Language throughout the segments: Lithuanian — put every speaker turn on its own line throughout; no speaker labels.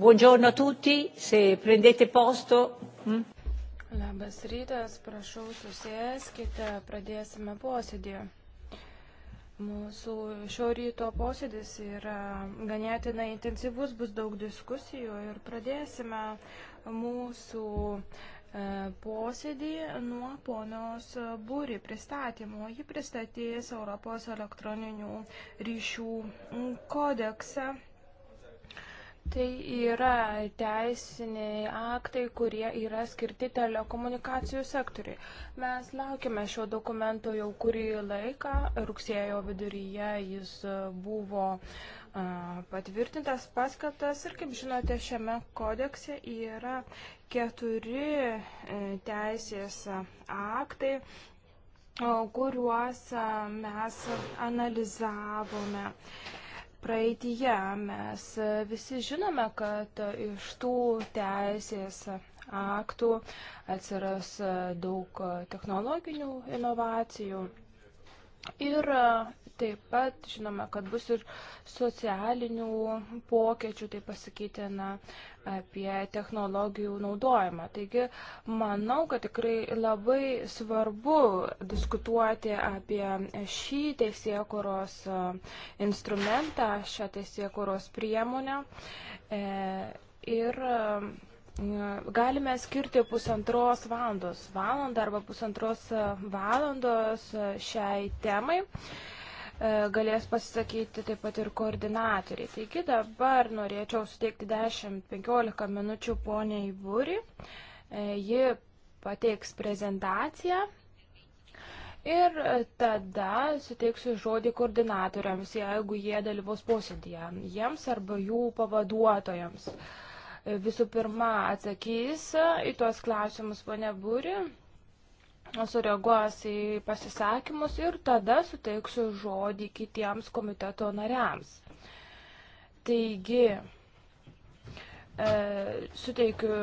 Buongiorno a tutti, se prendete posto. Mm.
Labas rytas, prašau susėskite, pradėsime posėdį. Mūsų šio ryto posėdis yra ganėtinai intensyvus, bus daug diskusijų ir pradėsime mūsų e, posėdį nuo ponios Būri pristatymo. Ji pristatys Europos elektroninių ryšių kodeksą Tai yra teisiniai aktai, kurie yra skirti telekomunikacijų sektoriui. Mes laukime šio dokumento jau kurį laiką. Rugsėjo viduryje jis buvo patvirtintas, paskatas ir, kaip žinote, šiame kodekse yra keturi e, teisės aktai kuriuos mes analizavome praeitįje mes visi žinome, kad iš tų teisės aktų atsiras daug technologinių inovacijų. Ir Taip pat žinome, kad bus ir socialinių pokėčių, tai pasakytina apie technologijų naudojimą. Taigi, manau, kad tikrai labai svarbu diskutuoti apie šį teisėkuros e, instrumentą, šią teisėkuros priemonę. E, ir e, galime skirti pusantros valandos, valandą arba pusantros valandos šiai temai. E, galės pasisakyti taip pat ir koordinatoriai. Taigi dabar norėčiau suteikti 10-15 minučių poniai Būri. E, ji pateiks prezentaciją. Ir tada suteiksiu žodį koordinatoriams, jeigu jie dalyvaus posėdėje, jiems arba jų pavaduotojams. Visų pirma, atsakys į tuos klausimus ponia Būri, sureaguos į pasisakymus ir tada suteiksiu žodį kitiems komiteto nariams. Taigi, e, suteikiu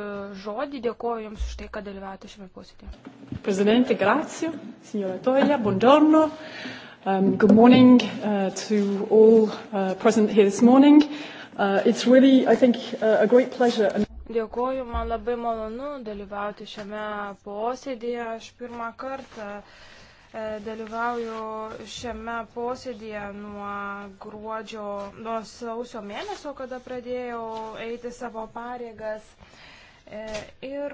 žodį, dėkoju Jums už tai, kad dalyvavote šiame posėdėje.
Prezidentė, grazie, signora Toja, buongiorno. Um, good morning uh, to all uh, present here this morning. Uh, it's really, I think, uh, a great pleasure. And
Dėkuoju, man labai malonu dalyvauti šiame posėdėje. Aš pirmą kartą e, dalyvauju šiame posėdėje nuo gruodžio, nuo sausio mėnesio, kada pradėjau eiti savo pareigas. E, ir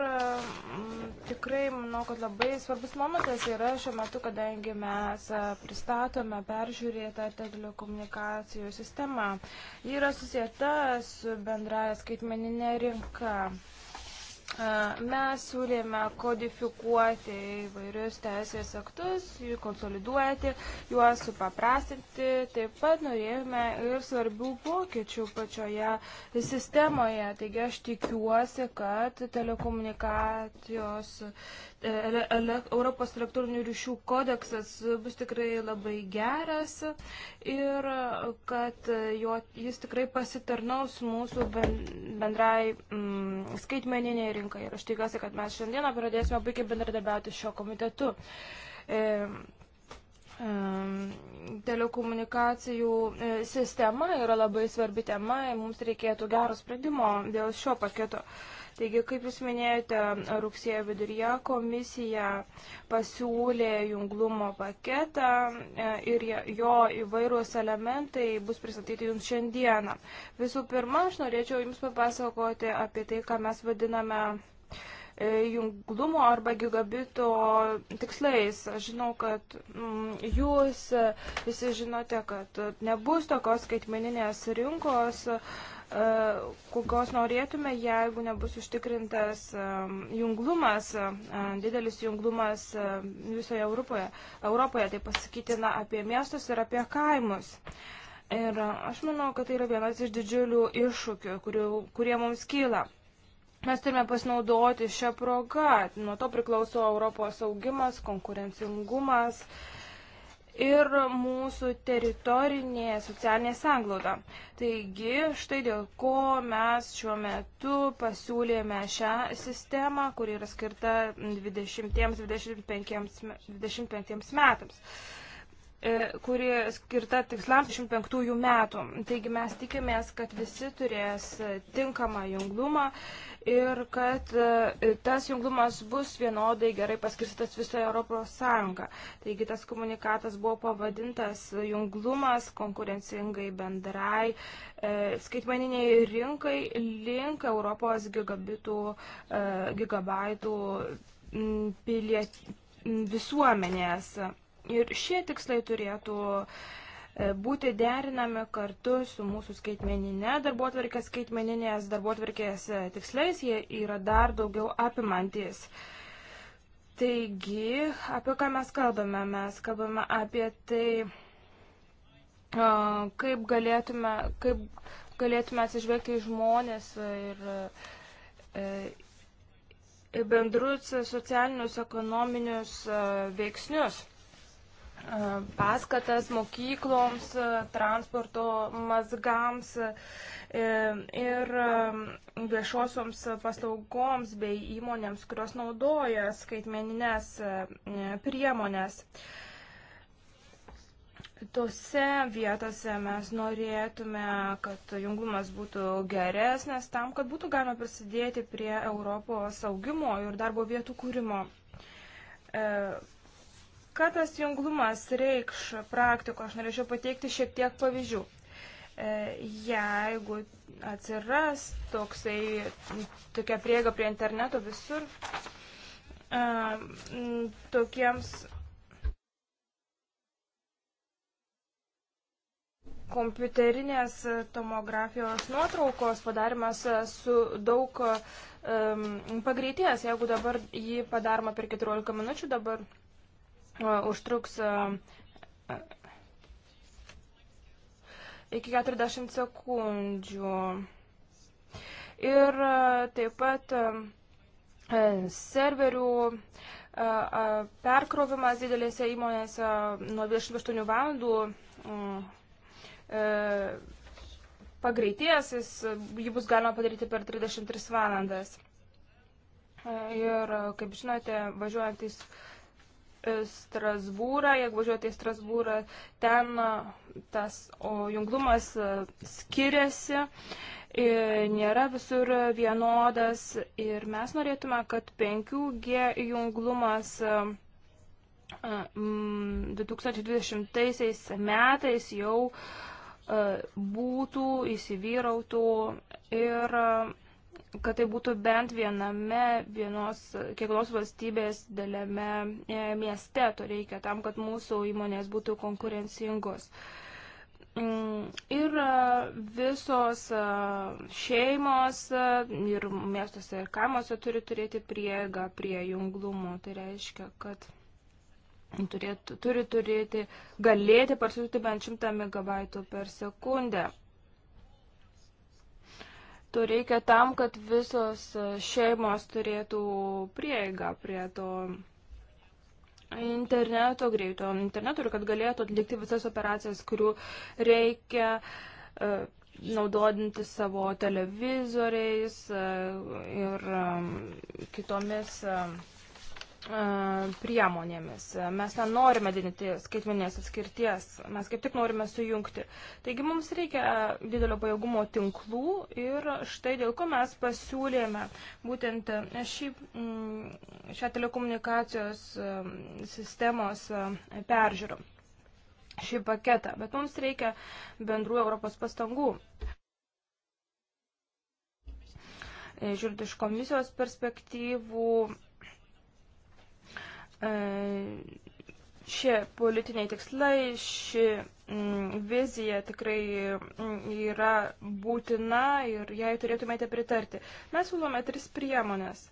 mm, tikrai manau, kad labai svarbus momentas yra šiuo metu, kadangi mes e, pristatome peržiūrėtą telekomunikacijų sistemą. Ji yra susijęta su bendraja skaitmeninė rinka. Mes siūlėme kodifikuoti įvairius teisės aktus, konsoliduoti, juos supaprastinti. Taip pat norėjome ir svarbių pokyčių pačioje sistemoje. Taigi aš tikiuosi, kad telekomunikacijos Europos elektroninių ryšių kodeksas bus tikrai labai geras ir kad jo, jis tikrai pasitarnaus mūsų bendrai mm, skaitmeninėje rinkoje. Ir aš tikiuosi, kad mes šiandieną pradėsime puikiai bendradarbiauti šio komitetu. E, e telekomunikacijų e, sistema yra labai svarbi tema ir mums reikėtų gero sprendimo dėl šio paketo. Uh, Taigi, kaip Jūs minėjote, rugsėjo viduryje komisija pasiūlė junglumo paketą e, ir jo įvairūs elementai bus pristatyti Jums šiandieną. Visų pirma, aš norėčiau Jums papasakoti apie tai, ką mes vadiname e, junglumo arba gigabito tikslais. Aš žinau, kad mm, jūs visi žinote, kad nebus tokios skaitmeninės rinkos, kokios norėtume, jeigu nebus užtikrintas um, junglumas, um, didelis junglumas um, visoje Europoje. Europoje tai pasakytina apie miestus ir apie kaimus. Ir uh, aš manau, kad tai yra vienas iš didžiulių iššūkių, kurių, kurie mums kyla. Mes turime pasinaudoti šią progą, nuo to priklauso Europos augimas, konkurencingumas. Uh, ir mūsų teritorinė socialinė sanglauda. Taigi, štai dėl ko mes šiuo metu pasiūlėme šią sistemą, kuri yra skirta 20-25 metams e, kuri skirta tikslams 25 metų. Taigi mes tikimės, kad visi turės tinkamą junglumą ir kad e, tas junglumas bus vienodai gerai paskirstytas visoje Europos Sąjunga. Taigi tas komunikatas buvo pavadintas junglumas konkurencingai bendrai e, skaitmeniniai rinkai link Europos gigabitų, e, gigabaitų piliet, visuomenės. Ir šie tikslai turėtų uh, E, būti derinami kartu su mūsų skaitmeninė darbotvarkė, skaitmeninės darbotvarkės e, tikslais, jie yra dar daugiau apimantis. Taigi, apie ką mes kalbame? Mes kalbame apie tai, kaip galėtume, kaip galėtume atsižvelgti į žmonės ir e, bendrus socialinius, ekonominius veiksnius paskatas mokykloms, transporto mazgams ir viešosioms paslaugoms bei įmonėms, kurios naudoja skaitmeninės priemonės. Tose vietose mes norėtume, kad jungumas būtų geresnis tam, kad būtų galima prisidėti prie Europos augimo ir darbo vietų kūrimo e, Ką tas junglumas reikš praktiko? Aš norėčiau pateikti šiek tiek pavyzdžių. E, jeigu atsiras toksai, tokia prieiga prie interneto visur, e, tokiems kompiuterinės tomografijos nuotraukos padarimas su daug um, pagreities. Jeigu dabar jį padaroma per 14 minučių, dabar užtruks iki 40 sekundžių. Ir taip pat e, serverių perkrovimas didelėse įmonėse nuo 28 valandų e, pagreitės, jis, jį bus galima padaryti per 33 valandas. E, ir, kaip žinote, važiuojantis uh, Strasbūrą, jeigu važiuojate į Strasbūrą, ten tas junglumas skiriasi, nėra visur vienodas ir mes norėtume, kad 5G junglumas 2020 metais jau būtų, įsivyrautų ir kad tai būtų bent viename, vienos, kiekvienos valstybės dėlėme e, mieste to reikia tam, kad mūsų įmonės būtų konkurencingos. Mm, ir e, visos e, šeimos ir miestuose ir kaimuose turi turėti prieigą prie junglumo. Tai reiškia, kad turėtų, turi turėti, galėti parsiųsti bent 100 MB per sekundę. To reikia tam, kad visos šeimos turėtų prieigą prie to interneto, greito interneto ir kad galėtų atlikti visas operacijas, kurių reikia e, naudodinti savo televizoriais e, ir e, kitomis priemonėmis. Mes nenorime didinti skaitmeninės atskirties, mes kaip tik norime sujungti. Taigi mums reikia didelio pajėgumo tinklų ir štai dėl ko mes pasiūlėme būtent šį, mm, šią telekomunikacijos sistemos peržiūrą, šį paketą. Bet mums reikia bendrų Europos pastangų. E, žiūrint iš komisijos perspektyvų, E, šie politiniai tikslai, ši mm, vizija tikrai mm, yra būtina ir jai turėtumėte pritarti. Mes siūlome tris priemonės.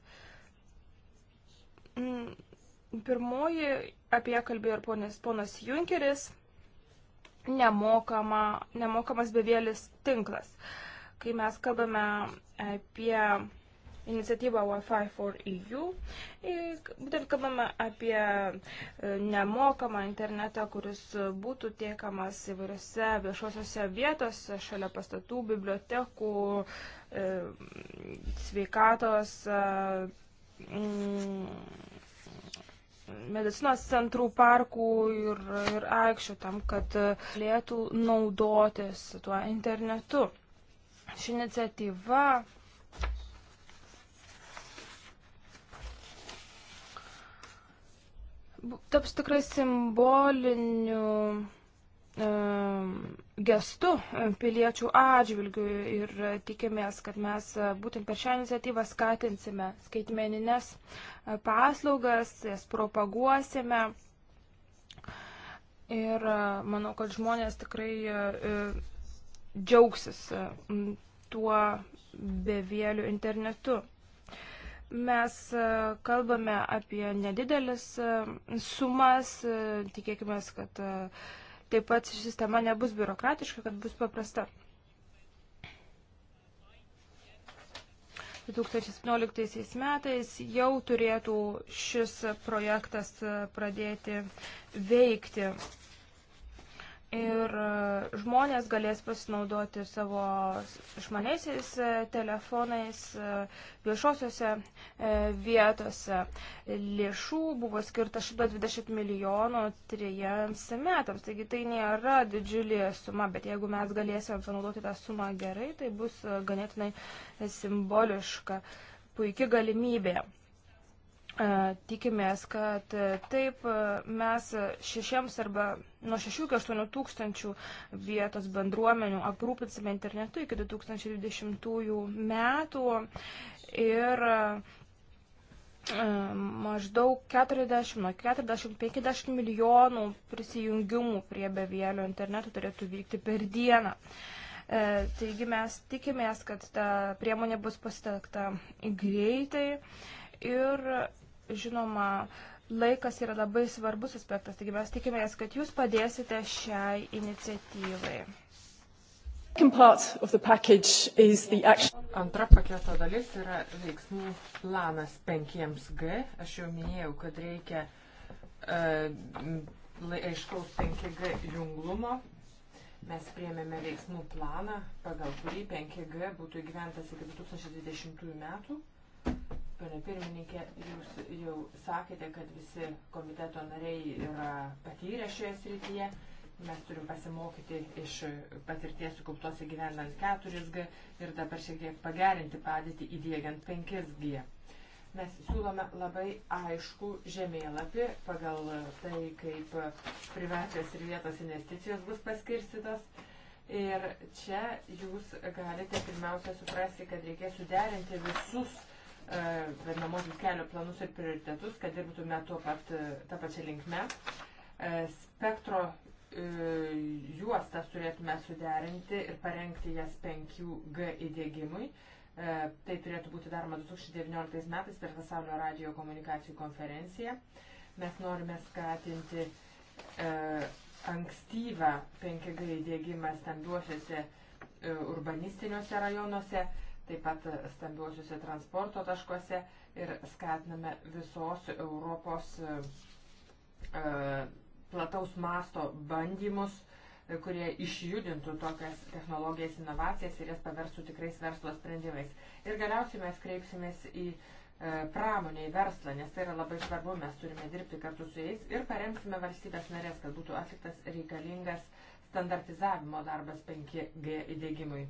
Mm, pirmoji, apie ją kalbėjo ir ponas, ponas Junkeris, nemokama, nemokamas bevėlis tinklas. Kai mes kalbame apie iniciatyvą Wi-Fi for EU. Būtent kalbame apie e, nemokamą internetą, kuris būtų tiekamas įvairiose viešosiose vietose, šalia pastatų, bibliotekų, e, sveikatos e, mm, medicinos centrų, parkų ir, ir aikščių tam, kad galėtų naudotis tuo internetu. Ši iniciatyva taps tikrai simboliniu e, gestu e, piliečių atžvilgių ir tikimės, kad mes e, būtent per šią iniciatyvą skatinsime skaitmeninės paslaugas, jas propaguosime. Ir manau, kad žmonės tikrai džiaugsis tuo bevėliu internetu. Mes e, kalbame apie nedidelis e, sumas, e, tikėkime, kad taip pat sistema nebus biurokratiška, kad bus paprasta. 2017 metais jau turėtų šis projektas pradėti veikti ir e, žmonės galės pasinaudoti savo išmaniaisiais e, telefonais e, viešosiuose vietose. Lėšų buvo skirta 120 milijonų trijams metams, taigi tai nėra didžiulė suma, bet jeigu mes galėsime panaudoti tą sumą gerai, tai bus ganėtinai simboliška, puikia galimybė. Tikimės, kad taip mes šešiems arba nuo 6 iki 8 tūkstančių vietos bendruomenių aprūpinsime internetu iki 2020 metų ir e, maždaug 40-50 milijonų prisijungimų prie bevėlio interneto turėtų vykti per dieną. E, taigi mes tikimės, kad ta priemonė bus pasitelkta greitai ir žinoma, laikas yra labai svarbus aspektas, taigi mes tikimės, kad jūs padėsite šiai iniciatyvai.
Antra paketo dalis yra veiksmų planas 5G. Aš jau minėjau, kad reikia uh, aiškaus 5G junglumo. Mes priemėme veiksmų planą, pagal kurį 5G būtų įgyventas iki 2020 metų. Pane pirmininkė, jūs jau sakėte, kad visi komiteto nariai yra patyrę šioje srityje. Mes turim pasimokyti iš patirties sukauptos įgyvendant 4G ir dabar šiek tiek pagerinti padėtį įdėgiant 5G. Mes siūlome labai aišku žemėlapį pagal tai, kaip privačios ir vietos investicijos bus paskirstytos. Ir čia jūs galite pirmiausia suprasti, kad reikės suderinti visus E, vadinamosius kelio planus ir prioritetus, kad dirbtume tuo pat, tą pačią linkmę. E, spektro e, juostas turėtume suderinti ir parengti jas 5G įdėgymui. Tai turėtų būti daroma 2019 metais per pasaulio radio komunikacijų konferenciją. Mes norime skatinti ankstyvą 5G įdėgymą stambiuosiuose urbanistiniuose rajonuose taip pat stambiuosiuose transporto taškuose ir skatiname visos Europos e, plataus masto bandymus, e, kurie išjudintų tokias technologijas, inovacijas ir jas paversų tikrais verslo sprendimais. Ir galiausiai mes kreipsimės į e, pramonę, į verslą, nes tai yra labai svarbu, mes turime dirbti kartu su jais ir paremsime valstybės narės, kad būtų atliktas reikalingas standartizavimo darbas 5G įdėgymui.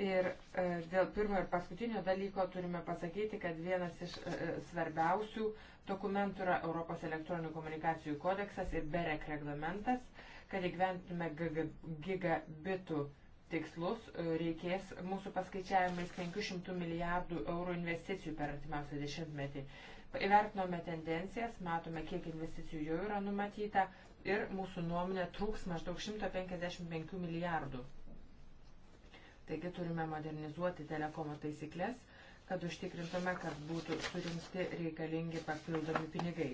Ir e, dėl pirmo ir paskutinio dalyko turime pasakyti, kad vienas iš e, e, svarbiausių dokumentų yra Europos elektroninių komunikacijų kodeksas ir BEREK reglamentas, kad įgyventume gigabitų tikslus, reikės mūsų paskaičiavimais 500 milijardų eurų investicijų per artimiausią dešimtmetį. Įvertinome tendencijas, matome, kiek investicijų jau yra numatyta ir mūsų nuomonė trūks maždaug 155 milijardų. Taigi turime modernizuoti telekomo taisyklės, kad užtikrintume, kad būtų surinkti reikalingi papildomi pinigai.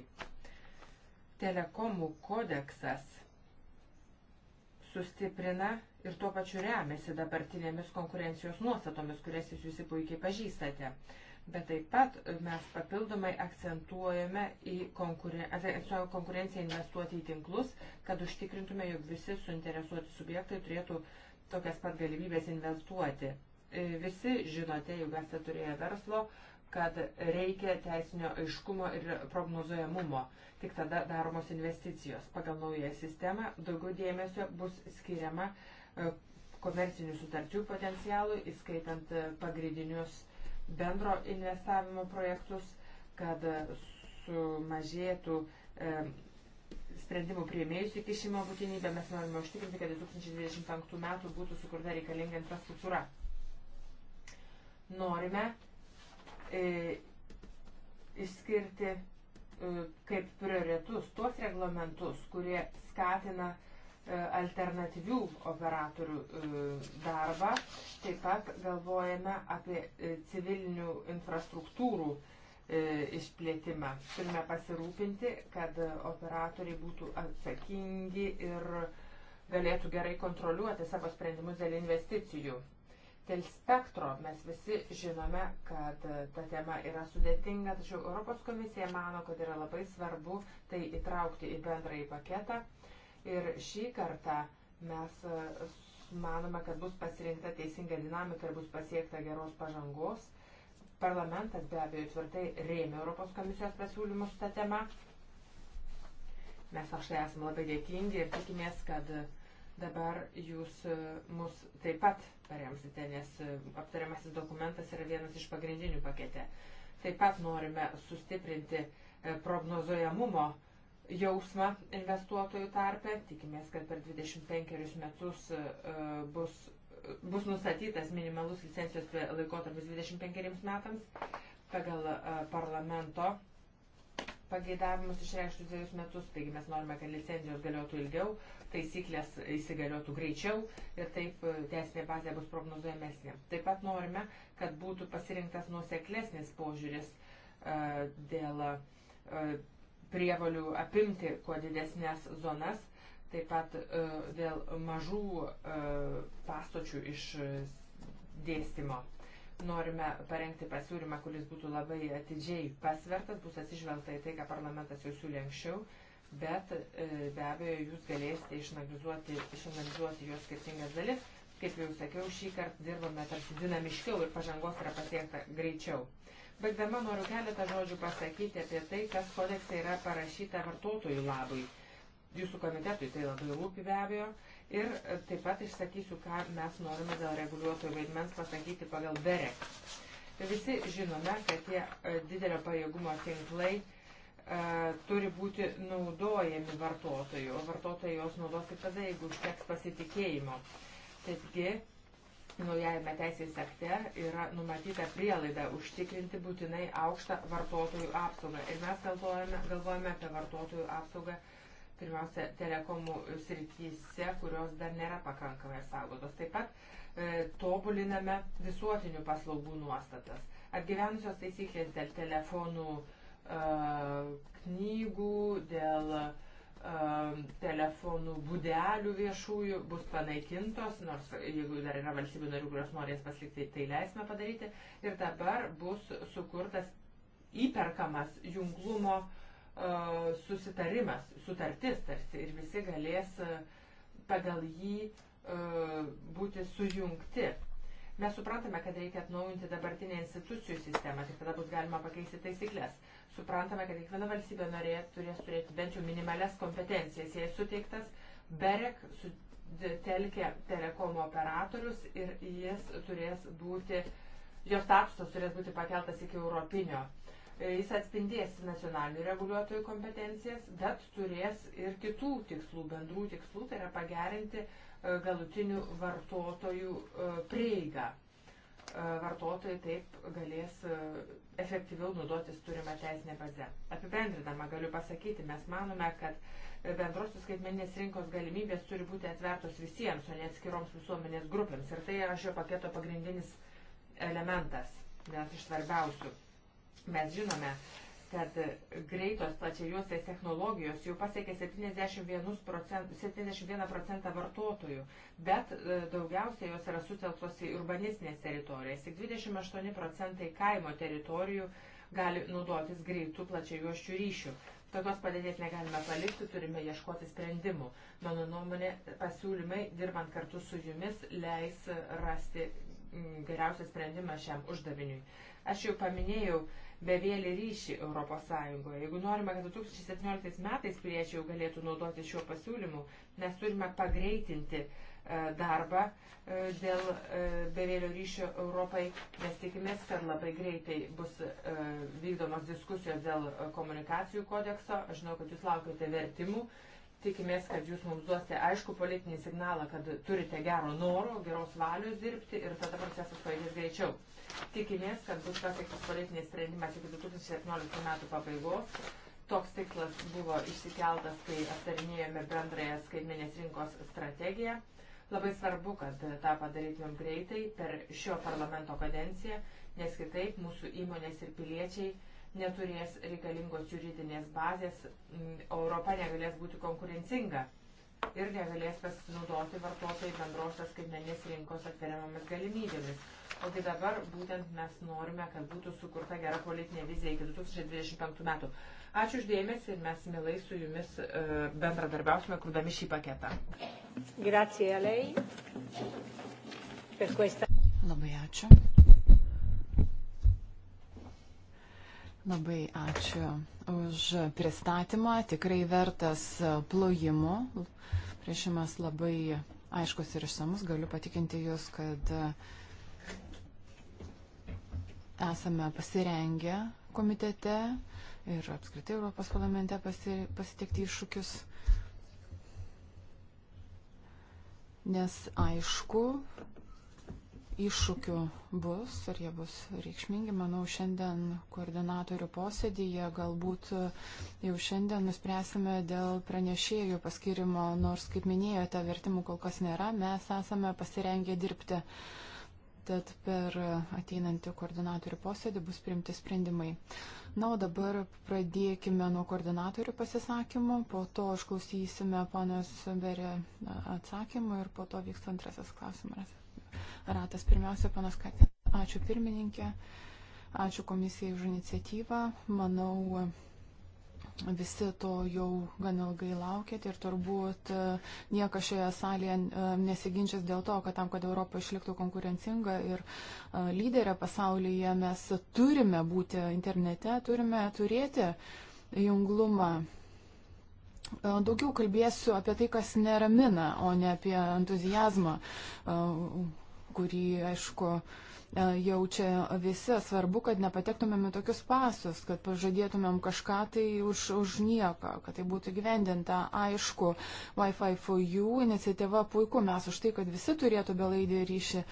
Telekomų kodeksas sustiprina ir tuo pačiu remiasi dabartinėmis konkurencijos nuostatomis, kurias jūs visi puikiai pažįstate. Bet taip pat mes papildomai akcentuojame į konkuren... konkurenciją investuoti į tinklus, kad užtikrintume, jog visi suinteresuoti subjektai turėtų uh, tokias pat galimybės investuoti. E, visi žinote, jeigu esate turėję verslo, kad reikia teisinio aiškumo ir prognozuojamumo. Tik tada daromos investicijos. Pagal naują sistemą daugiau dėmesio bus skiriama e, komercinių sutarčių potencialui, įskaitant e, pagrindinius bendro investavimo projektus, kad sumažėtų sprendimų prieimėjus įkišimo būtinybę, mes norime užtikrinti, kad 2025 metų būtų sukurta reikalinga infrastruktūra. Norime e, išskirti e, kaip prioritetus tuos reglamentus, kurie skatina e, alternatyvių operatorių e, darbą. Taip pat galvojame apie e, civilinių infrastruktūrų E, išplėtimą. Turime pasirūpinti, kad operatoriai būtų atsakingi ir galėtų gerai kontroliuoti savo sprendimus dėl investicijų. Dėl spektro mes visi žinome, kad ta tema yra sudėtinga, tačiau Europos komisija mano, kad yra labai svarbu tai įtraukti į bendrąjį paketą. Ir šį kartą mes e, manome, kad bus pasirinkta teisinga dinamika ir bus pasiekta geros pažangos. Parlamentas be abejo tvirtai rėmė Europos komisijos pasiūlymus tą temą. Mes aš tai esame labai dėkingi ir tikimės, kad dabar jūs e, mus taip pat paremsite, nes e, aptariamasis dokumentas yra vienas iš pagrindinių pakete. Taip pat norime sustiprinti e, prognozojamumo jausmą investuotojų tarpe. Tikimės, kad per 25 metus bus bus nustatytas minimalus licencijos laikotarpis 25 metams pagal e, parlamento pageidavimus išreikštus dviejus metus, taigi mes norime, kad licencijos galiotų ilgiau, taisyklės įsigaliotų greičiau ir taip e, teisinė bazė bus prognozuojamesnė. Taip pat norime, kad būtų pasirinktas nuoseklesnis požiūris e, dėl prievalių apimti kuo didesnės zonas taip pat dėl e, mažų e, pastočių iš dėstymo. Norime parengti pasiūlymą, kuris būtų labai atidžiai pasvertas, bus atsižvelgta į tai, ką parlamentas jau siūlė anksčiau, bet e, be abejo jūs galėsite išanalizuoti, išanalizuoti jos skirtingas dalis. Kaip jau sakiau, šį kartą dirbame tarsi dinamiškiau ir pažangos yra pasiekta greičiau. Baigdama noriu keletą žodžių pasakyti apie tai, kas kodekse yra parašyta vartotojų labui jūsų komitetui tai labai rūpi be abejo. Ir taip pat išsakysiu, ką mes norime dėl reguliuotojų vaidmens pasakyti pagal BEREK. Tai visi žinome, kad tie e, didelio pajėgumo tinklai e, turi būti naudojami vartotojų, o vartotojai juos naudos tik tada, jeigu užteks pasitikėjimo. Taigi, naujajame teisės akte yra numatyta prielaida užtikrinti būtinai aukštą vartotojų apsaugą. Ir mes galvojame, galvojame apie vartotojų apsaugą pirmiausia, telekomų srityse, kurios dar nėra pakankamai apsaugotos. Taip pat e, tobuliname visuotinių paslaugų nuostatas. Atgyvenusios taisyklės dėl telefonų e, knygų, dėl e, telefonų būdelių viešųjų bus panaikintos, nors jeigu dar yra valstybių narių, kurios norės pasilikti, tai leisime padaryti. Ir dabar bus sukurtas įperkamas junglumo uh, susitarimas, sutartis tarsi ir visi galės pagal jį būti sujungti. Mes suprantame, kad reikia atnaujinti dabartinę institucijų sistemą, tik tada bus galima pakeisti taisyklės. Suprantame, kad kiekviena valstybė norė, turės turėti bent jau minimales kompetencijas, jai suteiktas. BEREK sutelkė telekomo operatorius ir jis turės būti, jo statusas turės būti pakeltas iki europinio. Uh, E, jis atspindės nacionalinių reguliuotojų kompetencijas, bet turės ir kitų tikslų, bendrų tikslų, tai yra pagerinti e, galutinių vartotojų e, prieigą. Vartotojai taip galės efektyviau naudotis turimą teisinę bazę. Apibendrinama galiu pasakyti, mes manome, kad bendrosios skaitmeninės rinkos galimybės turi būti atvertos visiems, o ne atskiroms visuomenės grupėms. Ir tai yra šio paketo pagrindinis elementas, vienas iš svarbiausių. Mes žinome, kad greitos plačiajuostės technologijos jau pasiekė 71 procentą, 71 procentą vartotojų, bet e, daugiausiai jos yra sutelktos į urbanistinės teritorijas. Tik 28 procentai kaimo teritorijų gali naudotis greitų plačiajuoščių ryšių. Tokios padėties negalime palikti, turime ieškoti sprendimų. Mano nuomonė, pasiūlymai, dirbant kartu su jumis, leis rasti geriausią sprendimą šiam uždaviniui. Aš jau paminėjau, uh, bevėlį ryšį ES. Jeigu norime, kad 2017 metais piliečiai jau galėtų naudoti šiuo pasiūlymu, mes turime pagreitinti e, darbą e, dėl e, bevėlio ryšio Europai. Mes tikimės, kad labai greitai bus vykdomos diskusijos dėl komunikacijų kodekso. Aš žinau, kad jūs laukite vertimų. Tikimės, kad jūs mums duosite aišku politinį signalą, kad turite gero noro, geros valios dirbti ir tada procesas paėdės greičiau. Tikimės, kad bus pasiektas politinis sprendimas iki 2017 metų pabaigos. Toks tikslas buvo išsikeltas, kai aptarinėjome bendrąją skaitmenės rinkos strategiją. Labai svarbu, kad tą padarytumėm greitai per šio parlamento kadenciją, nes kitaip mūsų įmonės ir piliečiai neturės reikalingos juridinės bazės, Europa negalės būti konkurencinga ir negalės pasinaudoti vartotojai bendrosios skaitmenės rinkos atveriamomis galimybėmis. Ogi tai dabar būtent mes norime, kad būtų sukurta gera politinė vizija iki 2025 metų. Ačiū uždėmesi ir mes mielai su jumis e, bendradarbiausime, kurdami šį paketą. Grazie a lei per questa.
Labai ačiū. Labai ačiū už pristatymą, tikrai vertas plojimų. Priešimas labai aiškus ir išsamus, galiu patikinti Jūs, kad esame pasirengę komitete ir apskritai Europos parlamente pasi, pasitikti iššūkius. Nes aišku, iššūkių bus, ar jie bus reikšmingi. Manau, šiandien koordinatorių posėdėje galbūt jau šiandien nuspręsime dėl pranešėjų paskirimo, nors, kaip minėjote, vertimų kol kas nėra, mes esame pasirengę dirbti. Tad per ateinantį koordinatorių posėdį bus priimti sprendimai. Na, o dabar pradėkime nuo koordinatorių pasisakymų, po to išklausysime ponios Berė atsakymų ir po to vyks antrasis klausimas ratas. Pirmiausia, panas Katė, ačiū pirmininkė, ačiū komisijai už iniciatyvą. Manau, visi to jau gan ilgai laukėt ir turbūt e, niekas šioje salėje e, nesiginčias dėl to, kad tam, kad Europa išliktų konkurencinga ir e, lyderė pasaulyje, mes turime būti internete, turime turėti junglumą. Daugiau kalbėsiu apie tai, kas neramina, o ne apie entuzijazmą, kurį, aišku, e, jaučia visi. Svarbu, kad nepatektumėm į tokius pasus, kad pažadėtumėm kažką tai už, už nieką, kad tai būtų gyvendinta. Aišku, Wi-Fi for You iniciatyva puiku, mes už tai, kad visi turėtų belaidį ryšį,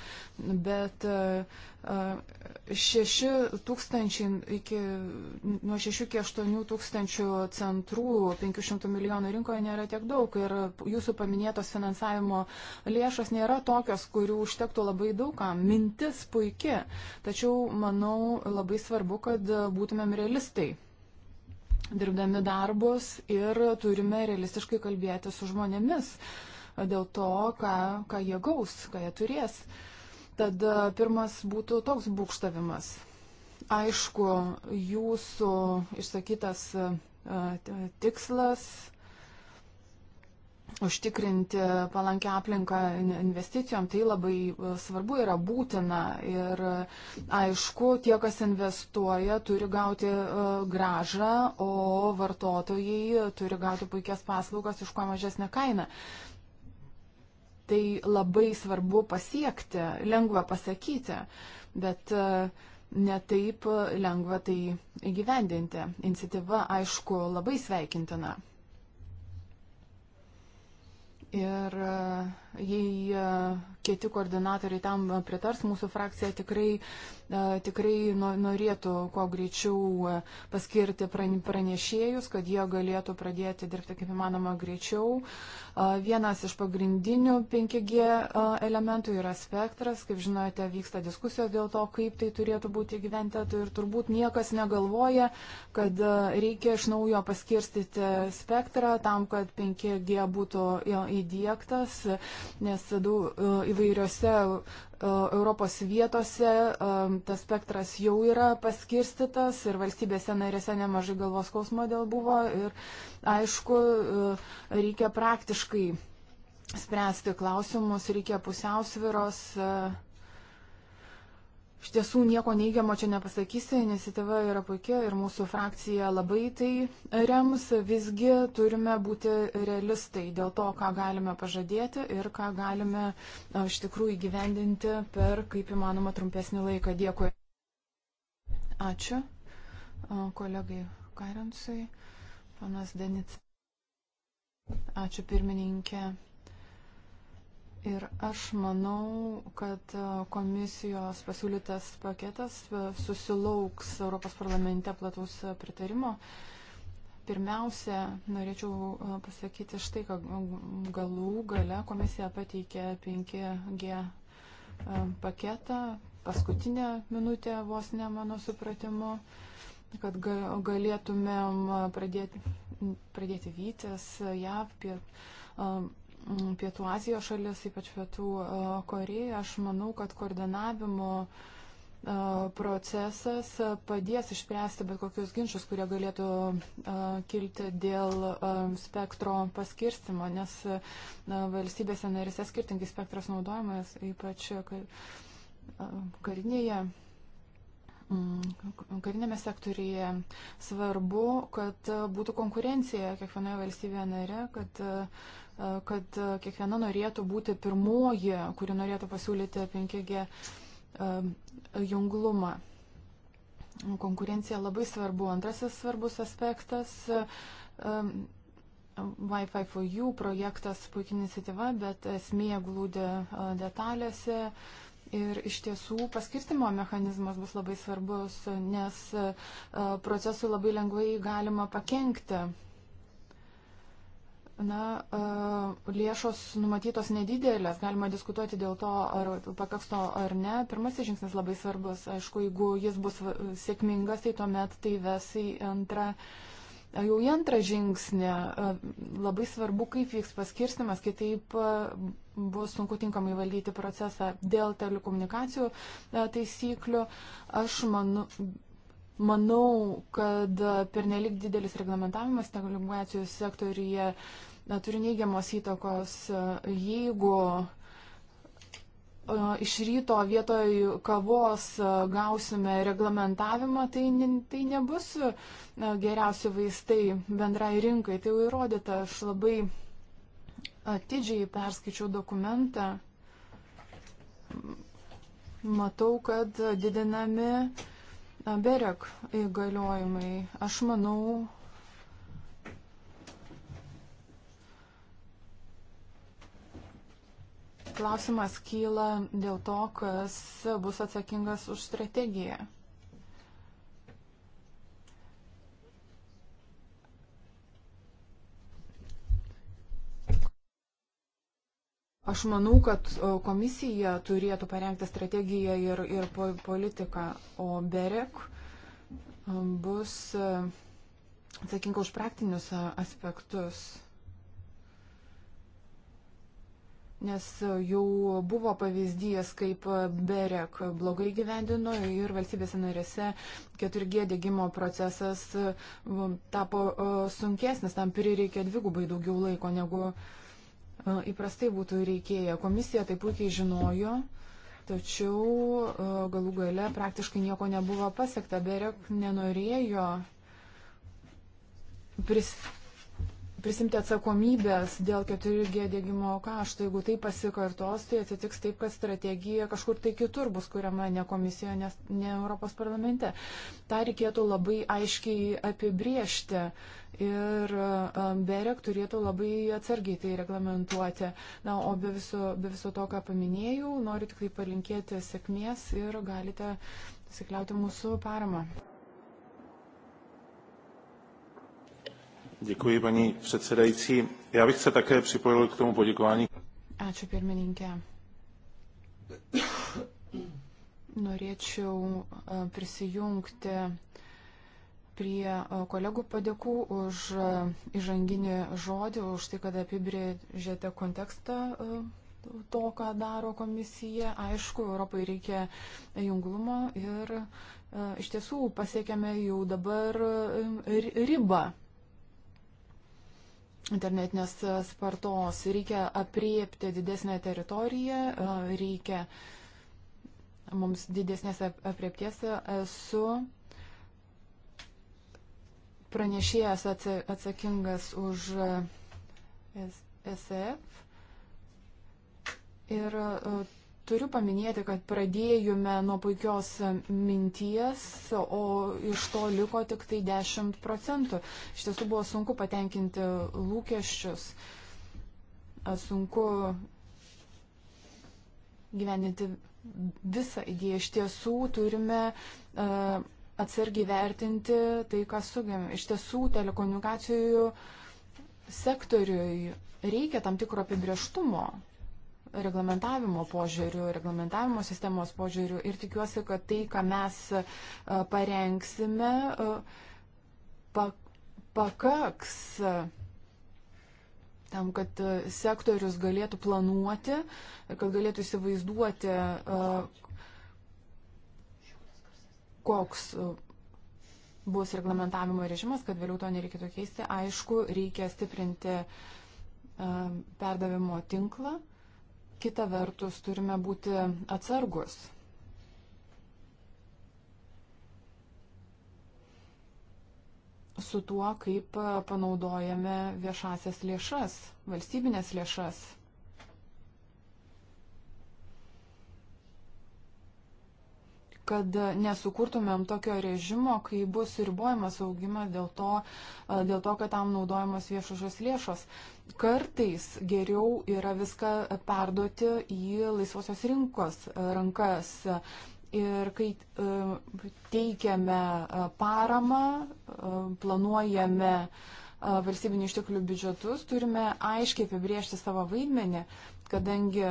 bet uh, 6 tūkstančiai iki, nuo 6 iki 8 tūkstančių centrų 500 milijonų rinkoje nėra tiek daug ir jūsų paminėtos finansavimo lėšos nėra tokios, kurių užtektų labai daugam. Mintis puikia, tačiau manau labai svarbu, kad būtumėm realistai. Dirbdami darbus ir turime realistiškai kalbėti su žmonėmis dėl to, ką, ką jie gaus, ką jie turės. Uh, Tad pirmas būtų toks būkštavimas. Aišku, jūsų išsakytas e, tikslas užtikrinti palankę aplinką investicijom, tai labai e, svarbu yra būtina. Ir e, aišku, tie, kas investuoja, turi gauti gražą, o vartotojai turi gauti puikias paslaugas už kuo mažesnę kainą tai labai svarbu pasiekti, lengva pasakyti, bet e, netaip lengva tai įgyvendinti. Iniciatyva, aišku, labai sveikintina. Ir e, jei e, kiti koordinatoriai tam pritars, mūsų frakcija tikrai, e, tikrai norėtų kuo greičiau e, paskirti pranešėjus, kad jie galėtų pradėti dirbti kaip įmanoma greičiau. E, vienas iš pagrindinių 5G elementų yra spektras. Kaip žinote, vyksta diskusijos dėl to, kaip tai turėtų būti gyventėtų ir turbūt niekas negalvoja, kad reikia iš naujo paskirstyti spektrą tam, kad 5G būtų įdėktas, nes daug įvairiose e, Europos vietose e, tas spektras jau yra paskirstytas ir valstybėse narėse nemažai galvos skausmo dėl buvo ir aišku, e, reikia praktiškai spręsti klausimus, reikia pusiausviros. Uh, Iš tiesų nieko neigiamo čia nepasakysi, iniciatyva yra puikia ir mūsų frakcija labai tai rems, visgi turime būti realistai dėl to, ką galime pažadėti ir ką galime iš tikrųjų įgyvendinti per kaip įmanoma trumpesnį laiką. Dėkui. Ačiū kolegai Karensui, panas Denicai. Ačiū pirmininkė. Ir aš manau, kad e, komisijos pasiūlytas paketas e, susilauks Europos parlamente plataus pritarimo. Pirmiausia, norėčiau e, pasakyti štai, kad galų gale komisija pateikė 5G paketą, paskutinę minutę vos ne mano supratimu, kad galėtumėm pradėti, pradėti vytis JAV, piet, Mm, Pietų Azijos šalis, ypač Pietų e, Koreja, aš manau, kad koordinavimo e, procesas padės išspręsti bet kokius ginčius, kurie galėtų e, kilti dėl spektro paskirstimo, nes valstybėse narise skirtingai spektras naudojamas, ypač karinėje mm, karinėme sektorije svarbu, kad būtų konkurencija kiekvienoje valstybėje nare, kad E, kad e, kiekviena norėtų būti pirmoji, kuri norėtų pasiūlyti 5G e, junglumą. Konkurencija labai svarbu. Antrasis svarbus aspektas Wi-Fi for You projektas puikia iniciatyva, bet esmė glūdė detalėse. Ir iš tiesų paskirstimo mechanizmas bus labai svarbus, nes procesui labai lengvai galima pakengti Na, lėšos numatytos nedidelės, galima diskutuoti dėl to, ar pakaks to ar ne. Pirmasis žingsnis labai svarbus, aišku, jeigu jis bus sėkmingas, tai tuomet tai ves į antrą. Jau į antrą žingsnį labai svarbu, kaip vyks paskirstimas, kitaip bus sunku tinkamai valdyti procesą dėl telekomunikacijų taisyklių. Aš manu, Manau, kad pernelik didelis reglamentavimas telekomunikacijų sektoriuje na, turi neigiamos įtakos, jeigu iš ryto vietoj kavos gausime reglamentavimą, tai, ne, tai nebus geriausi vaistai bendrai rinkai. Tai jau įrodyta, aš labai atidžiai perskaičiau dokumentą. Matau, kad didinami Berek įgaliojimai. Aš manau, klausimas kyla dėl to, kas bus atsakingas už strategiją. Aš manau, kad komisija turėtų parengti strategiją ir, ir politiką, o BEREK bus e, atsakinga už praktinius aspektus. Nes e, jau buvo pavyzdys, kaip e, BEREK blogai gyvendino ir valstybėse narėse 4G dėgymo procesas tapo sunkesnis, tam prireikė dvigubai daugiau laiko negu įprastai būtų reikėję. Komisija tai puikiai žinojo, tačiau e, galų gale praktiškai nieko nebuvo pasiekta. Berek nenorėjo pris, prisimti atsakomybės dėl 4G dėgymo kaštų. Jeigu tai pasikartos, tai atsitiks taip, kad strategija kažkur tai kitur bus kuriama ne komisijoje, ne, ne Europos parlamente. Ta reikėtų labai aiškiai apibriežti. Ir um, BEREK turėtų labai atsargiai tai reglamentuoti. Na, o be viso, be viso to, ką paminėjau, noriu tik tai palinkėti sėkmės ir galite pasikliauti mūsų paramą.
Děkuji, paní předsedající. Já bych se také připojil k tomu poděkování.
Ačiū pirmininkė. Norėčiau e, prisijungti prie e, kolegų padėkų už e, įžanginį žodį, už tai, kad apibrėžėte kontekstą to, ką daro komisija. Aišku, Europai reikia junglumo ir iš tiesų pasiekėme jau dabar ribą internetinės spartos. Reikia apriepti didesnę teritoriją, reikia mums didesnės apriepties. Esu pranešėjas atsakingas už SF e ir Turiu paminėti, kad pradėjome nuo puikios minties, o iš to liko tik tai 10 procentų. Iš tiesų buvo sunku patenkinti lūkesčius, sunku gyveninti visą idėją. Iš tiesų turime e, atsargiai vertinti tai, ką sugebėme. Iš tiesų telekomunikacijų sektoriui reikia tam tikro apibrieštumo reglamentavimo požiūrių, reglamentavimo sistemos požiūrių ir tikiuosi, kad tai, ką mes e, parengsime, e, pakaks e, tam, kad sektorius galėtų planuoti, kad galėtų įsivaizduoti, koks bus reglamentavimo režimas, kad vėliau to nereikėtų keisti. Aišku, reikia stiprinti perdavimo tinklą kita vertus turime būti atsargus. su tuo, kaip panaudojame viešasias lėšas, valstybinės lėšas. kad nesukurtumėm tokio režimo, kai bus ribojamas augimas dėl to, dėl to, kad tam naudojamos viešosios lėšos. Kartais geriau yra viską perduoti į laisvosios rinkos rankas. Ir kai teikiame paramą, planuojame valstybinių išteklių biudžetus, turime aiškiai apibriežti savo vaidmenį, kadangi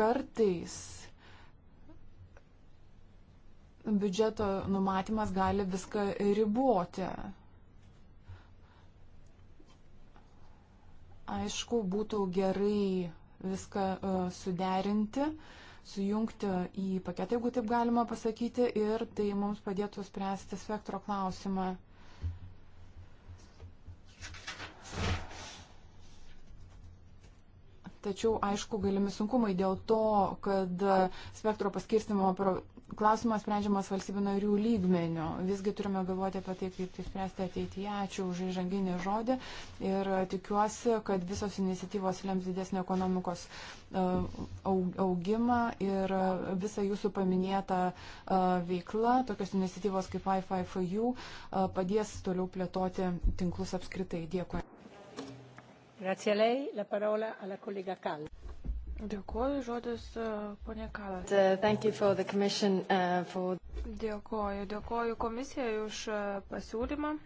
kartais biudžeto numatymas gali viską riboti. Aišku, būtų gerai viską e, suderinti, sujungti į paketą, jeigu taip galima pasakyti, ir tai mums padėtų spręsti spektro klausimą. Tačiau, aišku, galimi sunkumai dėl to, kad spektro paskirstimo pro klausimas sprendžiamas valstybių narių lygmenių. Visgi turime galvoti apie tai, kaip tai spręsti ateityje. Ačiū už įžanginį žodį ir e, tikiuosi, kad visos iniciatyvos lems didesnį ekonomikos e, augimą ir e, visa jūsų paminėta veikla, tokios iniciatyvos kaip Wi-Fi for You, padės toliau plėtoti tinklus apskritai. Dėkui.
Grazie a lei, la parola alla collega Kall. Dėkuoju, žodis e, ponė Kalas. Uh, uh, for... Dėkuoju, dėkuoju komisijai už e, pasiūlymą. E,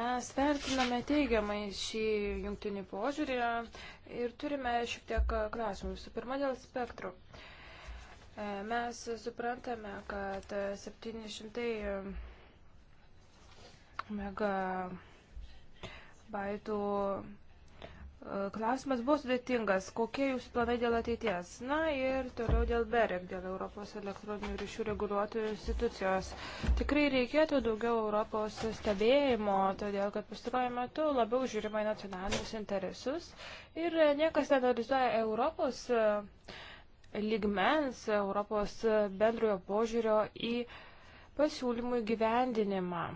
mes vertiname teigiamai šį jungtinį požiūrį ir turime šiek tiek klausimų. Visų pirma, dėl spektrų. Mes suprantame, kad 700 megabaitų Klausimas buvo sudėtingas. Kokie jūs planai dėl ateities? Na ir toliau dėl BEREK, dėl Europos elektroninių ryšių reguliuotojų institucijos. Tikrai reikėtų daugiau Europos stebėjimo, todėl kad pastaruoju metu labiau žiūrima į nacionalinius interesus ir niekas nedalizuoja Europos e, ligmens, Europos bendrojo požiūrio į pasiūlymų įgyvendinimą.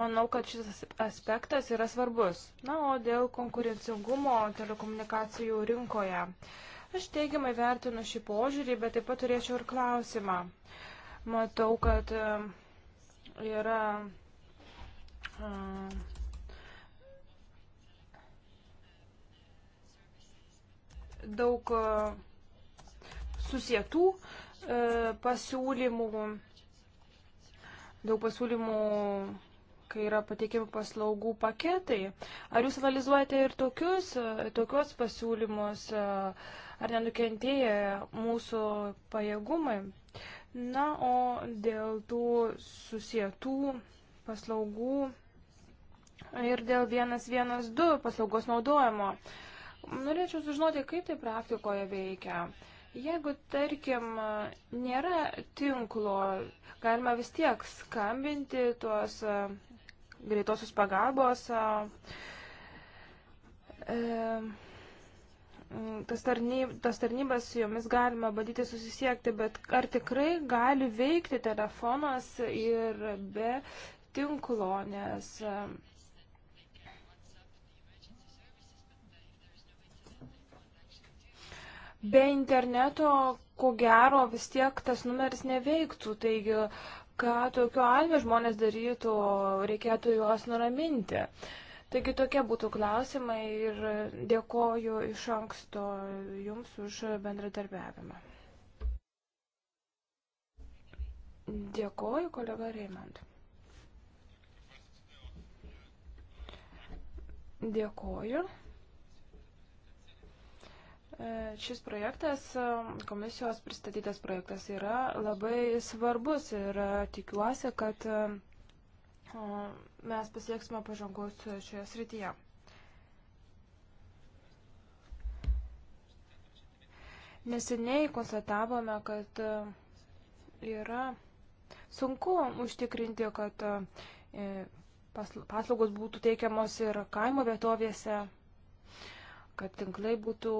Manau, kad šis aspektas yra svarbus. Na, o dėl konkurencingumo telekomunikacijų rinkoje. Aš teigiamai vertinu šį požiūrį, bet taip pat turėčiau ir klausimą. Matau, kad e, yra. Uh, daug e, susietų pasiūlymų, daug pasiūlymų kai yra pateikiami paslaugų paketai. Ar jūs analizuojate ir tokius, tokios pasiūlymus, ar nenukentėję mūsų pajėgumai? Na, o dėl tų susietų paslaugų ir dėl 112 paslaugos naudojimo. Norėčiau sužinoti, kaip tai praktikoje veikia. Jeigu, tarkim, nėra tinklo, galima vis tiek skambinti tuos greitosios pagalbos. E, tas, tarnyb, tas tarnybas su jomis galima bandyti susisiekti, bet ar tikrai gali veikti telefonas ir be tinklo, nes be interneto, ko gero, vis tiek tas numeris neveiktų. Taigi ką tokiu atveju žmonės darytų, reikėtų juos nuraminti. Taigi tokie būtų klausimai ir dėkoju iš anksto Jums už bendradarbiavimą. Dėkoju, kolega Reimond. Dėkoju. E, šis projektas, e, komisijos pristatytas projektas yra labai svarbus ir e, tikiuosi, kad mes pasieksime pažangos šioje srityje. Neseniai konstatavome, kad yra sunku užtikrinti, kad paslaugos būtų teikiamos ir kaimo vietovėse, kad tinklai būtų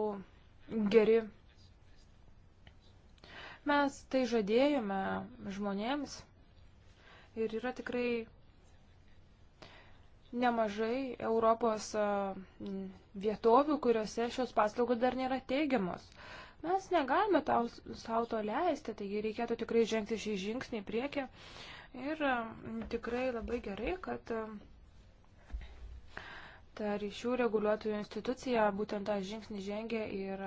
geri. Mes tai žadėjome žmonėms ir yra tikrai nemažai Europos vietovių, kuriuose šios paslaugos dar nėra teigiamos. Mes negalime savo to leisti, taigi reikėtų tikrai žengti šį žingsnį į priekį. Ir tikrai labai gerai, kad Ta ryšių reguliuotojų institucija būtent tą žingsnį žengia ir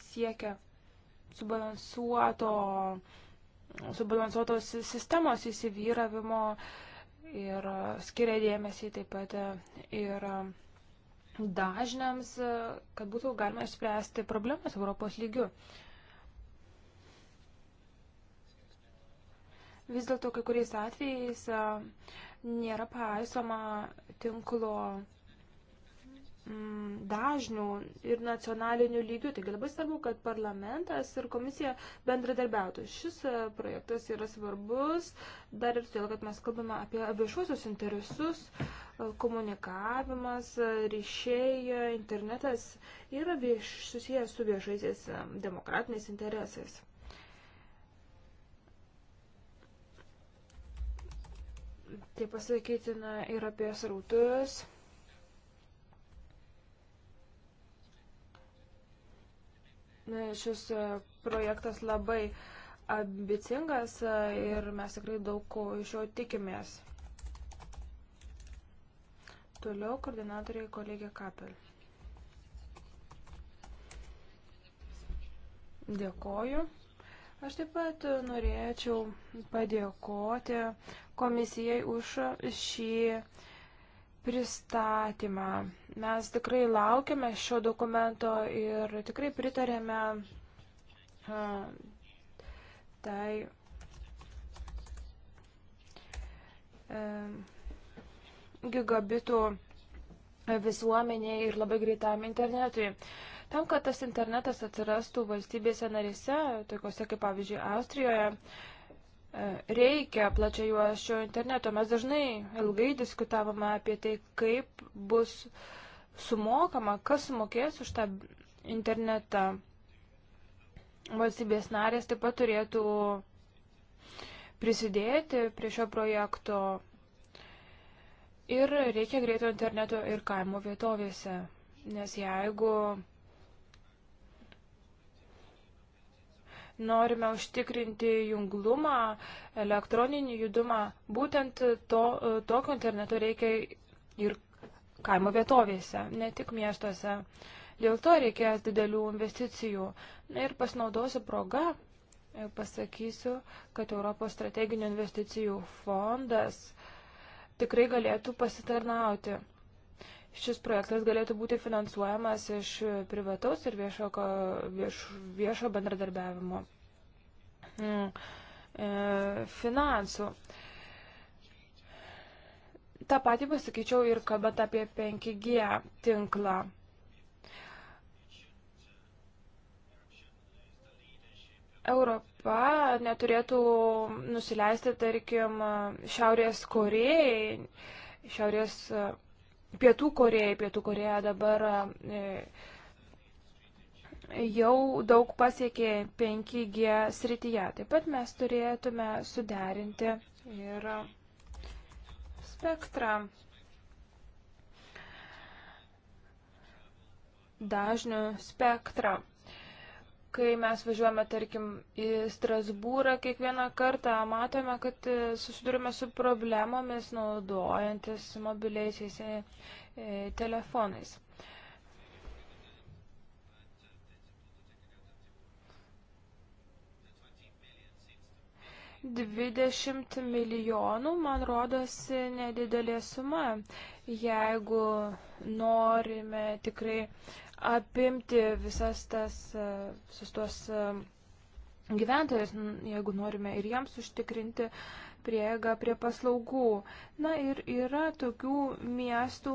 siekia subalansuoto, subalansuotos sistemos įsivyravimo ir skiria dėmesį taip pat ir dažniams, kad būtų galima išspręsti problemas Europos lygiu. Vis dėlto kai kuriais atvejais nėra paaisoma tinklo mm, dažnių ir nacionalinių lygių. Taigi labai svarbu, kad parlamentas ir komisija bendradarbiautų. Šis e, projektas yra svarbus dar ir todėl, kad mes kalbame apie viešuosius interesus, e, komunikavimas, e, ryšiai, internetas yra vieš, susijęs su viešaisiais demokratiniais interesais. Tai pasakytina ir apie srautus. Šis e, projektas labai ambicingas e, ir mes tikrai daug ko iš jo tikimės. Toliau koordinatoriai kolegė Kapel. Dėkoju. Aš taip pat norėčiau padėkoti komisijai už šį pristatymą. Mes tikrai laukiame šio dokumento ir tikrai pritarėme tai. E, gigabitų visuomeniai ir labai greitam internetui. Uh, Tam, kad tas internetas atsirastų valstybėse narėse, tokiuose kaip pavyzdžiui Austrijoje, e, reikia plačia juošio interneto. Mes dažnai ilgai diskutavome apie tai, kaip bus sumokama, kas sumokės už tą internetą. Valstybės narės taip pat turėtų prisidėti prie šio projekto ir reikia greito interneto ir kaimo vietovėse. Nes jeigu norime užtikrinti junglumą, elektroninį judumą. Būtent to, tokio interneto reikia ir kaimo vietovėse, ne tik miestuose. Dėl to reikės didelių investicijų. Na ir pasinaudosiu progą, e, pasakysiu, kad Europos strateginių investicijų fondas tikrai galėtų pasitarnauti šis projektas galėtų būti finansuojamas iš privataus ir viešo, vieš, viešo bendradarbiavimo mm, e, finansų. Ta pati pasakyčiau ir kalbant apie 5G tinklą. Europa neturėtų nusileisti, tarkim, Šiaurės Korejai, Šiaurės Korejai Pietų Korejai. Pietų Koreja dabar e, jau daug pasiekė 5G srityje. Taip pat mes turėtume suderinti ir spektrą. dažnių spektrą kai mes važiuojame, tarkim, į Strasbūrą kiekvieną kartą, matome, kad e, susidurime su problemomis naudojantis mobiliaisiais e, e, telefonais. Dvidešimt milijonų, man rodos, nedidelė suma, jeigu norime tikrai apimti visas tas, e, visus tuos e, gyventojus, jeigu norime ir jiems užtikrinti prieigą prie paslaugų. Na ir yra tokių miestų,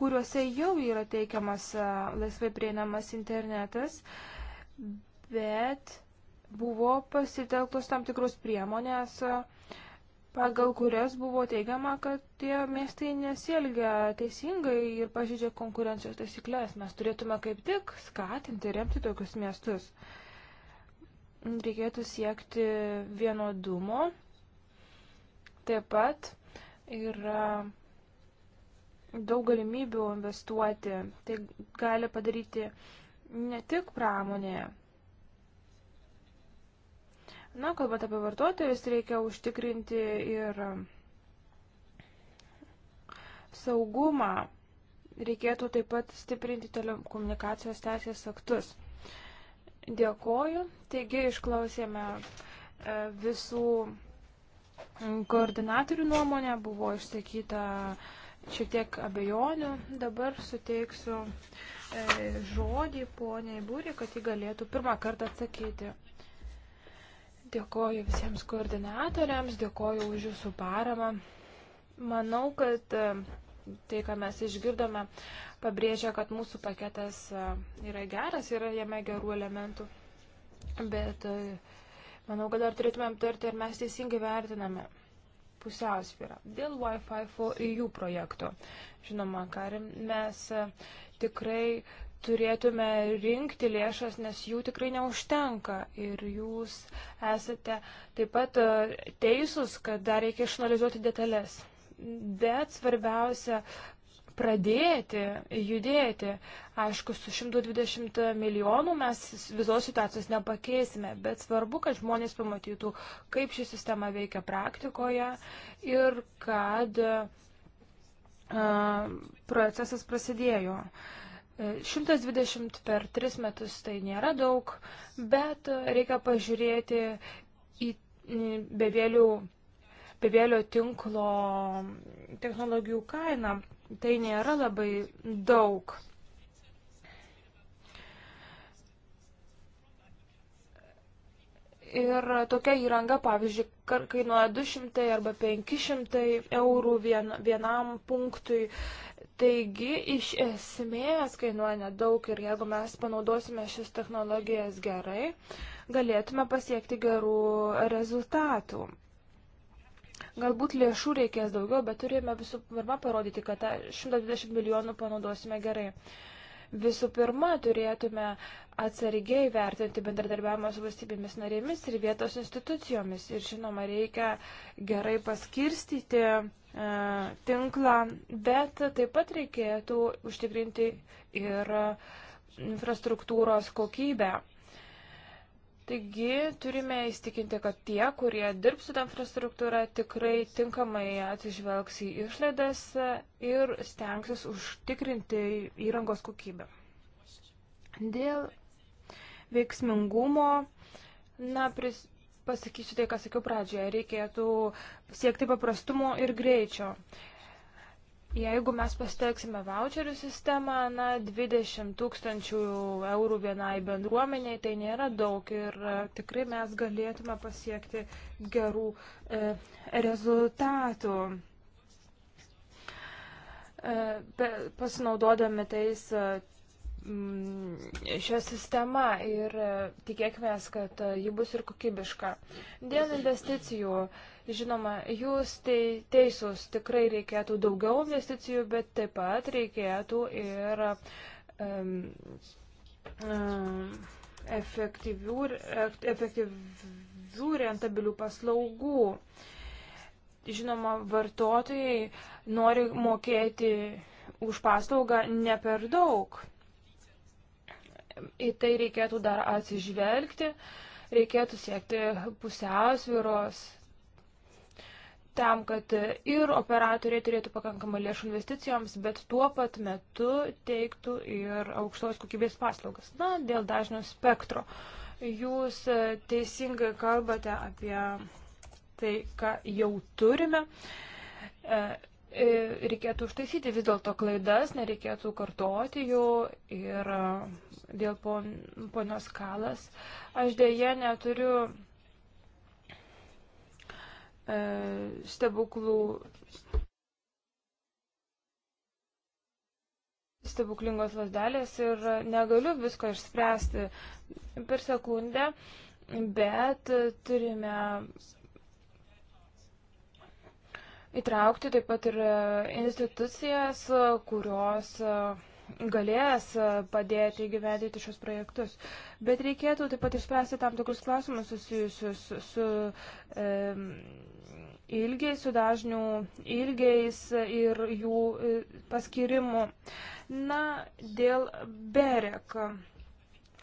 kuriuose jau yra teikiamas e, laisvai prieinamas internetas, bet buvo pasitelktos tam tikros priemonės, uh, pagal kurias buvo teigiama, kad tie miestai nesielgia teisingai ir pažydžia konkurencijos taisyklės. Mes turėtume kaip tik skatinti ir remti tokius miestus. Reikėtų siekti vienodumo. Taip pat yra daug galimybių investuoti. Tai gali padaryti ne tik pramonėje, Na, kalbant apie vartotojus, reikia užtikrinti ir saugumą. Reikėtų taip pat stiprinti telekomunikacijos teisės aktus. Dėkoju. Taigi išklausėme e, visų koordinatorių nuomonę, buvo išsakyta šiek tiek abejonių. Dabar suteiksiu e, žodį poniai Būrė, kad ji galėtų pirmą kartą atsakyti. Dėkoju visiems koordinatoriams, dėkoju už jūsų paramą. Manau, kad e, tai, ką mes išgirdome, pabrėžia, kad mūsų paketas e, yra geras, yra jame gerų elementų. Bet e, manau, kad dar turėtume aptarti, ar mes teisingai vertiname pusiausvyrą dėl Wi-Fi for EU projekto. Žinoma, Karim, mes tikrai turėtume rinkti lėšas, nes jų tikrai neužtenka. Ir jūs esate taip pat e, teisūs, kad dar reikia išanalizuoti detalės. Bet svarbiausia pradėti, judėti. Aišku, su 120 milijonų mes visos situacijos nepakeisime, bet svarbu, kad žmonės pamatytų, kaip ši sistema veikia praktikoje ir kad uh, procesas prasidėjo. Uh, 120 per 3 metus tai nėra daug, bet reikia pažiūrėti į bevėlių, bevėlio tinklo technologijų kainą. Tai nėra labai daug. Ir tokia įranga, pavyzdžiui, kainuoja 200 arba 500 eurų vien, vienam punktui Taigi, iš esmės kainuoja nedaug ir jeigu mes panaudosime šias technologijas gerai, galėtume pasiekti gerų rezultatų. Galbūt lėšų reikės daugiau, bet turime visų pirma parodyti, kad tą 120 milijonų panaudosime gerai. Visų pirma, turėtume atsargiai vertinti bendradarbiavimą su valstybėmis narėmis ir vietos institucijomis. Ir žinoma, reikia gerai paskirstyti E, tinklą, bet taip pat reikėtų užtikrinti ir infrastruktūros kokybę. Taigi turime įstikinti, kad tie, kurie dirbs su tą infrastruktūra, tikrai tinkamai atsižvelgs į išlaidas ir stengsis užtikrinti įrangos kokybę. Dėl veiksmingumo, na, pris, pasakysiu tai, ką sakiau pradžioje. Reikėtų siekti paprastumo ir greičio. Jeigu mes pasitelksime voucherių sistemą, na, 20 tūkstančių eurų vienai bendruomeniai, tai nėra daug ir e, tikrai mes galėtume pasiekti gerų e, rezultatų. E, be, pasinaudodami tais e, Mm, šią sistemą ir e, tikėkime, kad e, ji bus ir kokybiška. Dėl investicijų, žinoma, jūs teisūs, tikrai reikėtų daugiau investicijų, bet taip pat reikėtų ir um, um, efektyvių, efektyvių rentabilių paslaugų. Žinoma, vartotojai nori mokėti už paslaugą ne per daug į tai reikėtų dar atsižvelgti, reikėtų siekti pusiausvyros tam, kad ir operatoriai turėtų pakankamą lėšų investicijoms, bet tuo pat metu teiktų ir aukštos kokybės paslaugas. Na, dėl dažnio spektro. Jūs teisingai kalbate apie tai, ką jau turime. E, e, reikėtų užtaisyti vis dėlto klaidas, nereikėtų kartoti jų ir dėl pon, ponios Kalas. Aš dėje neturiu e, stebuklų. stebuklingos lasdelės ir negaliu visko išspręsti per sekundę, bet turime įtraukti taip pat ir institucijas, kurios galės e, padėti įgyvendinti šios projektus. Bet reikėtų taip pat išspręsti tam tikrus klausimus susijusius su e, ilgiais, su dažnių ilgiais ir jų e, paskirimu. Na, dėl BEREK.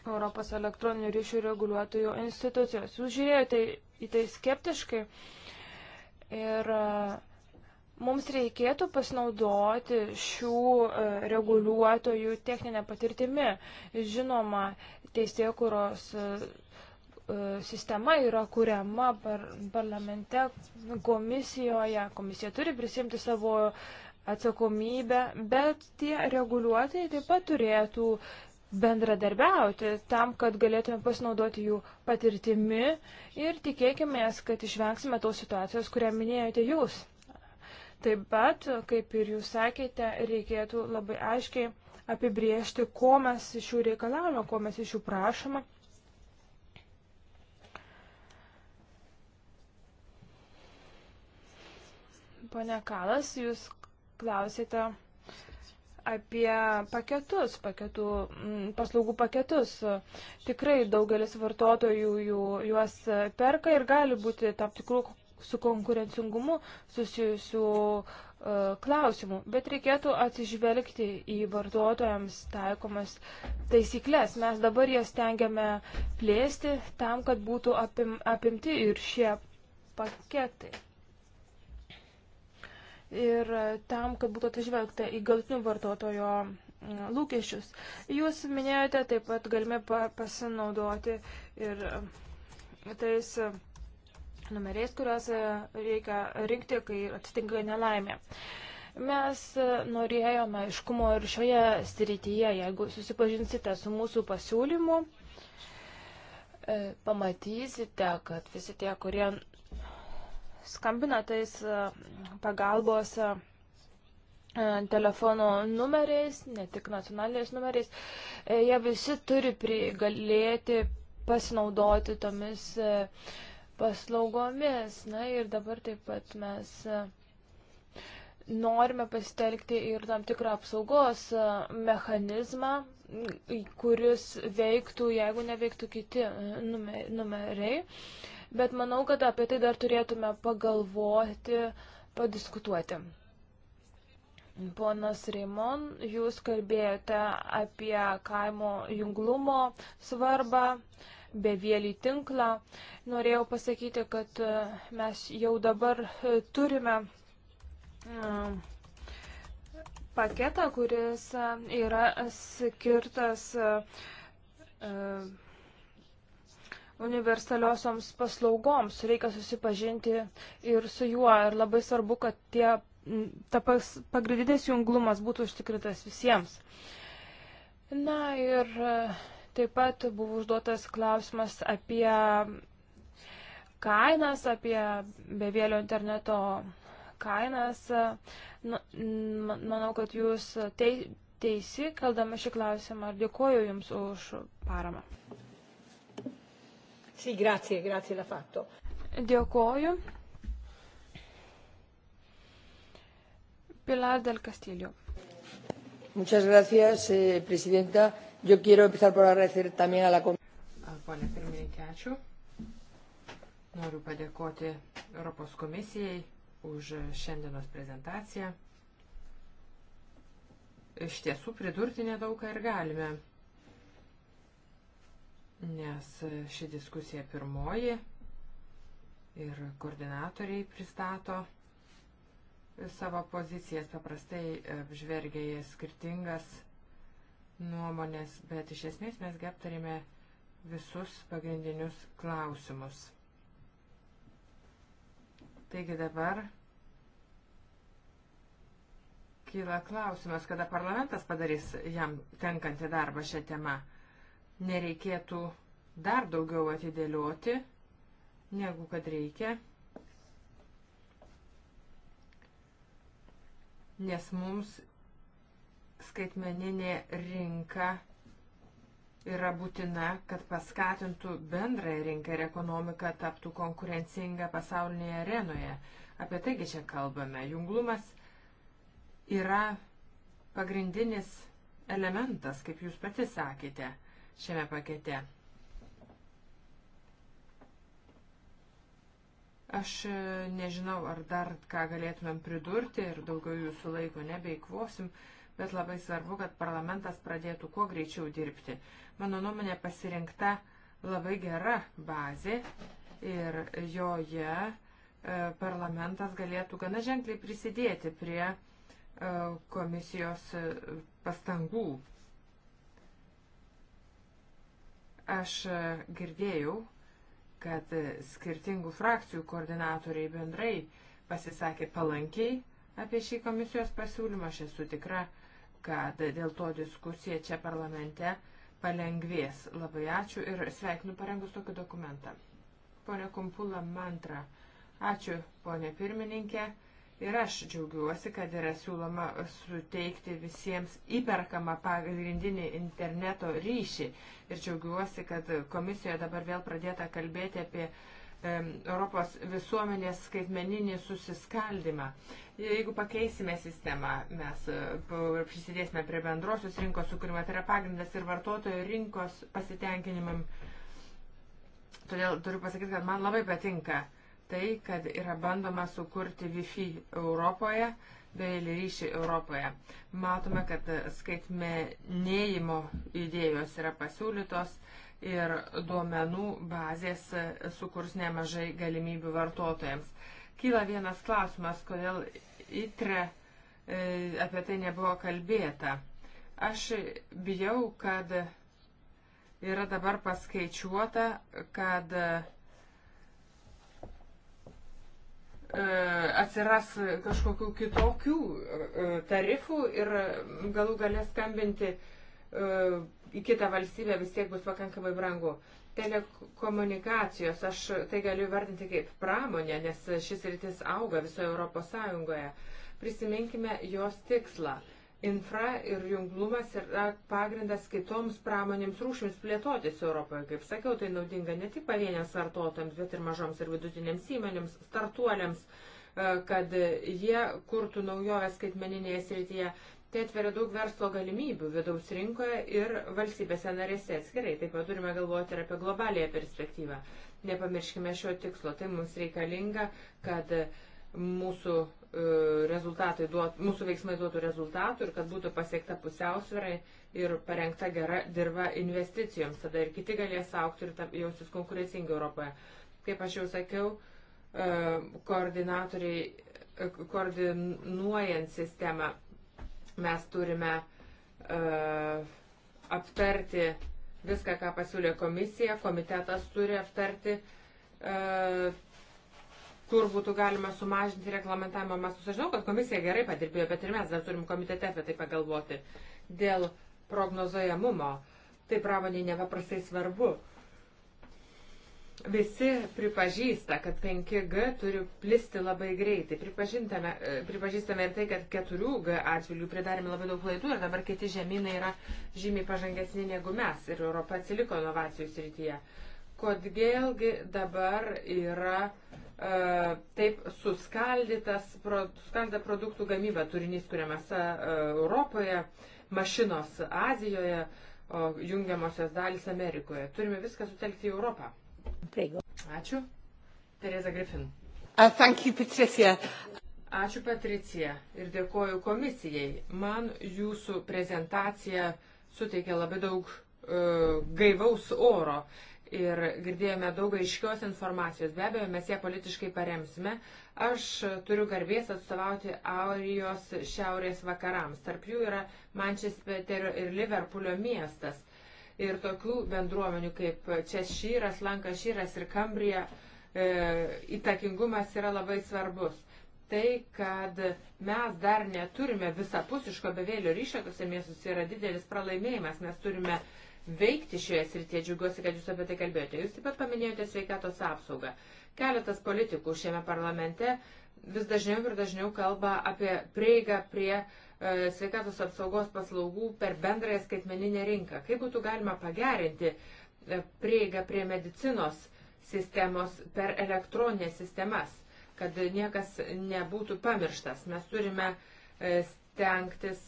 Europos elektroninių ryšių reguliuotojų institucijos. Jūs žiūrėjote į tai skeptiškai ir uh, Mums reikėtų pasinaudoti šių e, reguliuotojų techninę patirtimį. Žinoma, teisėkuros e, e, sistema yra kuriama par parlamente, komisijoje. Komisija turi prisimti savo atsakomybę, bet tie reguliuotojai taip pat turėtų bendradarbiauti tam, kad galėtume pasinaudoti jų patirtimi ir tikėkime, kad išvengsime tos situacijos, kurią minėjote jūs. Taip pat, kaip ir jūs sakėte, reikėtų labai aiškiai apibriežti, ko mes iš jų reikalavome, ko mes iš jų prašome. Pane Kalas, jūs klausėte apie paketus, paketų, paslaugų paketus. Tikrai daugelis vartotojų jų, juos perka ir gali būti tam tikrų su konkurencingumu susijusių e, klausimų, bet reikėtų atsižvelgti į vartotojams taikomas taisyklės. Mes dabar jas tengiame plėsti tam, kad būtų apim, apimti ir šie paketai. Ir tam, kad būtų atsižvelgta į galtinių vartotojo e, lūkesčius. Jūs minėjote taip pat galime pasinaudoti ir e, tais. Uh, numeriais, kuriuos e, reikia rinkti, kai atsitinka nelaimė. Mes e, norėjome iškumo ir šioje srityje, jeigu susipažinsite su mūsų pasiūlymu, e, pamatysite, kad visi tie, kurie skambina tais pagalbos telefono numeriais, ne tik nacionaliniais numeriais, jie visi turi pri, galėti pasinaudoti tomis paslaugomis. Na ir dabar taip pat mes e, norime pasitelkti ir tam tikrą apsaugos e, mechanizmą, kuris veiktų, jeigu neveiktų kiti e, numeriai. Bet manau, kad apie tai dar turėtume pagalvoti, padiskutuoti. Ponas Reimon, jūs kalbėjote apie kaimo junglumo svarbą. Uh, bevėlį tinklą. Norėjau pasakyti, kad e, mes jau dabar e, turime e, paketą, kuris yra skirtas universaliosioms paslaugoms. Reikia susipažinti ir su juo. Ir labai svarbu, kad tie, ta pas, pagrindinis junglumas būtų užtikrintas visiems. Na ir Taip pat buvo užduotas klausimas apie kainas, apie bevėlio interneto kainas. Nu, manau, kad jūs teisi, keldama šį klausimą. Dėkuoju Jums už paramą. Sì, grazie, grazie, l'ha fatto. Dėkuoju. Pilar del Castillo.
Muchas gracias, eh, Presidenta. Yo quiero empezar por agradecer también a la Pone pirmininkė, ačiū. Noriu padėkoti Europos komisijai už šiandienos prezentaciją. Iš tiesų pridurti nedaug ką ir galime, nes ši diskusija pirmoji ir koordinatoriai pristato savo pozicijas, paprastai apžvergia skirtingas nuomonės, bet iš esmės mes aptarėme visus pagrindinius klausimus. Taigi dabar kyla klausimas, kada parlamentas padarys jam tenkantį darbą šią temą. Nereikėtų dar daugiau atidėlioti, negu kad reikia. Nes mums skaitmeninė rinka yra būtina, kad paskatintų bendrąją rinką ir ekonomiką taptų konkurencinga pasaulinėje arenoje. Apie taigi čia kalbame. Junglumas yra pagrindinis elementas, kaip jūs pati sakėte, šiame pakete. Aš e, nežinau, ar dar ką galėtumėm pridurti ir daugiau jūsų laiko nebeikvosim. Uh, bet labai svarbu, kad parlamentas pradėtų kuo greičiau dirbti. Mano nuomonė pasirinkta labai gera bazė ir joje e, parlamentas galėtų gana ženkliai prisidėti prie e, komisijos e, pastangų. Aš girdėjau, kad skirtingų frakcijų koordinatoriai bendrai pasisakė palankiai apie šį komisijos pasiūlymą. Aš esu tikra, kad kad dėl to diskusija čia parlamente palengvės. Labai ačiū ir sveikinu parengus tokį dokumentą. Pone Kumpula Mantra, ačiū ponė pirmininkė. Ir aš džiaugiuosi, kad yra siūloma suteikti visiems įperkamą pagrindinį interneto ryšį. Ir džiaugiuosi, kad komisijoje dabar vėl pradėta kalbėti apie uh, Europos visuomenės skaitmeninį susiskaldimą. Jeigu pakeisime sistemą, mes e, prisidėsime prie bendrosios rinkos sukūrimo, tai yra pagrindas ir vartotojų rinkos pasitenkinimam. Todėl turiu pasakyti, kad man labai patinka tai, kad yra bandoma sukurti Wi-Fi Europoje beilį ryšį Europoje. Matome, kad skaitmenėjimo idėjos yra pasiūlytos ir duomenų bazės sukurs nemažai galimybių vartotojams. Kyla vienas klausimas, kodėl ITRE e, apie tai nebuvo kalbėta. Aš bijau, kad yra dabar paskaičiuota, kad e, atsiras kažkokių kitokių e, tarifų ir galų galės skambinti į kitą valstybę vis tiek bus pakankamai brangu. Telekomunikacijos, aš tai galiu vardinti kaip pramonę, nes šis rytis auga visoje Europos Sąjungoje. Prisiminkime jos tikslą. Infra ir junglumas yra pagrindas kitoms pramonėms rūšims plėtotis Europoje. Kaip sakiau, tai naudinga ne tik pavieniams vartotojams, bet ir mažoms ir vidutinėms įmonėms, startuoliams, kad jie kurtų naujoves skaitmeninėje srityje Tai atveria daug verslo galimybių vidaus rinkoje ir valstybėse narėse atskirai. Taip pat turime galvoti ir apie globalėją perspektyvą. Nepamirškime šio tikslo. Tai mums reikalinga, kad mūsų, e, rezultatai duot, mūsų veiksmai duotų rezultatų ir kad būtų pasiekta pusiausvėrai ir parengta gera dirba investicijoms. Tada ir kiti galės aukti ir tap, jausis konkurencingi Europoje. Kaip aš jau sakiau, e, koordinatoriai e, koordinuojant sistemą Mes turime uh, aptarti viską, ką pasiūlė komisija, komitetas turi aptarti, uh, kur būtų galima sumažinti reglamentavimo mastus. Aš žinau, kad komisija gerai padirbėjo, bet ir mes dar turim komitete apie tai pagalvoti. Dėl prognozojamumo tai pramoniai nepaprastai svarbu. Uh, Visi pripažįsta, kad 5G turi plisti labai greitai. E, pripažįstame ir tai, kad 4G atžvilgių pridarėme labai daug klaidų ir dabar kiti žemynai yra žymiai pažangesni negu mes ir Europa atsiliko inovacijų srityje. Kodėlgi dabar yra e, taip suskaldytas, pro, suskaldyta produktų gamyba, turinys kuriamas e, Europoje, mašinos Azijoje, o jungiamosios dalys Amerikoje. Turime viską sutelkti į Europą. Prego. Ačiū. Tereza Griffin. Uh, thank you, Patricia. Ačiū Patricija ir dėkoju komisijai. Man jūsų prezentacija suteikė labai daug uh, gaivaus oro ir girdėjome daug aiškios informacijos. Be abejo, mes ją politiškai paremsime. Aš turiu garbės atstovauti Aurijos šiaurės vakarams. Tarp jų yra Mančesterio ir Liverpoolio miestas. Ir tokių bendruomenių kaip Češyras, Lankašyras ir Kambrija e, įtakingumas yra labai svarbus. Tai, kad mes dar neturime visapusiško bevėlio ryšio tose miestuose yra didelis pralaimėjimas. Mes turime veikti šioje srityje. Džiugiuosi, kad jūs apie tai kalbėjote. Jūs taip pat paminėjote sveikatos apsaugą. Keletas politikų šiame parlamente vis dažniau ir dažniau kalba apie prieigą prie uh, E, sveikatos apsaugos paslaugų per bendrąją skaitmeninę rinką. Kaip būtų galima pagerinti e, prieigą prie medicinos sistemos per elektroninės sistemas, kad niekas nebūtų pamirštas. Mes turime e, stengtis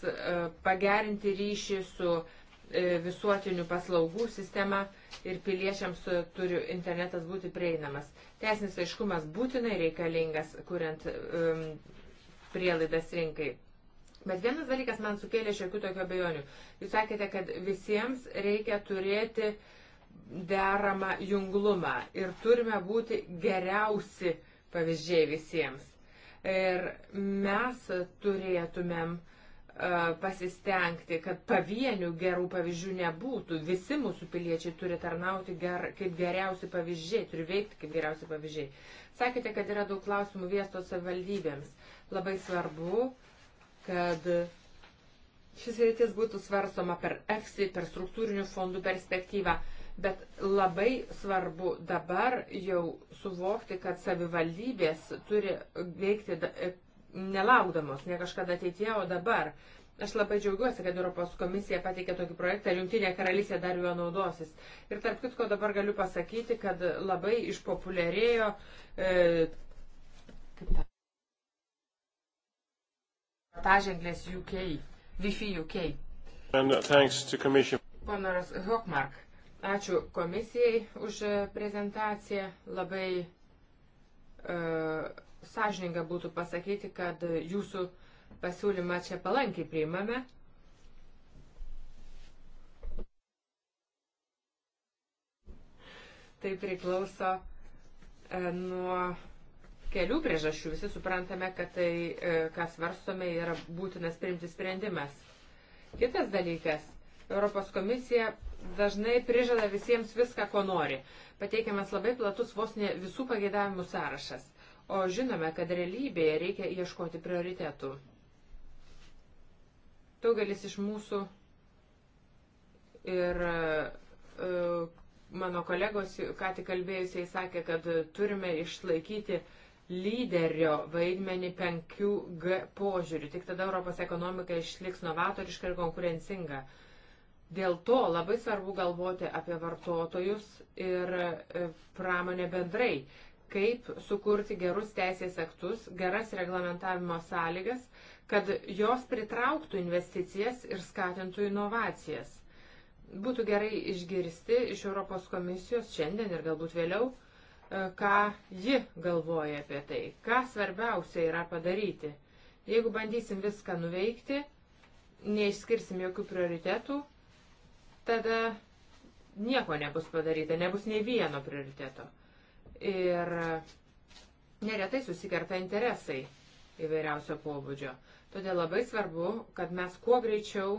pagerinti ryšį su visuotinių paslaugų sistema ir piliečiams turi internetas būti prieinamas. Teisinis aiškumas būtinai reikalingas, kuriant um, prielaidas rinkai. Bet vienas dalykas man sukėlė šiokių tokių abejonių. Jūs sakėte, kad visiems reikia turėti deramą junglumą ir turime būti geriausi pavyzdžiai visiems. Ir mes turėtumėm e, pasistengti, kad pavienių gerų pavyzdžių nebūtų. Visi mūsų piliečiai turi tarnauti ger, kaip geriausi pavyzdžiai, turi veikti kaip geriausi pavyzdžiai. Sakėte, kad yra daug klausimų vietos savivaldybėms. Labai svarbu uh, kad šis rytis būtų svarstoma per EFSI, per struktūrinių fondų perspektyvą. Bet labai svarbu dabar jau suvokti, kad savivaldybės turi veikti e, nelaukdamos, ne kažkada ateitie, o dabar. Aš labai džiaugiuosi, kad Europos komisija pateikė tokį projektą ir Junktinė karalystė dar juo naudosis. Ir tarp kitko dabar galiu pasakyti, kad labai išpopuliarėjo. E, kaip ta, Taženklės UK, Wi-Fi UK.
Uh,
Ponaras Hokmark, ačiū komisijai už uh, prezentaciją. Labai uh, sąžininga būtų pasakyti, kad jūsų pasiūlymą čia palankiai priimame. Tai priklauso uh, nuo kelių priežasčių. Visi suprantame, kad tai, e, kas varstome, yra būtinas priimti sprendimas. Kitas dalykas. Europos komisija dažnai prižada visiems viską, ko nori. Pateikiamas labai platus vos ne visų pageidavimų sąrašas. O žinome, kad realybėje reikia ieškoti prioritetų. Daugelis iš mūsų ir uh, mano kolegos, ką tik kalbėjusiai, sakė, kad turime išlaikyti uh, lyderio vaidmenį 5G požiūrių. Tik tada Europos ekonomika išliks novatoriška ir konkurencinga. Dėl to labai svarbu galvoti apie vartotojus ir e, pramonę bendrai, kaip sukurti gerus teisės aktus, geras reglamentavimo sąlygas, kad jos pritrauktų investicijas ir skatintų inovacijas. Būtų gerai išgirsti iš Europos komisijos šiandien ir galbūt vėliau E, ką ji galvoja apie tai, ką svarbiausia yra padaryti. Jeigu bandysim viską nuveikti, neišskirsim jokių prioritetų, tada nieko nebus padaryta, nebus nei vieno prioriteto. Ir neretai susikerta interesai įvairiausio pobūdžio. Todėl labai svarbu, kad mes kuo greičiau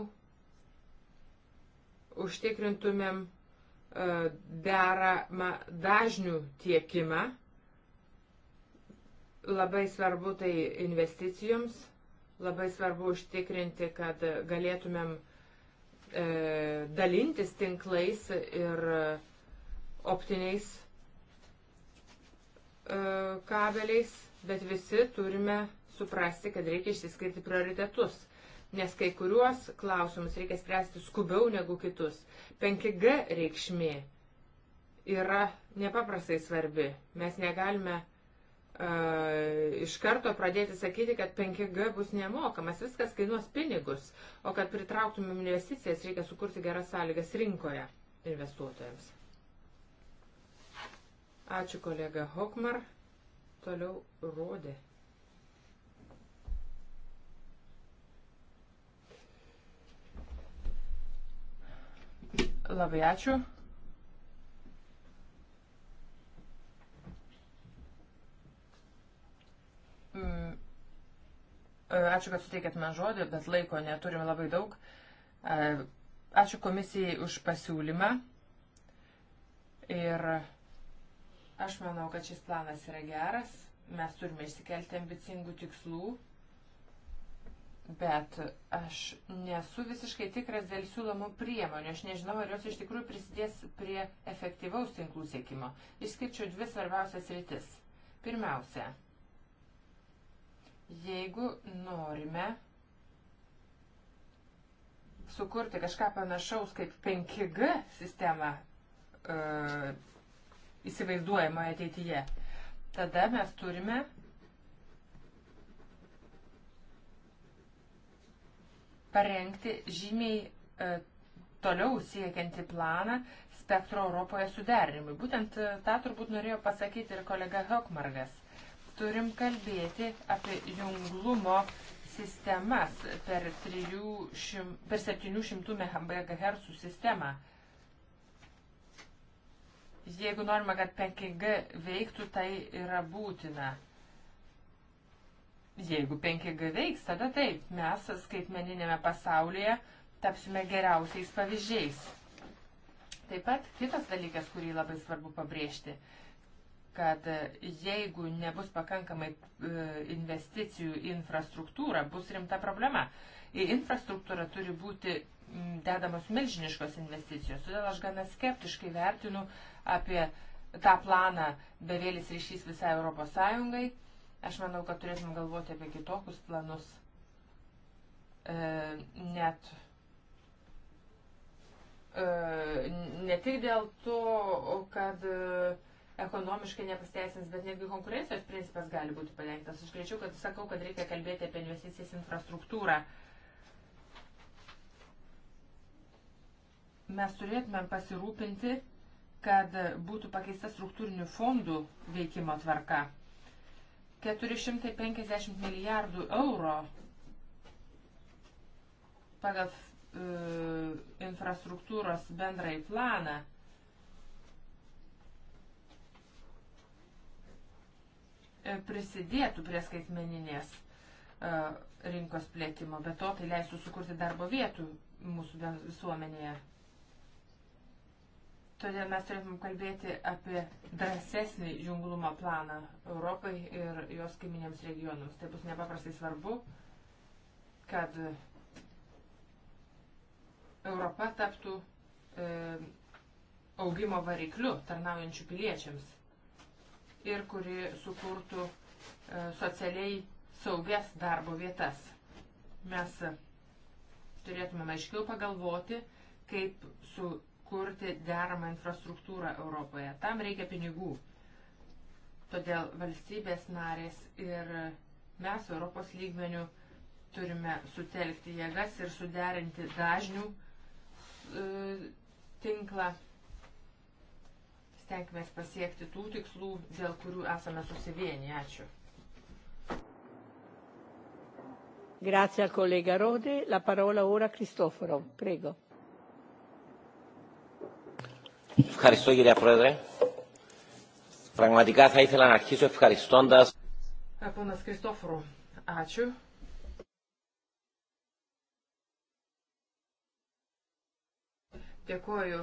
užtikrintumėm E, deramą dažnių tiekimą. Labai svarbu tai investicijoms, labai svarbu užtikrinti, kad galėtumėm e, dalintis tinklais ir optiniais e, kabeliais, bet visi turime suprasti, kad reikia išsiskirti prioritetus nes kai kuriuos klausimus reikia spręsti skubiau negu kitus. 5G reikšmė yra nepaprastai svarbi. Mes negalime iš karto pradėti sakyti, kad 5G bus nemokamas, viskas kainuos pinigus, o kad pritrauktumėm investicijas, reikia sukurti geras sąlygas rinkoje investuotojams. Ačiū kolega Hokmar, toliau rodė. Labai ačiū. Mm. E, ačiū, kad suteikėt man žodį, bet laiko neturim labai daug. E, ačiū komisijai už pasiūlymą. Ir aš manau, kad šis planas yra geras. Mes turime išsikelti ambicingų tikslų bet aš nesu visiškai tikras dėl siūlomų priemonių. Aš nežinau, ar jos iš tikrųjų prisidės prie efektyvaus tinklų sėkimo. Išskirčiau dvi svarbiausias rytis. Pirmiausia, jeigu norime sukurti kažką panašaus kaip 5G sistemą e, įsivaizduojamoje ateityje, tada mes turime parengti žymiai e, toliau siekiantį planą spektro Europoje suderinimui. Būtent e, tą turbūt norėjo pasakyti ir kolega Hokmargas. Turim kalbėti apie junglumo sistemas per, 300, per 700 MHz sistemą. Jeigu norime, kad 5G veiktų, tai yra būtina. Jeigu 5G veiks, tada taip, mes skaitmeninėme pasaulyje tapsime geriausiais pavyzdžiais. Taip pat kitas dalykas, kurį labai svarbu pabrėžti, kad e, jeigu nebus pakankamai e, investicijų į infrastruktūrą, bus rimta problema. Į infrastruktūrą turi būti dedamos milžiniškos investicijos. Todėl aš gana skeptiškai vertinu apie tą planą bevėlis ryšys visai Europos Sąjungai Aš manau, kad turėtum galvoti apie kitokius planus. E, net e, ne tik dėl to, kad e, ekonomiškai nepasteisins, bet netgi konkurencijos principas gali būti palengtas. Aš greičiau, kad sakau, kad reikia kalbėti apie investicijas infrastruktūrą. Mes turėtumėm pasirūpinti, kad būtų pakeista struktūrinių fondų veikimo tvarka. 450 milijardų eurų pagal e, infrastruktūros bendrai planą e, prisidėtų prie skaitmeninės e, rinkos plėtimo, bet to tai leistų sukurti darbo vietų mūsų visuomenėje. Todėl mes turėtume kalbėti apie drąsesnį žunglumo planą Europai ir jos kaiminėms regionams. Tai bus nepaprastai svarbu, kad Europa taptų e, augimo varikliu tarnaujančių piliečiams ir kuri sukurtų e, socialiai saugias darbo vietas. Mes turėtume aiškiau pagalvoti, kaip su kurti deramą infrastruktūrą Europoje. Tam reikia pinigų. Todėl valstybės narės ir mes Europos lygmenių turime sutelkti jėgas ir suderinti dažnių e, tinklą. Stenkime pasiekti tų tikslų, dėl kurių esame susivienyje. Ačiū. Grazie al collega Rode. La parola ora a Cristoforo. Prego.
Ευχαριστώ κυρία Πρόεδρε. Πραγματικά θα ήθελα να αρχίσω ευχαριστώντας.
Ponas Kristoforų, ačiū. Dėkuoju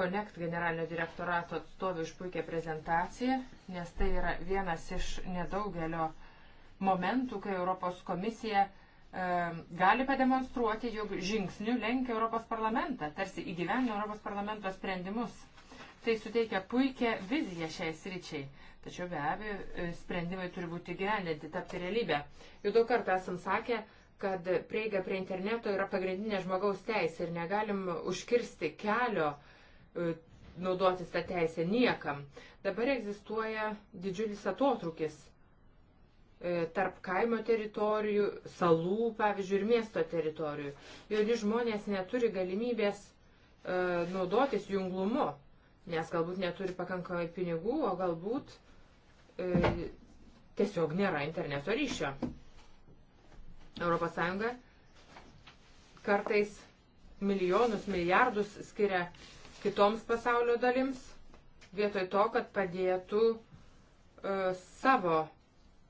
Connect generalinio direktorato atstovių iš puikia prezentacija, nes tai yra vienas iš nedaugelio momentų, kai Europos komisija uh, galime demonstruoti, jog žingsnių lenkia Europos parlamentą, tarsi įgyvendina Europos parlamento sprendimus. Tai suteikia puikią viziją šiai sričiai. Tačiau be abejo, e, sprendimai turi būti gyvendinti, tapti realybę. Jau daug kartų esam sakę, kad prieiga prie interneto yra pagrindinė žmogaus teisė ir negalim užkirsti kelio e, naudotis tą teisę niekam. Dabar egzistuoja didžiulis atotrukis E, tarp kaimo teritorijų, salų, pavyzdžiui, ir miesto teritorijų. Jauni žmonės neturi galimybės e, naudotis junglumu, nes galbūt neturi pakankamai pinigų, o galbūt e, tiesiog nėra interneto ryšio. ES kartais milijonus, milijardus skiria kitoms pasaulio dalims, vietoj to, kad padėtų e, savo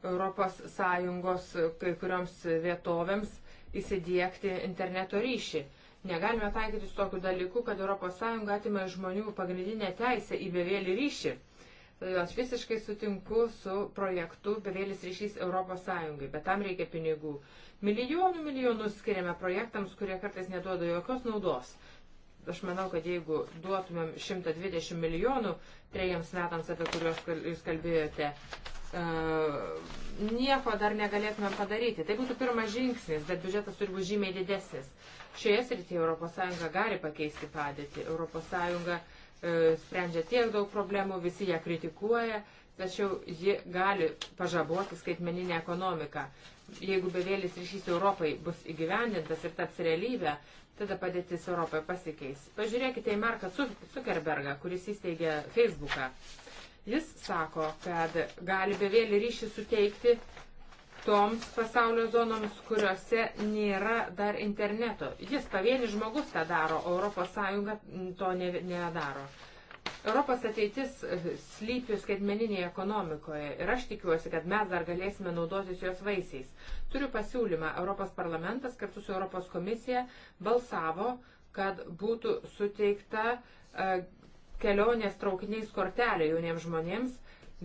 ES kai kurioms vietovėms įsidėkti interneto ryšį. Negalime taikyti su tokiu dalyku, kad ES atima iš žmonių pagrindinę teisę į bevėlį ryšį. Aš visiškai sutinku su projektu Bevėlis ryšys ES, bet tam reikia pinigų. Milijonų milijonus skiriame projektams, kurie kartais neduoda jokios naudos. Aš manau, kad jeigu duotumėm 120 milijonų trejams metams, apie kuriuos jūs kalbėjote, e, nieko dar negalėtumėm padaryti. Tai būtų pirmas žingsnis, bet biudžetas turi būti žymiai didesnis. Šioje srityje ES gali pakeisti padėtį. ES e, sprendžia tiek daug problemų, visi ją kritikuoja, tačiau ji gali pažaboti skaitmeninę ekonomiką jeigu bevėlis ryšys Europai bus įgyvendintas ir taps realybė, tada padėtis Europoje pasikeis. Pažiūrėkite į Marką Zuckerbergą, kuris įsteigė Facebooką. Jis sako, kad gali bevėlį ryšį suteikti toms pasaulio zonoms, kuriuose nėra dar interneto. Jis pavienis žmogus tą daro, o ES to nedaro. Ne Europos ateitis e, slypi skaitmeninėje ekonomikoje ir aš tikiuosi, kad mes dar galėsime naudotis jos vaisiais. Turiu pasiūlymą, Europos parlamentas kartu su Europos komisija balsavo, kad būtų suteikta e, kelionės traukiniais kortelė jauniems žmonėms,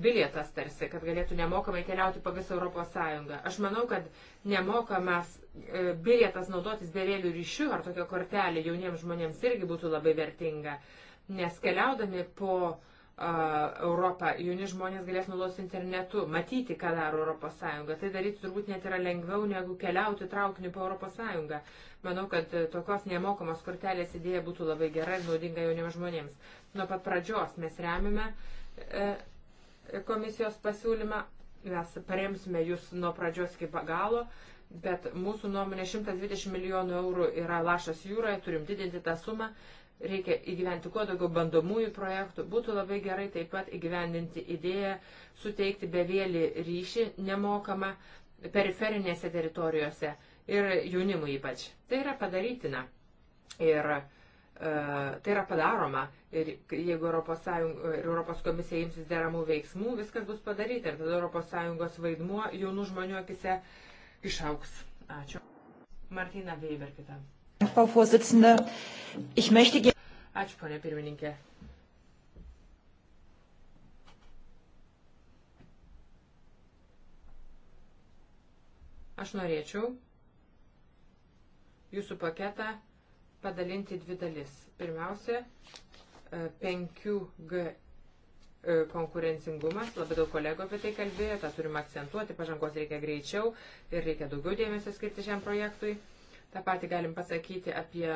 bilietas tarsi, kad galėtų nemokamai keliauti po visą Europos Sąjungą. Aš manau, kad nemokamas e, bilietas naudotis bevėlių ryšių ar tokia kortelė jauniems žmonėms irgi būtų labai vertinga nes keliaudami po Europą jauni žmonės galės naudotis internetu, matyti, ką daro ES. Tai daryti turbūt net yra lengviau negu keliauti traukiniu po ES. Manau, kad e, tokios nemokamos kortelės idėja būtų labai gera ir naudinga jauniems žmonėms. Nuo pat pradžios mes remime e, komisijos pasiūlymą, mes paremsime jūs nuo pradžios iki galo. Bet mūsų nuomonė 120 milijonų eurų yra lašas jūroje, turim didinti tą sumą, reikia įgyventi kuo daugiau bandomųjų projektų. Būtų labai gerai taip pat įgyvendinti idėją suteikti bevėlį ryšį nemokamą periferinėse teritorijose ir jaunimui ypač. Tai yra padarytina. Ir e, tai yra padaroma. Ir jeigu Europos, Sąjung, Europos komisija imsis deramų veiksmų, viskas bus padaryta. Ir tada Europos Sąjungos vaidmuo jaunų žmonių akise išauks. Ačiū. Martina Weber kitam.
Ačiū, ponė
pirmininkė. Aš norėčiau jūsų paketą padalinti dvi dalis. Pirmiausia, 5G e, e, konkurencingumas, labai daug kolegų apie tai kalbėjo, tą turim akcentuoti, pažangos reikia greičiau ir reikia daugiau dėmesio skirti šiam projektui. Ta pati galim pasakyti apie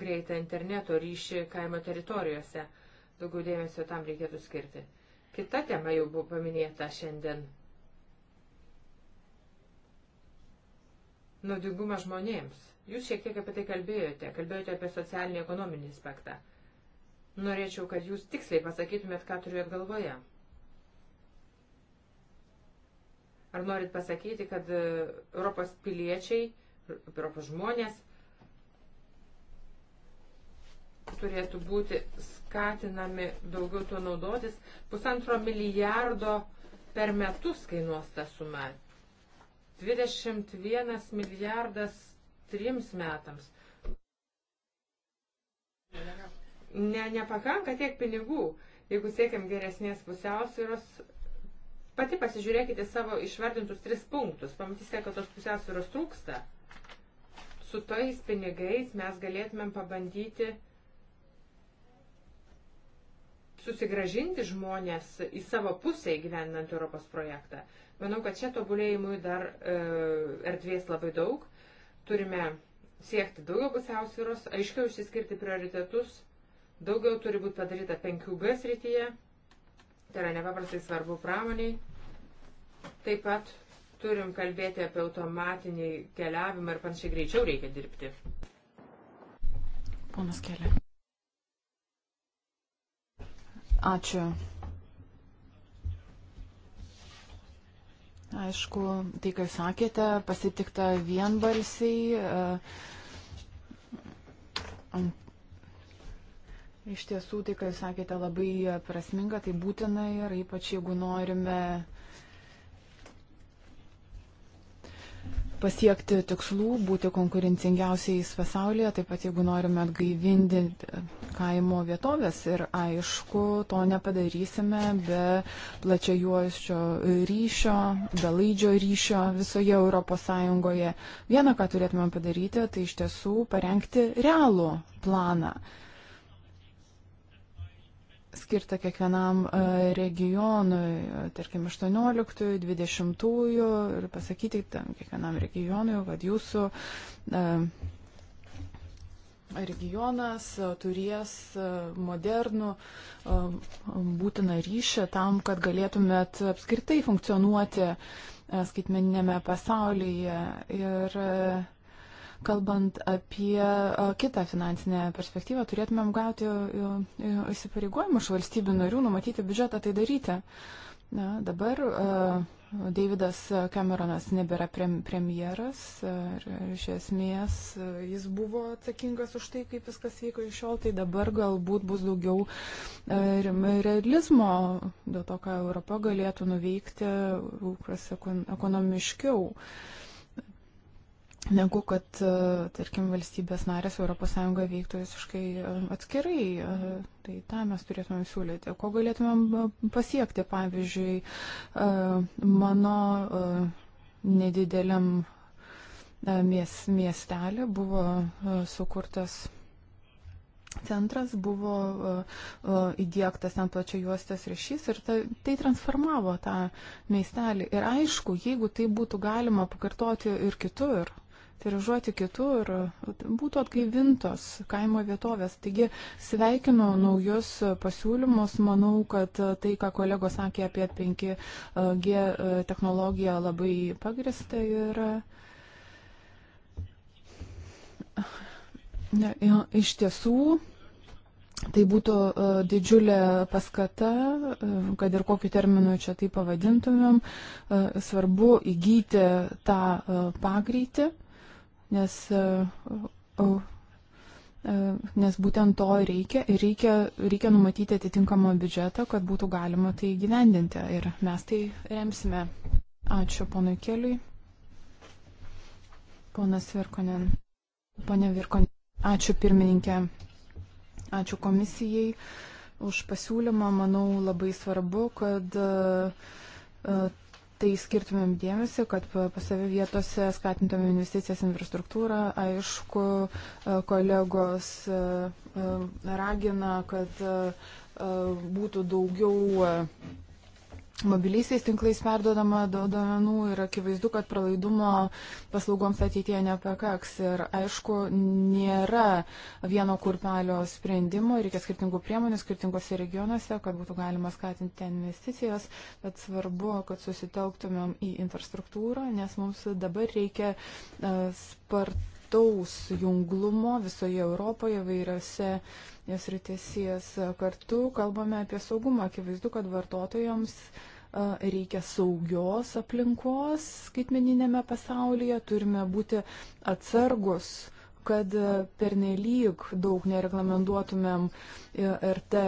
greitą interneto ryšį kaimo teritorijose. Daugiau dėmesio tam reikėtų skirti. Kita tema jau buvo paminėta šiandien. Naudingumas žmonėms. Jūs šiek tiek apie tai kalbėjote, kalbėjote apie socialinį ekonominį aspektą. Norėčiau, kad jūs tiksliai pasakytumėt, ką turėjot galvoje. Ar norit pasakyti, kad e, Europos piliečiai, Europos žmonės turėtų būti skatinami daugiau tuo naudotis. Pusantro milijardo per metus kainuos ta suma. 21 milijardas trims metams. Ne, nepakanka tiek pinigų, jeigu siekiam geresnės pusiausvyros Pati pasižiūrėkite savo išvardintus tris punktus, pamatysite, kad tos pusiausvėros trūksta. Su tais pinigais mes galėtumėm pabandyti susigražinti žmonės į savo pusę įgyvendinant Europos projektą. Manau, kad čia tobulėjimui dar e, erdvės labai daug. Turime siekti daugiau pusiausvyros, aiškiau išsiskirti prioritetus, daugiau turi būti padaryta 5G srityje. Tai yra nepaprastai svarbu pramoniai. Taip pat turim kalbėti apie automatinį keliavimą ir panašiai greičiau reikia dirbti.
Ponas Kelė. Ačiū. Aišku, tai, ką sakėte, pasitikta vienbalsiai. E, Iš tiesų, tai, ką jūs sakėte, labai prasminga, tai būtina ir ypač jeigu norime pasiekti tikslų, būti konkurencingiausiais pasaulyje, taip pat jeigu norime atgaivinti kaimo vietovės ir aišku, to nepadarysime be plačiajuoščio ryšio, be laidžio ryšio visoje ES. Viena, ką turėtume padaryti, tai iš tiesų parengti realų planą skirta kiekvienam e, regionui, e, tarkim, 18-20 ir pasakyti tam kiekvienam regionui, kad jūsų e, regionas turės modernų būtiną ryšį tam, kad galėtumėt apskritai funkcionuoti skaitmeninėme pasaulyje. Ir kalbant apie kitą finansinę perspektyvą, turėtumėm gauti įsipareigojimų iš valstybių narių, numatyti biudžetą tai daryti. Na, dabar Davidas Cameronas nebėra premjeras ir iš esmės jis buvo atsakingas už tai, kaip viskas vyko iš šiol, tai dabar galbūt bus daugiau realizmo dėl to, ką Europa galėtų nuveikti, kas ekonomiškiau. Uh, negu kad, e, tarkim, valstybės narės ES veiktų visiškai e, atskirai. E, tai tą mes turėtumėm siūlyti. Ko galėtumėm pasiekti, pavyzdžiui, mano nedideliam miestelė buvo sukurtas centras buvo įdėktas ten plačia juostas ryšys ir ta, tai transformavo tą miestelį. Ir aišku, jeigu tai būtų galima pakartoti ir kitur, tiražuoti kitur, būtų atgaivintos kaimo vietovės. Taigi sveikinu naujus pasiūlymus, manau, kad tai, ką kolegos sakė apie 5G e, e, technologiją, labai pagrista yra. Ne, iš tiesų, Tai būtų e, didžiulė paskata, kad ir kokiu terminu čia tai pavadintumėm, svarbu įgyti tą pagreitį nes, e, e, nes būtent to reikia ir reikia, reikia numatyti atitinkamą biudžetą, kad būtų galima tai gyvendinti ir mes tai remsime. Ačiū ponui Keliui. Ponas Virkonen. Pane Virkonen. Ačiū pirmininkė. Ačiū komisijai už pasiūlymą. Manau labai svarbu, kad e, tai skirtumėm dėmesį, kad pasavė vietose skatintumėm investicijas infrastruktūrą. Aišku, e, kolegos e, e, ragina, kad būtų daugiau mobiliaisiais tinklais perdodama duomenų ir akivaizdu, kad pralaidumo paslaugoms ateitie nepakaks. Ir aišku, nėra vieno kurpalio sprendimo, reikia skirtingų priemonių skirtingose regionuose, kad būtų galima skatinti investicijas, bet svarbu, kad susitelktumėm į infrastruktūrą, nes mums dabar reikia e, spartaus junglumo visoje Europoje, vairiose. Uh, nes rytis jas e, kartu kalbame apie saugumą. Akivaizdu, kad vartotojams e, reikia saugios aplinkos skaitmeninėme pasaulyje, turime būti atsargus kad e, pernelyg daug nereglamentuotumėm RT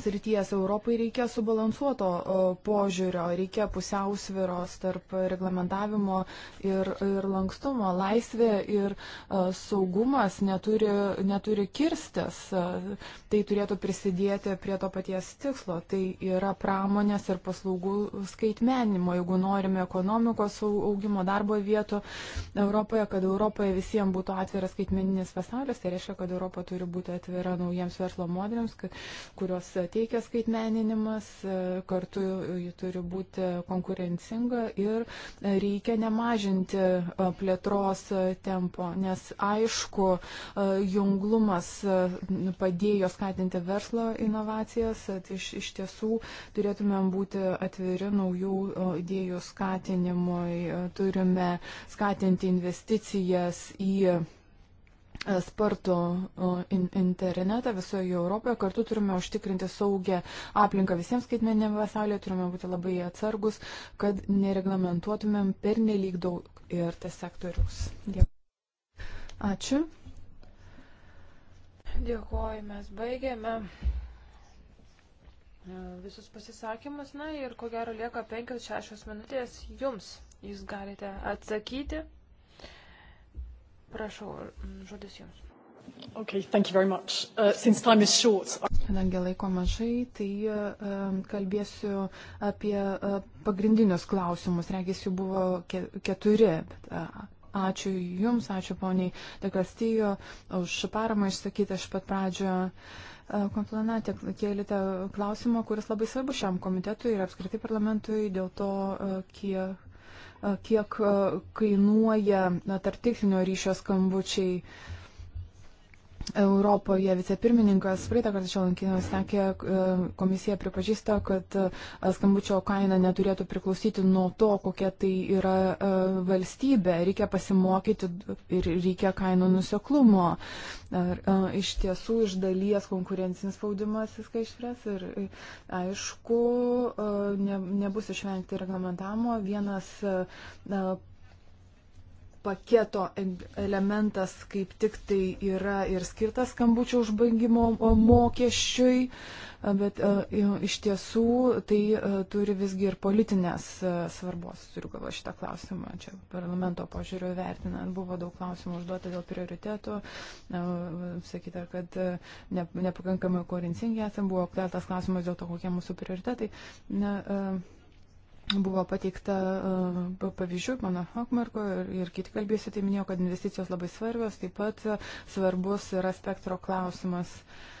srities Europai reikia subalansuoto požiūrio, reikia pusiausviros tarp reglamentavimo ir, ir lankstumo. Laisvė ir saugumas neturi, neturi kirstis. Tai turėtų prisidėti prie to paties tikslo. Tai yra pramonės ir paslaugų skaitmenimo. Jeigu norime ekonomikos augimo darbo vietų Europoje, kad Europoje visiems būtų atviras skaitmeninis pasaulis, tai reiškia, kad Europa turi būti atvira naujiems verslo modeliams, kuriuos teikia skaitmeninimas, e, kartu ji turi būti konkurencinga ir e, reikia nemažinti e, plėtros tempo, nes aišku, junglumas padėjo skatinti verslo inovacijas, iš, iš tiesų turėtumėm būti atviri naujų idėjų skatinimui, turime skatinti investicijas į E, spartų internetą visoje Europoje. Kartu turime užtikrinti saugę aplinką visiems skaitmeniniam pasaulyje, turime būti labai atsargus, kad nereglamentuotumėm per nelik daug ir tas sektorius. Dėkui. Ačiū.
Dėkuoju, mes baigėme e, visus pasisakymus, na ir ko gero lieka 5-6 minutės jums. Jūs galite atsakyti. Prašau, mm, žodis jums.
Okay, thank you very much. Uh, since time is short. Kadangi laiko mažai, tai uh, kalbėsiu apie uh, pagrindinius klausimus. Regis jų buvo ke keturi, bet uh, Ačiū Jums, ačiū poniai Dekastijo už paramą išsakyti iš pat pradžio komplanatė kėlėte klausimą, kuris labai svarbus šiam komitetui ir apskritai parlamentui dėl to, kiek kiek kainuoja tarptinklinio ryšio skambučiai Europoje vicepirmininkas praeitą kartą čia lankinės sakė, e, komisija pripažįsta, kad e, skambučio kaina neturėtų priklausyti nuo to, kokia tai yra e, valstybė. Reikia pasimokyti ir reikia kainų nuseklumo. Ar, iš tiesų iš dalies konkurencinis spaudimas viską išpres ir aišku, ne, nebus išvengti reglamentavimo. Vienas paketo elementas kaip tik tai yra ir skirtas skambučio užbaigimo mokesčiui, bet iš tiesų tai turi visgi ir politinės svarbos, turiu galvo šitą klausimą, čia parlamento požiūriu vertinant, buvo daug klausimų užduota dėl prioritetų, sakyta, kad nepakankamai korincingi esame, buvo keltas klausimas dėl to, kokie mūsų prioritetai. Ne, buvo pateikta e, pavyzdžių, mano Hokmarko ir, ir kiti kalbėjusi, tai minėjo, kad investicijos labai svarbios, taip pat svarbus yra spektro klausimas. Uh,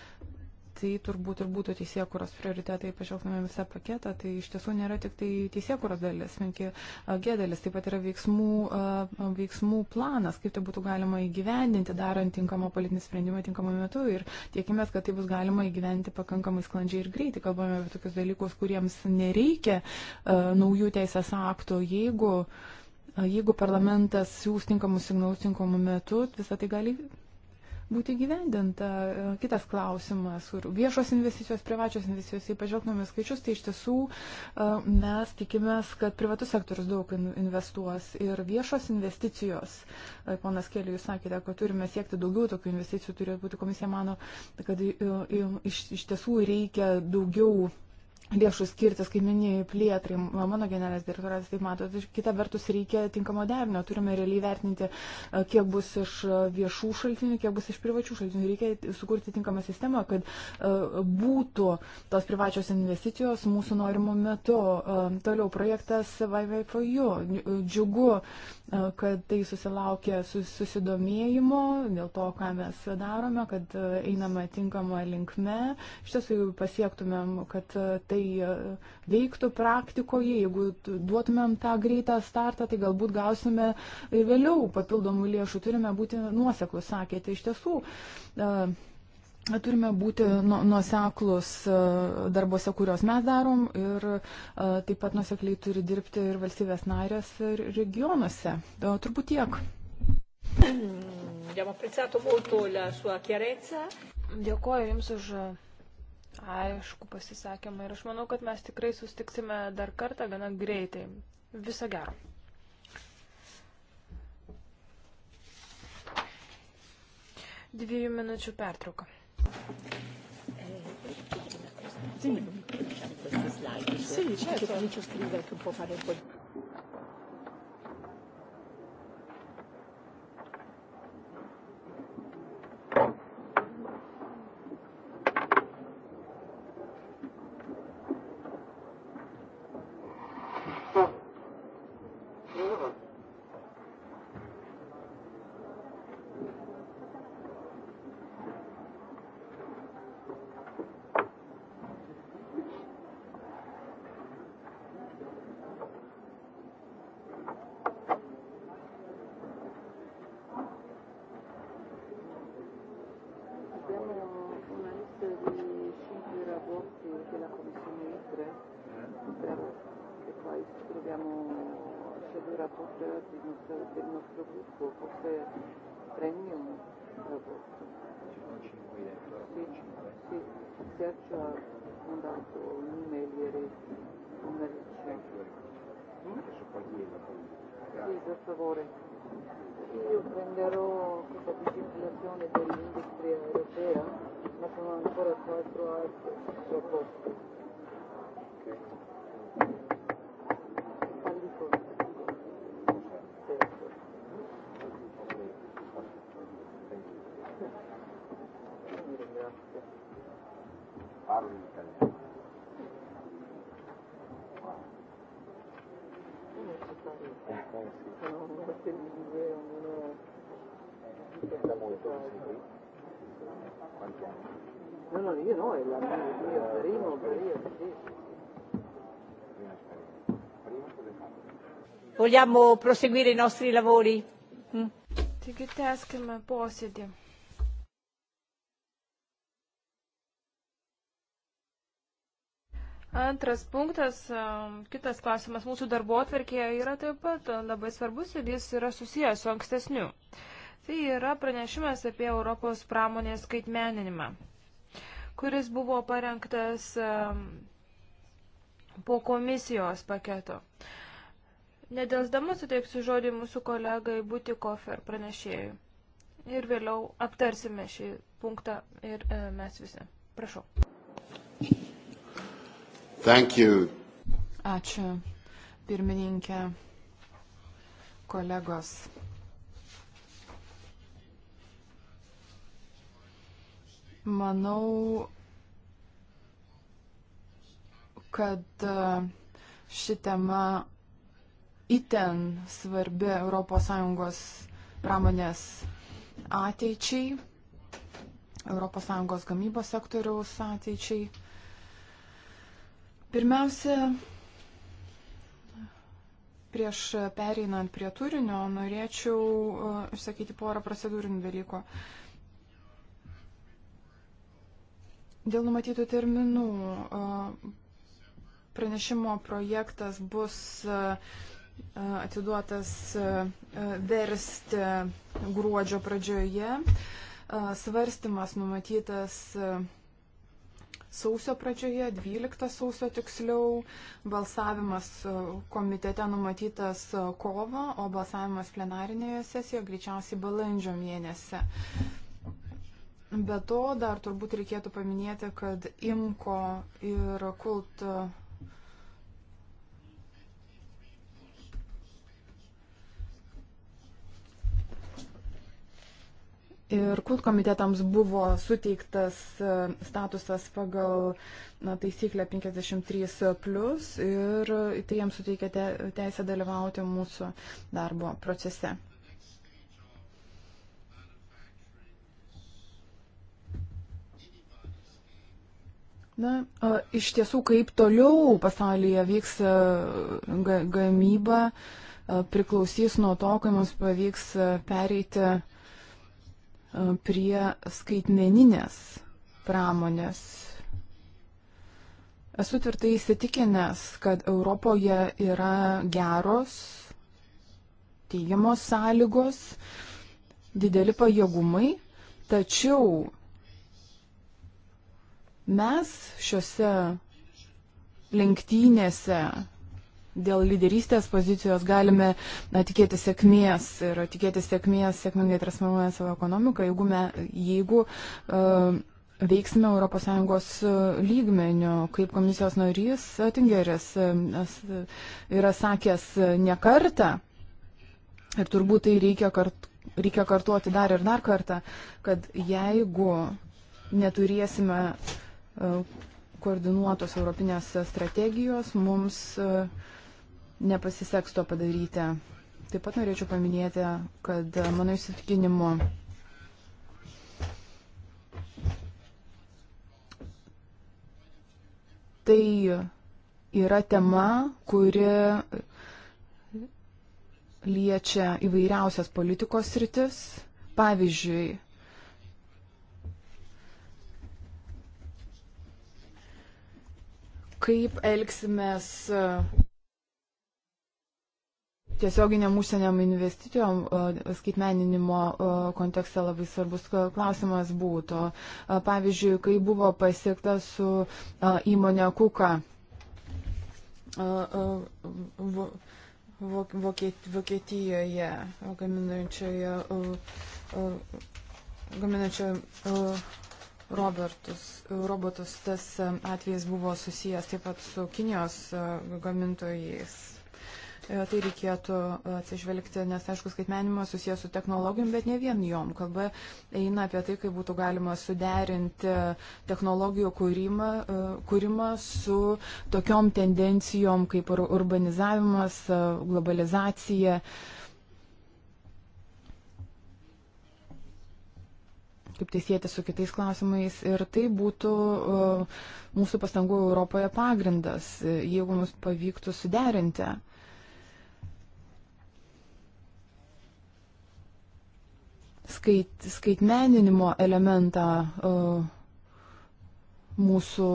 tai turbūt ir būtų teisėkuros prioritetai, pažvelgtume visą paketą, tai iš tiesų nėra tik tai teisėkuros dalis, minki gėdelis, taip pat yra veiksmų, veiksmų planas, kaip tai būtų galima įgyvendinti, darant tinkamą politinį sprendimą tinkamą metu ir tiekime, kad tai bus galima įgyvendinti pakankamai sklandžiai ir greitai. Kalbame apie tokius dalykus, kuriems nereikia naujų teisės aktų, jeigu Jeigu parlamentas siūs tinkamus signalus tinkamu metu, visą tai gali būti gyvendinta. E, kitas klausimas, kur viešos investicijos, privačios investicijos, jei pažvelgtume skaičius, tai iš tiesų e, mes tikimės, kad privatus sektorius daug investuos ir viešos investicijos. E, ponas Keliu, jūs sakėte, kad turime siekti daugiau tokių investicijų, turėtų būti komisija mano, kad iš, iš tiesų reikia daugiau lėšų skirti skaitmeniniai plėtrai. Mano generalinis direktoras taip mato. Kita vertus, reikia tinkamo derinio. Turime realiai vertinti, e, kiek bus iš e, viešų šaltinių, kiek bus iš privačių šaltinių. Reikia sukurti tinkamą sistemą, kad e, būtų tos privačios investicijos mūsų norimo metu. Toliau projektas Vai Vai For You. Džiugu E, kad tai susilaukia susidomėjimo dėl to, ką mes darome, kad e, einame tinkamą linkme. Iš tiesų, jeigu pasiektumėm, kad e, tai veiktų praktikoje, jeigu duotumėm tą greitą startą, tai galbūt gausime ir vėliau papildomų lėšų. Turime būti nuoseklus, sakėte. Iš tiesų, uh, Turime būti nu, nuoseklus e, darbuose, kuriuos mes darom ir e, taip pat nuosekliai turi dirbti ir valstybės narės ir regionuose. Turbūt tiek.
Dėkuoju Jums už aišku pasisakymą ir aš manau, kad mes tikrai sustiksime dar kartą gana greitai. Viso gero. Dviejų minučių pertrauka.
Sì, certo. Io comincio a scrivere che può fare un po' di...
Quanti anni? No, no, io no, è la mia, il mio primo periodo, sì. Vogliamo proseguire i nostri lavori? Mm?
Taigi tęskime posėdį. Antras punktas, um, kitas klausimas mūsų darbo atverkėje yra taip pat labai svarbus ir jis yra susijęs su ankstesniu. Uh, Tai yra pranešimas apie Europos pramonės skaitmeninimą, kuris buvo parengtas po komisijos paketo. Nedelsdama suteiksiu žodį mūsų kolegai būti kofer pranešėjui. Ir vėliau aptarsime šį punktą ir e, mes visi. Prašau. Thank you.
Ačiū, pirmininkė, kolegos. Manau, kad e, ši tema itin svarbi ES pramonės ateičiai, ES gamybos sektoriaus ateičiai. Pirmiausia, prieš pereinant prie turinio, norėčiau e, išsakyti porą procedūrinių dalykų. Uh, Dėl numatytų terminų pranešimo projektas bus atiduotas versti gruodžio pradžioje. Svarstymas numatytas sausio pradžioje, 12 sausio tiksliau, balsavimas komitete numatytas kovo, o balsavimas plenarinėje sesijoje greičiausiai balandžio mėnesį. Be to, dar turbūt reikėtų paminėti, kad IMCO ir KULT Ir kult komitetams buvo suteiktas e, statusas pagal na, taisyklę 53 plus ir tai jiems suteikė teisę dalyvauti mūsų darbo procese. Na, iš tiesų, kaip toliau pasaulyje vyks ga gamyba, priklausys nuo to, kai mums pavyks pereiti prie skaitmeninės pramonės. Esu tvirtai įsitikinęs, kad Europoje yra geros, teigiamos sąlygos, dideli pajėgumai, tačiau Mes šiuose lenktynėse dėl lyderystės pozicijos galime na, tikėti sėkmės ir tikėti sėkmės sėkmingai transformuojant savo ekonomiką, jeigu, me, jeigu uh, veiksime ES e, lygmenių, kaip komisijos narys Tingeris e, yra sakęs ne kartą. Ir turbūt tai reikia, kart, reikia kartuoti dar ir dar kartą, kad jeigu neturėsime E, koordinuotos europinės strategijos mums e, nepasiseks to padaryti. Taip pat norėčiau paminėti, kad e, mano įsitikinimu tai yra tema, kuri liečia įvairiausias politikos sritis. Pavyzdžiui, kaip elgsimės e, tiesioginiam užsieniam investicijom e, skaitmeninimo e, kontekste labai svarbus klausimas būtų. Pavyzdžiui, kai buvo pasiekta su įmonė Kuka. Vokietijoje gaminančioje, gaminančioje Robertus, robotus. Tas e, atvejis buvo susijęs taip pat su Kinijos e, gamintojais. E, tai reikėtų atsižvelgti, nes aišku, skaitmenimas susijęs su technologijom, bet ne vien jom. Kalba eina apie tai, kaip būtų galima suderinti technologijų kūrimą, kūrimą su tokiom tendencijom kaip urbanizavimas, globalizacija. Uh, kažkaip tai sieti su kitais klausimais ir tai būtų e, mūsų pastangų Europoje pagrindas, e, jeigu mums pavyktų suderinti. Skait, skaitmeninimo elementą uh, mūsų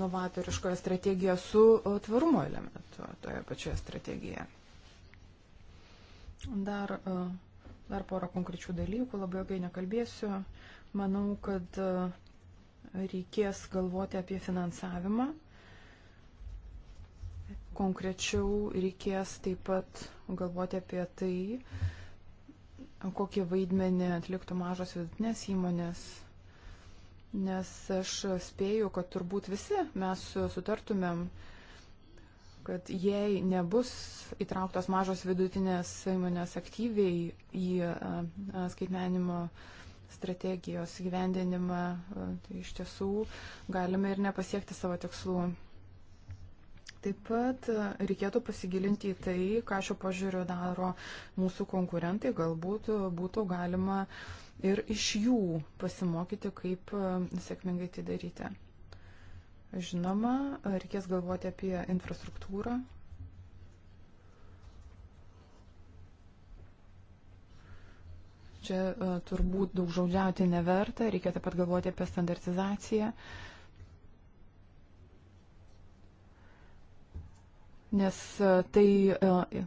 novatoriškoje strategijoje su tvarumo elementu toje pačioje strategijoje. Dar uh, Dar porą konkrečių dalykų, labai ilgai nekalbėsiu. Manau, kad e, reikės galvoti apie finansavimą. Konkrečiau reikės taip pat galvoti apie tai, kokį vaidmenį atliktų mažos vidutinės įmonės. Nes aš spėju, kad turbūt visi mes sutartumėm, su kad jei nebus įtrauktos mažos vidutinės įmonės aktyviai į skaitmenimo strategijos gyvendinimą, tai iš tiesų galime ir nepasiekti savo tikslų. Taip pat reikėtų pasigilinti į tai, ką šio požiūrio daro mūsų konkurentai, galbūt būtų galima ir iš jų pasimokyti, kaip sėkmingai tai daryti. Žinoma, reikės galvoti apie infrastruktūrą. Čia e, turbūt daug žaudžiauti neverta, reikia taip pat galvoti apie standartizaciją. Nes e, tai e,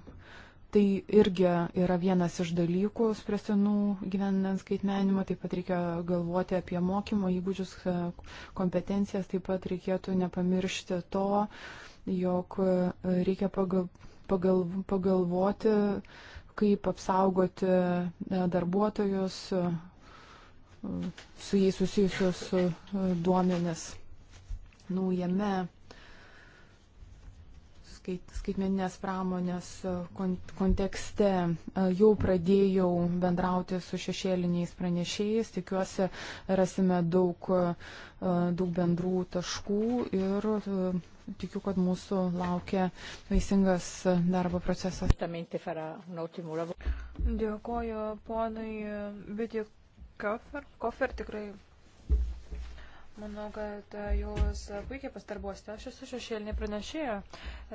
Tai irgi yra vienas iš dalykų spresenų gyvenant skaitmenimą, taip pat reikia galvoti apie mokymo įgūdžius, kompetencijas, taip pat reikėtų nepamiršti to, jog reikia pagal, pagal, pagalvoti, kaip apsaugoti e, darbuotojus, e, su jais susijusius e, duomenis naujame skait, skaitmeninės pramonės e, kontekste e, jau pradėjau bendrauti su šešėliniais pranešėjais, tikiuosi rasime daug, e, daug bendrų taškų ir tikiu, kad mūsų laukia vaisingas darbo procesas.
Dėkoju ponui Bitjuk Kofer, Kofer tikrai Manau, kad e, jūs puikiai pastarbuosite. Aš esu šešėlinė pranešėja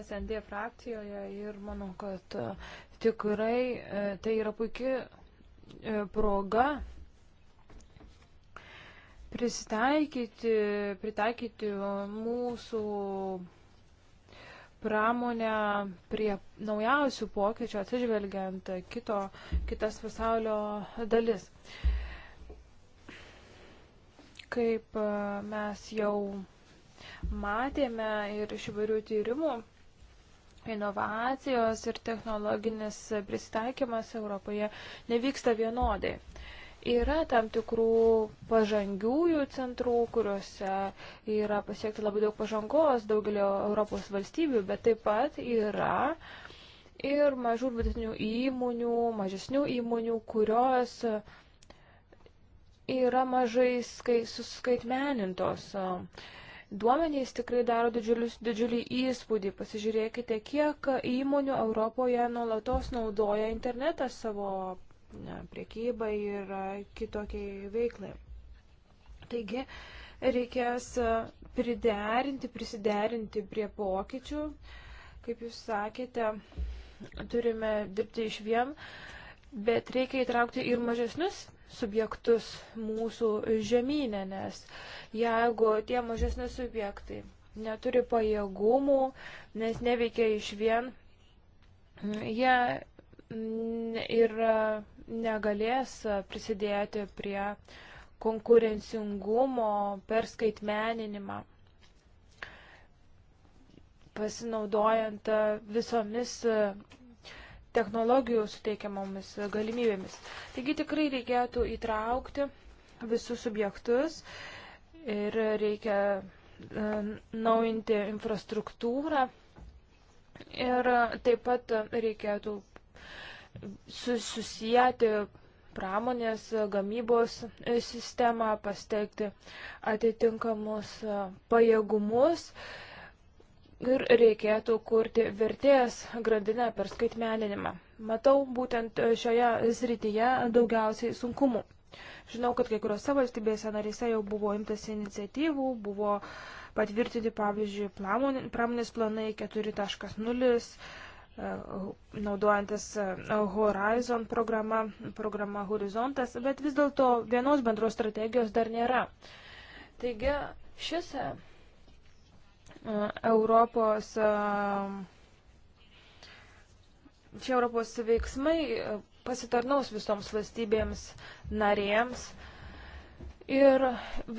SND frakcijoje ir manau, kad e, tikrai e, tai yra puikia proga prisitaikyti, pritaikyti mūsų pramonę prie naujausių pokyčių atsižvelgiant kito, kitas pasaulio dalis. Uh, Kaip e, mes jau matėme ir iš įvairių tyrimų, inovacijos ir technologinis pristaikymas Europoje nevyksta vienodai. Yra tam tikrų pažangiųjų centrų, kuriuose yra pasiekti labai daug pažangos daugelio Europos valstybių, bet taip pat yra ir mažų ir vidutinių įmonių, mažesnių įmonių, kurios uh, yra mažai skai, suskaitmenintos. Duomenys tikrai daro didžiulis, didžiulį įspūdį. Pasižiūrėkite, kiek įmonių Europoje nuolatos naudoja internetą savo ne, priekybai ir kitokiai veiklai. Taigi, reikės priderinti, prisiderinti prie pokyčių. Kaip jūs sakėte, turime dirbti iš vien, bet reikia įtraukti ir mažesnius subjektus mūsų žemynė, nes jeigu tie mažesni subjektai neturi pajėgumų, nes neveikia iš vien, jie ir e, negalės prisidėti prie konkurencingumo per skaitmeninimą, pasinaudojant e, visomis e, technologijų suteikiamomis galimybėmis. Taigi tikrai reikėtų įtraukti visus subjektus ir reikia e, naujinti infrastruktūrą ir taip pat reikėtų susijęti pramonės gamybos sistemą, pasteikti atitinkamus pajėgumus ir reikėtų kurti vertės grandinę per skaitmeninimą. Matau būtent šioje srityje daugiausiai sunkumų. Žinau, kad kai kuriuose valstybėse narise jau buvo imtas iniciatyvų, buvo patvirtinti, pavyzdžiui, pramonės planai 4.0, e, naudojantis e, Horizon programa, programa Horizontas, bet vis dėlto vienos bendros strategijos dar nėra. Taigi šis Europos. Šie Europos veiksmai pasitarnaus visoms valstybėms narėms ir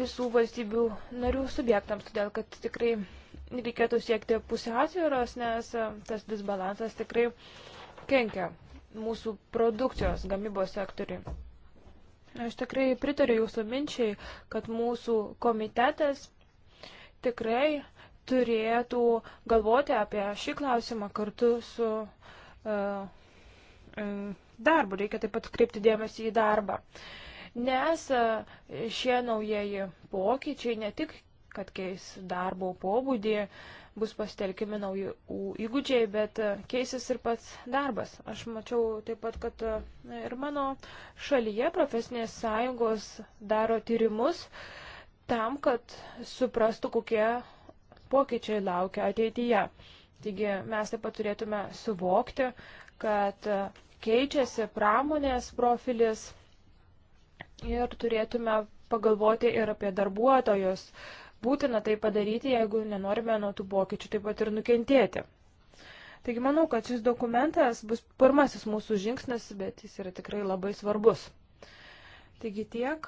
visų valstybių narių subjektams, todėl kad tikrai reikėtų siekti pusiausvėros, nes tas disbalansas tikrai kenkia mūsų produkcijos gamybos sektoriui. Aš tikrai pritariu jūsų minčiai, kad mūsų komitetas tikrai turėtų galvoti apie šį klausimą kartu su e, e, darbu. Reikia taip pat kreipti dėmesį į darbą. Nes e, šie naujieji pokyčiai ne tik, kad keis darbo pobūdį, bus pasitelkimi nauji įgūdžiai, bet keisis ir pats darbas. Aš mačiau taip pat, kad ir mano šalyje profesinės sąjungos daro tyrimus tam, kad suprastų, kokie pokyčiai laukia ateityje. Taigi mes taip pat turėtume suvokti, kad keičiasi pramonės profilis ir turėtume pagalvoti ir apie darbuotojus. Būtina tai padaryti, jeigu nenorime nuo tų pokyčių taip pat ir nukentėti. Taigi manau, kad šis dokumentas bus pirmasis mūsų žingsnis, bet jis yra tikrai labai svarbus. Taigi tiek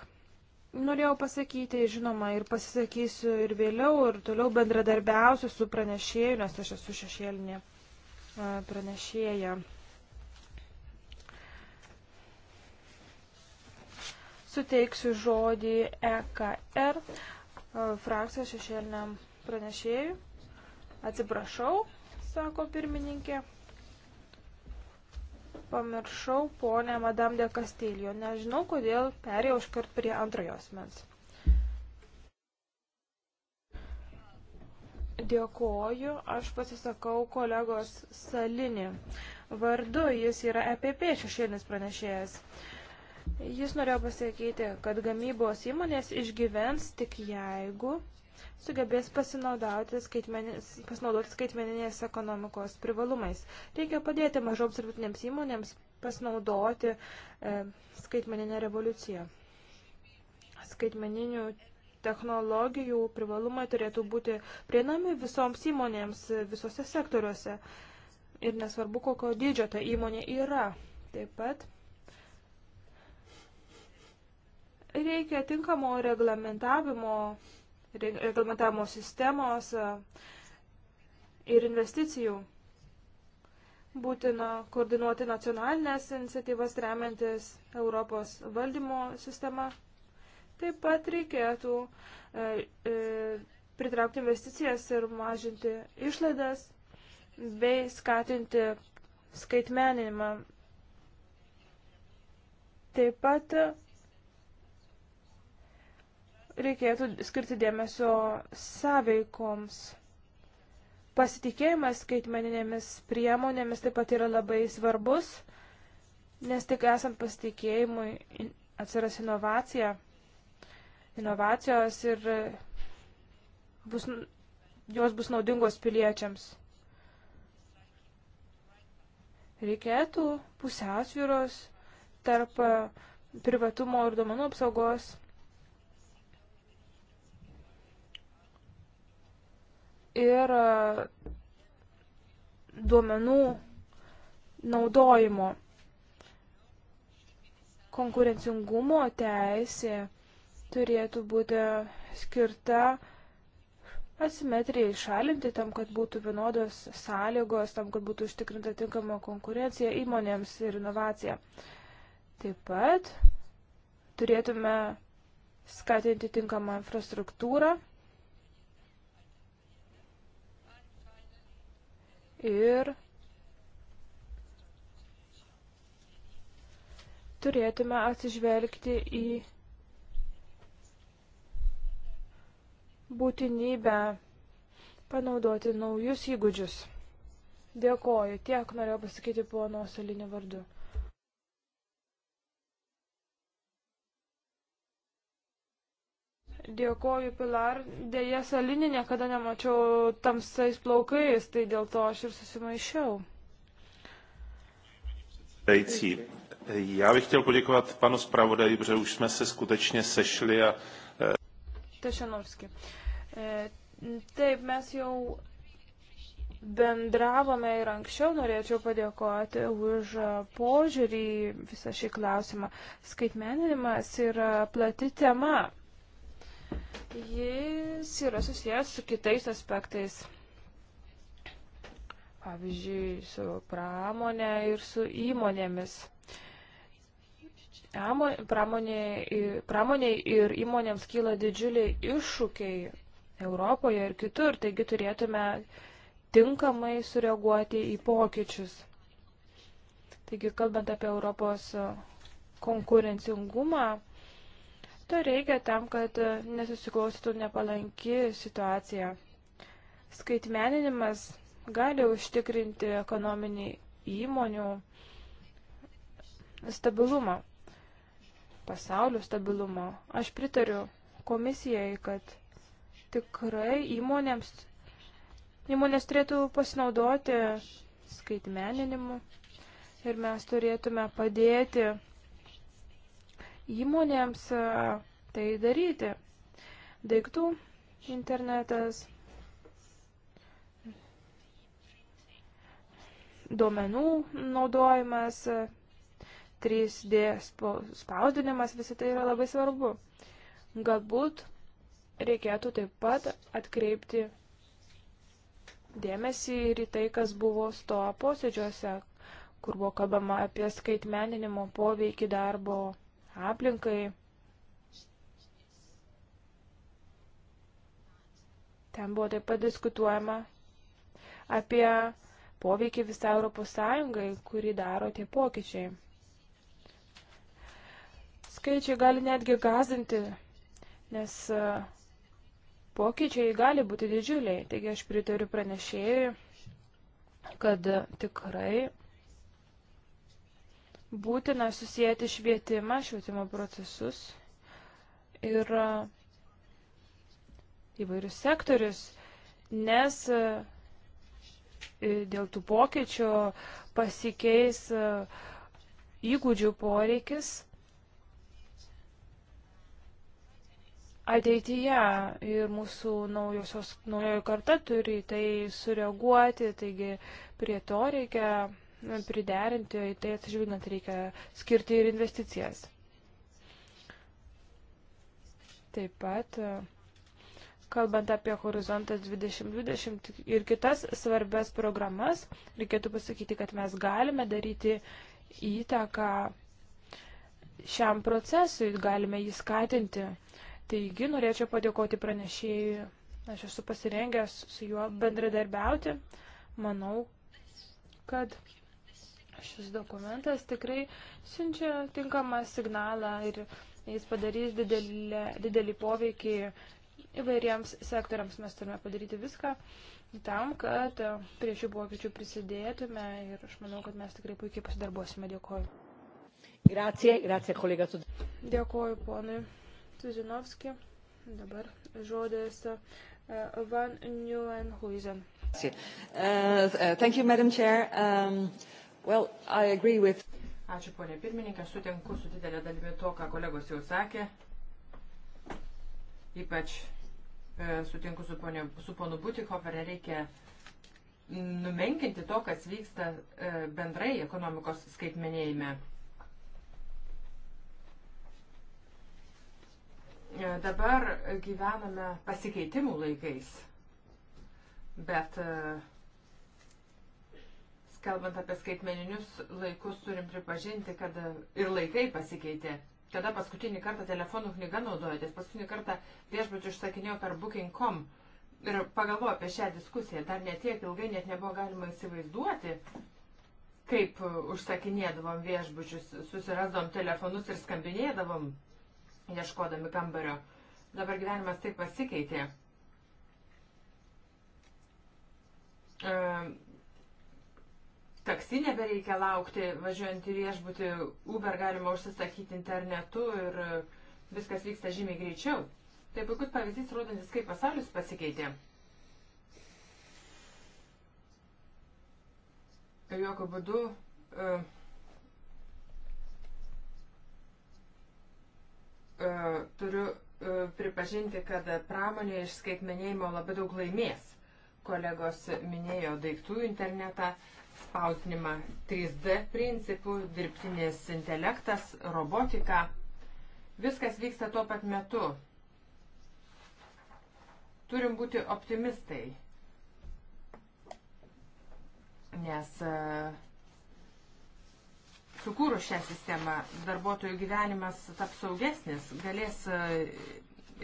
norėjau pasakyti, žinoma, ir pasisakysiu ir vėliau, ir toliau bendradarbiausiu su pranešėju, nes aš esu šešėlinė e, pranešėja. Suteiksiu žodį EKR e, frakcijos šešėliniam pranešėjui. Atsiprašau, sako pirmininkė pamiršau ponę Madame de Castillo. Nežinau, kodėl perėjau iškart prie antrojo asmens. Dėkoju, aš pasisakau kolegos Salinį. Vardu jis yra EPP šešėlinis pranešėjas. Jis norėjo pasakyti, kad gamybos įmonės išgyvens tik jeigu sugebės pasinaudoti, skaitmenis, pasinaudoti skaitmeninės ekonomikos privalumais. Reikia padėti mažoms ir vidutinėms įmonėms pasinaudoti e, skaitmeninę revoliuciją. Skaitmeninių technologijų privalumai turėtų būti prieinami visoms įmonėms e, visose sektoriuose. Ir nesvarbu, kokio dydžio ta įmonė yra. Taip pat reikia tinkamo reglamentavimo reglamentavimo sistemos e, ir investicijų. Būtina koordinuoti nacionalinės iniciatyvas remiantis Europos valdymo sistema. Taip pat reikėtų e, e, pritraukti investicijas ir mažinti išlaidas bei skatinti skaitmeninimą. Taip pat reikėtų skirti dėmesio sąveikoms. Pasitikėjimas skaitmeninėmis priemonėmis taip pat yra labai svarbus, nes tik esant pasitikėjimui atsiras inovacija, inovacijos ir bus, jos bus naudingos piliečiams. Reikėtų pusiausvyros tarp privatumo ir duomenų apsaugos ir e, duomenų naudojimo. Konkurencingumo teisė turėtų būti skirta asimetrijai šalinti tam, kad būtų vienodos sąlygos, tam, kad būtų užtikrinta tinkama konkurencija įmonėms ir inovacija. Taip pat turėtume skatinti tinkamą infrastruktūrą ir turėtume atsižvelgti į būtinybę panaudoti naujus įgūdžius. Dėkoju, tiek norėjau pasakyti pono Salinį vardu. Dėkoju Pilar, dėja salinį niekada nemačiau tamsais plaukais, tai dėl to aš ir susimaišiau.
Dající. Já bych chtěl poděkovat panu zpravodaji, protože už jsme se skutečně sešli a... E,
Tešanovský. E, taip, mes jau bendravome ir anksčiau, norėčiau padėkoti už požiūrį visą šį klausimą. Skaitmeninimas yra plati tema Jis yra susijęs su kitais aspektais. Pavyzdžiui, su pramonė ir su įmonėmis. Pramonė, pramonė ir įmonėms kyla didžiuliai iššūkiai Europoje ir kitur, taigi turėtume tinkamai sureaguoti į pokyčius. Taigi, kalbant apie Europos konkurencingumą, To reikia tam, kad nesusiklostytų nepalanki situacija. Skaitmeninimas gali užtikrinti ekonominį įmonių stabilumą, pasaulio stabilumą. Aš pritariu komisijai, kad tikrai įmonėms, įmonės turėtų pasinaudoti skaitmeninimu ir mes turėtume padėti įmonėms e, tai daryti. Daiktų internetas, duomenų naudojimas, 3D spausdinimas, visi tai yra labai svarbu. Galbūt reikėtų taip pat atkreipti dėmesį ir į tai, kas buvo sto posėdžiuose, kur buvo kalbama apie skaitmeninimo poveikį darbo aplinkai. Ten buvo taip pat diskutuojama apie poveikį visą Europos Sąjungai, kuri daro tie pokyčiai. Skaičiai gali netgi gazinti, nes e, pokyčiai gali būti didžiuliai. Taigi aš pritariu pranešėjui, kad tikrai būtina susijęti švietimą, švietimo procesus ir e, įvairius sektorius, nes e, dėl tų pokyčių pasikeis e, įgūdžių poreikis
ateityje
ir mūsų naujosios, naujoji karta turi tai sureaguoti, taigi prie to reikia priderinti, į tai atsižvelgiant reikia skirti ir investicijas. Taip pat, kalbant apie Horizontas 2020 ir kitas svarbias programas, reikėtų pasakyti, kad mes galime daryti įtaką šiam procesui, galime jį skatinti. Taigi, norėčiau padėkoti pranešėjui, aš esu pasirengęs su juo bendradarbiauti. Manau, kad šis dokumentas tikrai siunčia tinkamą signalą ir jis padarys didelį, didelį poveikį įvairiems sektoriams. Mes turime padaryti viską tam, kad prie šių pokyčių prisidėtume ir aš manau, kad mes tikrai puikiai pasidarbuosime. Dėkuoju.
Grazie, grazie kolega.
Dėkuoju ponui Tuzinovski. Dabar žodis e, Van Nieuwenhuizen.
Uh, uh, thank you, Madam Chair. Um, Well, with... Ačiū, ponė pirmininkė, sutinku su didelė dalimi to, ką kolegos jau sakė. Ypač e, sutinku su, ponė, su ponu Butikofer, reikia numenkinti to, kas vyksta e, bendrai ekonomikos skaitmenėjime. E, dabar gyvename pasikeitimų laikais, bet e, Kalbant apie skaitmeninius laikus, turim pripažinti, kad ir laikai pasikeitė. Kada paskutinį kartą telefonų knyga naudojotės, paskutinį kartą viešbutį užsakinėjau per booking.com ir pagalvojau apie šią diskusiją. Dar netiek ilgai net nebuvo galima įsivaizduoti, kaip užsakinėdavom viešbučius, susirasdavom telefonus ir skambinėdavom, ieškodami kambario. Dabar gyvenimas taip pasikeitė. E taksi nebereikia laukti, važiuojant į viešbutį, Uber galima užsisakyti internetu ir e, viskas vyksta žymiai greičiau. Tai puikus pavyzdys, rodantis, kaip pasaulis pasikeitė. Ir jokių būdų uh, uh, turiu uh, pripažinti, kad pramonė iš skaitmenėjimo labai daug laimės. Kolegos minėjo daiktų internetą. Uh, spausdinimą 3D principų, dirbtinis intelektas, robotika. Viskas vyksta tuo pat metu. Turim būti optimistai, nes e, sukūrus šią sistemą darbuotojų gyvenimas taps saugesnis, galės e,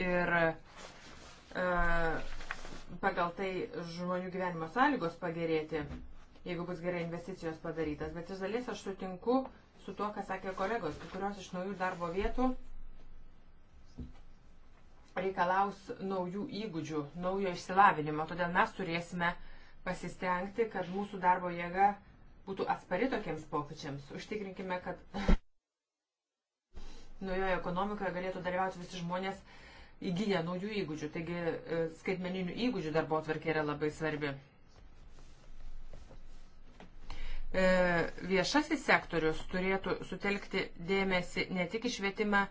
ir e, pagal tai žmonių gyvenimo sąlygos pagerėti jeigu bus gerai investicijos padarytas. Bet iš dalies aš sutinku su tuo, ką sakė kolegos, kai kurios iš naujų darbo vietų reikalaus naujų įgūdžių, naujo išsilavinimo. Todėl mes turėsime pasistengti, kad mūsų darbo jėga būtų atspari tokiems pokyčiams. Užtikrinkime, kad naujoje ekonomikoje galėtų dalyvauti visi žmonės įgyję naujų įgūdžių. Taigi e, skaitmeninių įgūdžių darbo atvarkė yra labai svarbi. E, viešasis sektorius turėtų sutelkti dėmesį ne tik į švietimą,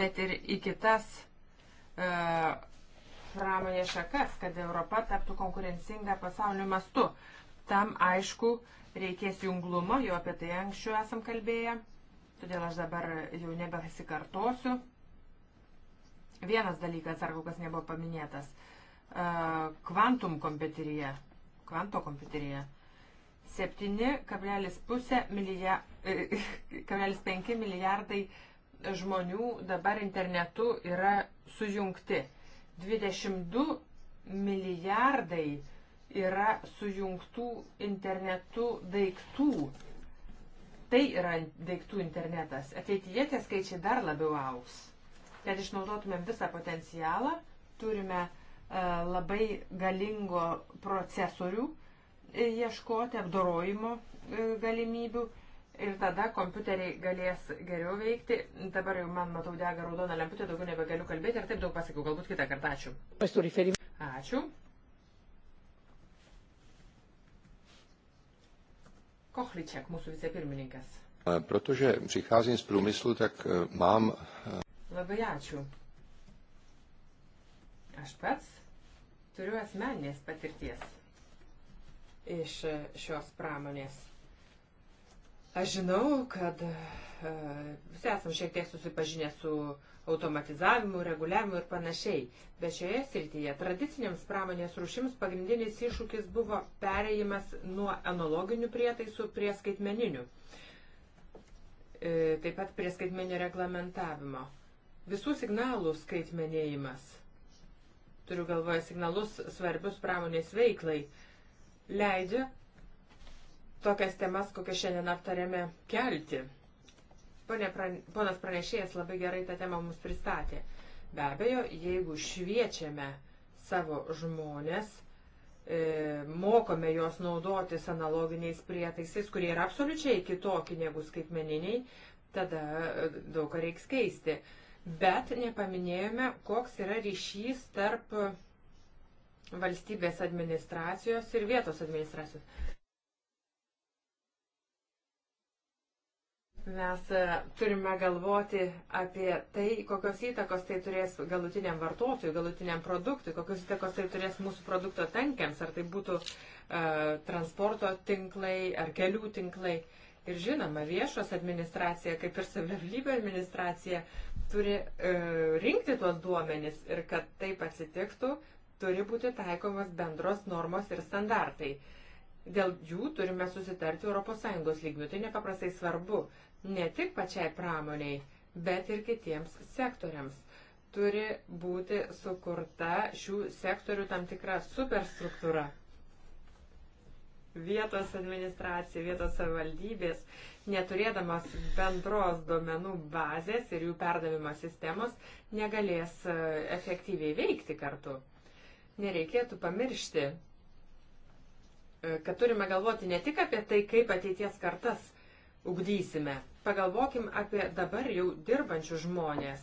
bet ir į kitas e, pramonės šakas, kad Europa taptų konkurencinga pasaulio mastu. Tam, aišku, reikės junglumo, jau apie tai anksčiau esam kalbėję, todėl aš dabar jau nebesikartosiu. Vienas dalykas, ar kol kas nebuvo paminėtas, e, kvantum kompiuterija, kvanto kompiuterija 7,5 e, milijardai žmonių dabar internetu yra sujungti. 22 milijardai yra sujungtų internetu daiktų. Tai yra daiktų internetas. Ateityje tie skaičiai dar labiau auks. Kad išnaudotumėm visą potencialą, turime uh, labai galingo procesorių, uh, ieškoti apdorojimo e, galimybių ir tada kompiuteriai galės geriau veikti. Dabar jau man matau dega raudona lemputė, daugiau nebegaliu kalbėti ir taip daug pasakiau, galbūt kitą kartą ačiū. Ačiū. Kochliček, mūsų vicepirmininkas.
Protože přicházím z průmyslu, tak e, mám... E,
Labai ačiū. Aš pats turiu asmeninės patirties iš šios pramonės. Aš žinau, kad e, visi esam šiek tiek susipažinę su automatizavimu, reguliavimu ir panašiai, bet šioje srityje tradiciniams pramonės rušims pagrindinis iššūkis buvo pereimas nuo analoginių prietaisų prie skaitmeninių, e, taip pat prie skaitmeninio reglamentavimo. Visų signalų skaitmenėjimas, turiu galvoje signalus svarbius pramonės veiklai, leidžia tokias temas, kokias šiandien aptarėme, kelti. Pone, ponas pranešėjas labai gerai tą temą mums pristatė. Be abejo, jeigu šviečiame savo žmonės, e, mokome juos naudotis analoginiais prietaisais, kurie yra absoliučiai kitokie negu skaitmeniniai, tada e, daug ką reiks keisti. Bet nepaminėjome, koks yra ryšys tarp valstybės administracijos ir vietos administracijos. Mes e, turime galvoti apie tai, kokios įtakos tai turės galutiniam vartotojui, galutiniam produktui, kokios įtakos tai turės mūsų produkto tankiams, ar tai būtų uh, transporto tinklai ar kelių tinklai. Ir žinoma, viešos administracija, kaip ir savivaldybė administracija, turi uh, rinkti tuos duomenis ir kad taip atsitiktų, uh, turi būti taikomas bendros normos ir standartai. Dėl jų turime susitarti ES lygių. Tai nepaprastai svarbu ne tik pačiai pramoniai, bet ir kitiems sektoriams. Turi būti sukurta šių sektorių tam tikra superstruktūra. Vietos administracija, vietos savivaldybės, neturėdamas bendros duomenų bazės ir jų perdavimo sistemos, negalės e, efektyviai veikti kartu nereikėtų pamiršti, e, kad turime galvoti ne tik apie tai, kaip ateities kartas ugdysime. Pagalvokim apie dabar jau dirbančių žmonės.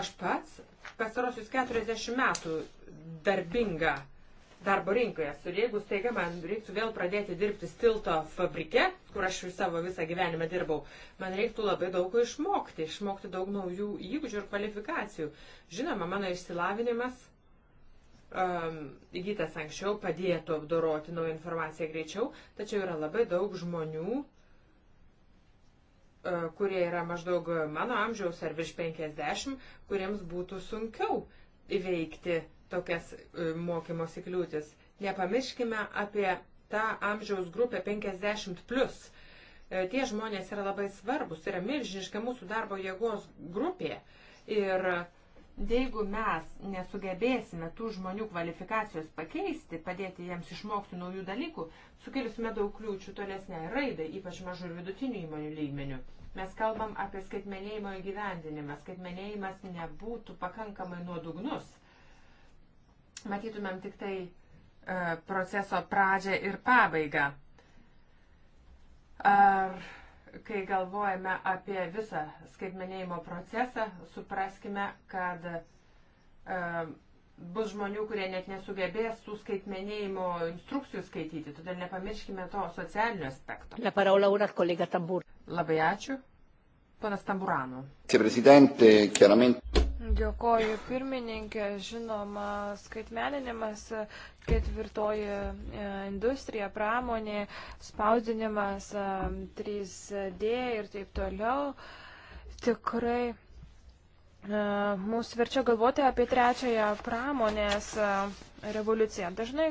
Aš pats pastarosius 40 metų darbinga darbo rinkoje. Ir jeigu staiga man reiktų vėl pradėti dirbti stilto fabrike, kur aš savo visą gyvenimą dirbau, man reiktų labai daug ko išmokti, išmokti daug naujų įgūdžių ir kvalifikacijų. Žinoma, mano išsilavinimas um, įgytas anksčiau padėtų apdoroti naują informaciją greičiau, tačiau yra labai daug žmonių, uh, kurie yra maždaug mano amžiaus ar virš 50, kuriems būtų sunkiau įveikti tokias uh, mokymosi kliūtis. Nepamirškime apie tą amžiaus grupę 50 plus. Uh, tie žmonės yra labai svarbus, tai yra milžiniška mūsų darbo jėgos grupė. Ir uh, Jeigu mes nesugebėsime tų žmonių kvalifikacijos pakeisti, padėti jiems išmokti naujų dalykų, sukelsime daug kliūčių tolesniai raidai, ypač mažų ir vidutinių įmonių lygmenių. Mes kalbam apie skaitmenėjimo įgyvendinimą. Skaitmenėjimas nebūtų pakankamai nuodugnus. Matytumėm tik tai e, proceso pradžią ir pabaigą. Ar kai galvojame apie visą skaitmenėjimo procesą, supraskime, kad e, bus žmonių, kurie net nesugebės tų skaitmenėjimo instrukcijų skaityti, todėl nepamirškime to socialinio aspekto. La parola ora al collega Tambur. Labai ačiū. Ponas Tamburano.
Grazie, Presidente. Chiaramente.
Dėkoju pirmininkė, žinoma, skaitmeninimas, ketvirtoji e, industrija, pramonė, spausdinimas 3D e, ir taip toliau. Tikrai E, mūsų verčia galvoti apie trečiąją pramonės e, revoliuciją. Dažnai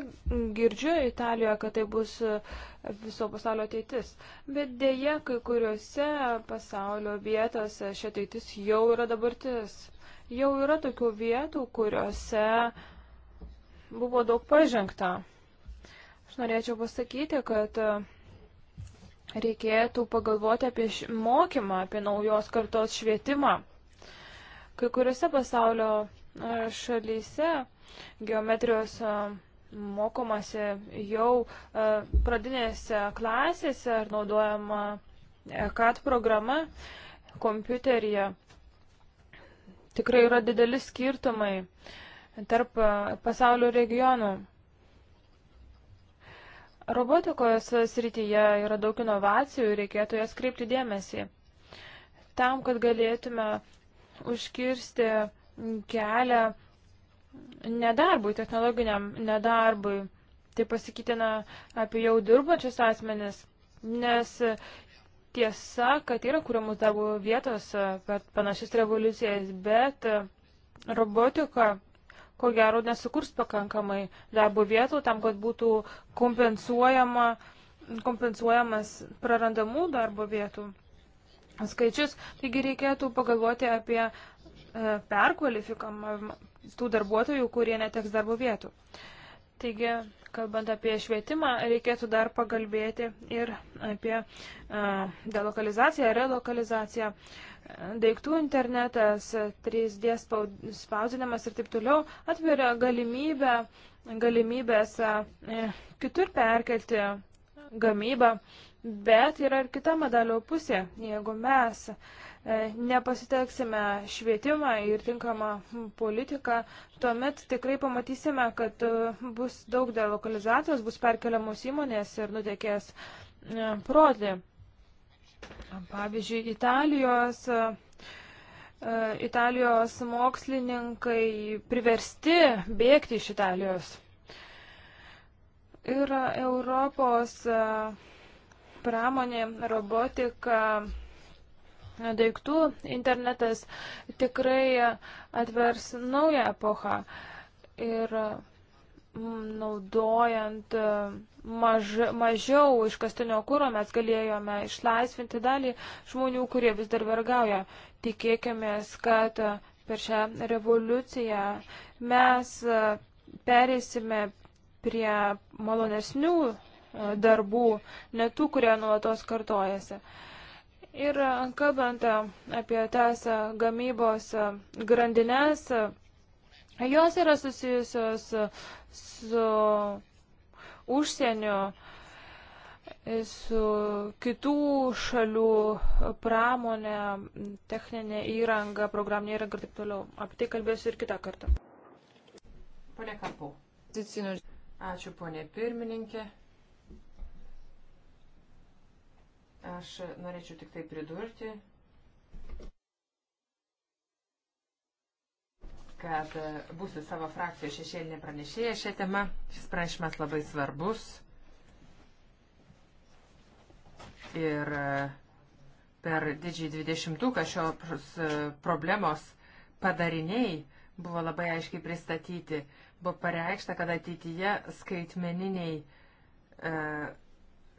girdžiu Italijoje, kad tai bus e, viso pasaulio ateitis, bet dėje kai kuriuose pasaulio vietose ši ateitis jau yra dabartis. Jau yra tokių vietų, kuriuose buvo daug pažengta. Aš norėčiau pasakyti, kad reikėtų pagalvoti apie mokymą, apie naujos kartos švietimą Kai kuriuose pasaulio e, šalyse geometrijos e, mokomasi jau e, pradinėse klasėse ar naudojama CAD programa kompiuteryje. Tikrai yra dideli skirtumai tarp pasaulio regionų. Robotikos srityje yra daug inovacijų, reikėtų jas kreipti dėmesį. Tam, kad galėtume užkirsti kelią nedarbui, technologiniam nedarbui. Tai pasakytina apie jau dirbančius asmenis, nes tiesa, kad yra kūriamos darbo vietos per panašias revoliucijas, bet robotika, ko gero, nesukurs pakankamai darbo vietų tam, kad būtų kompensuojama, kompensuojamas prarandamų darbo vietų skaičius. Taigi reikėtų pagalvoti apie e, perkvalifikamą tų darbuotojų, kurie neteks darbo vietų. Taigi, kalbant apie švietimą, reikėtų dar pagalbėti ir apie e, delokalizaciją, relokalizaciją, e, daiktų internetas, 3D spausdinimas ir taip toliau atveria galimybę, galimybės kitur perkelti gamybą Bet yra ir kita medalio pusė. Jeigu mes e, nepasiteksime švietimą ir tinkamą politiką, tuomet tikrai pamatysime, kad e, bus daug delokalizacijos, bus perkeliamos įmonės ir nutekės e, protį. Pavyzdžiui, Italijos Italijos mokslininkai priversti bėgti iš Italijos. Ir Europos pramonė, robotika, daiktų internetas tikrai atvers naują epochą ir mm, naudojant e, maž, mažiau iškastinio kūro mes galėjome išlaisvinti dalį žmonių, kurie vis dar vergauja. Tikėkime, kad per šią revoliuciją mes e, perėsime prie malonesnių darbų, ne tų, kurie nuolatos kartojasi. Ir kalbant apie tas gamybos grandinės, jos yra susijusios su užsienio, su kitų šalių pramonė, techninė įranga, programinė įranga ir taip toliau. Apie tai kalbėsiu ir kitą kartą.
Pone Karpau. Ačiū, ponė pirmininkė. Aš norėčiau tik tai pridurti, kad būsiu savo frakcijos šešėlinė pranešėja šią temą. Šis pranešimas labai svarbus. Ir e, per didžiai dvidešimtuką šios e, problemos padariniai buvo labai aiškiai pristatyti. Buvo pareikšta, kad ateityje skaitmeniniai e,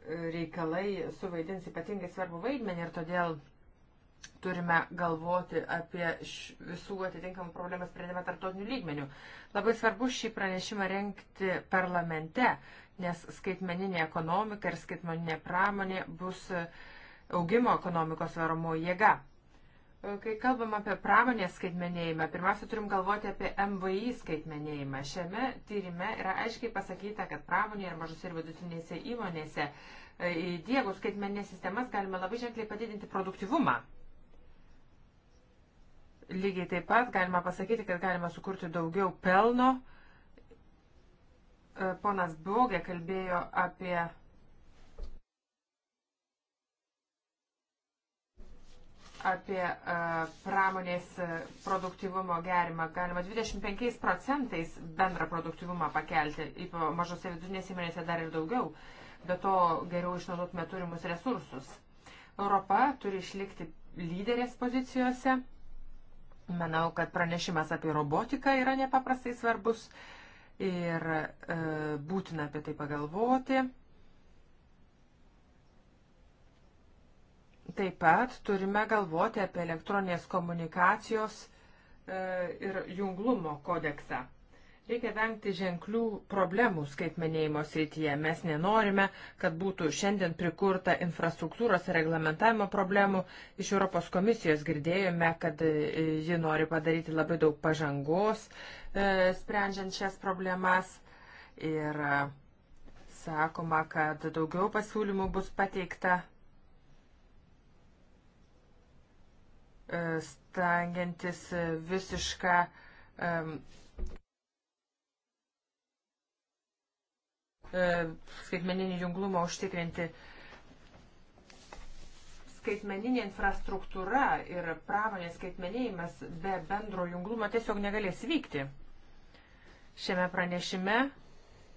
reikalai suvaidins ypatingai svarbu vaidmenį ir todėl turime galvoti apie visų atitinkamų problemų sprendimą tarptautinių lygmenių. Labai svarbu šį pranešimą renkti parlamente, nes skaitmeninė ekonomika ir skaitmeninė pramonė bus augimo ekonomikos varomo jėga. Kai kalbam apie pramonės skaitmenėjimą, pirmiausia turim galvoti apie MVI skaitmenėjimą. Šiame tyrime yra aiškiai pasakyta, kad pramonėje ir mažose ir vidutinėse įmonėse e, įdėgus skaitmeninės sistemas galime labai ženkliai padidinti produktivumą. Lygiai taip pat galima pasakyti, kad galima sukurti daugiau pelno. E, ponas Bogė kalbėjo apie apie e, pramonės e, produktivumo gerimą. Galima 25 procentais bendrą produktivumą pakelti, ypač mažose vidutinėse įmonėse dar ir daugiau, bet to geriau išnaudotume turimus resursus. Europa turi išlikti lyderės pozicijose. Manau, kad pranešimas apie robotiką yra nepaprastai svarbus ir e, būtina apie tai pagalvoti. Taip pat turime galvoti apie elektroninės komunikacijos e, ir junglumo kodeksą. Reikia vengti ženklių problemų skaitmenėjimo srityje. Mes nenorime, kad būtų šiandien prikurta infrastruktūros reglamentavimo problemų. Iš Europos komisijos girdėjome, kad e, ji nori padaryti labai daug pažangos, e, sprendžiant šias problemas. Ir sakoma, kad daugiau pasiūlymų bus pateikta E, stengiantis visišką e, skaitmeninį junglumą užtikrinti. Skaitmeninė infrastruktūra ir pramonės skaitmenėjimas be bendro junglumo tiesiog negalės vykti. Šiame pranešime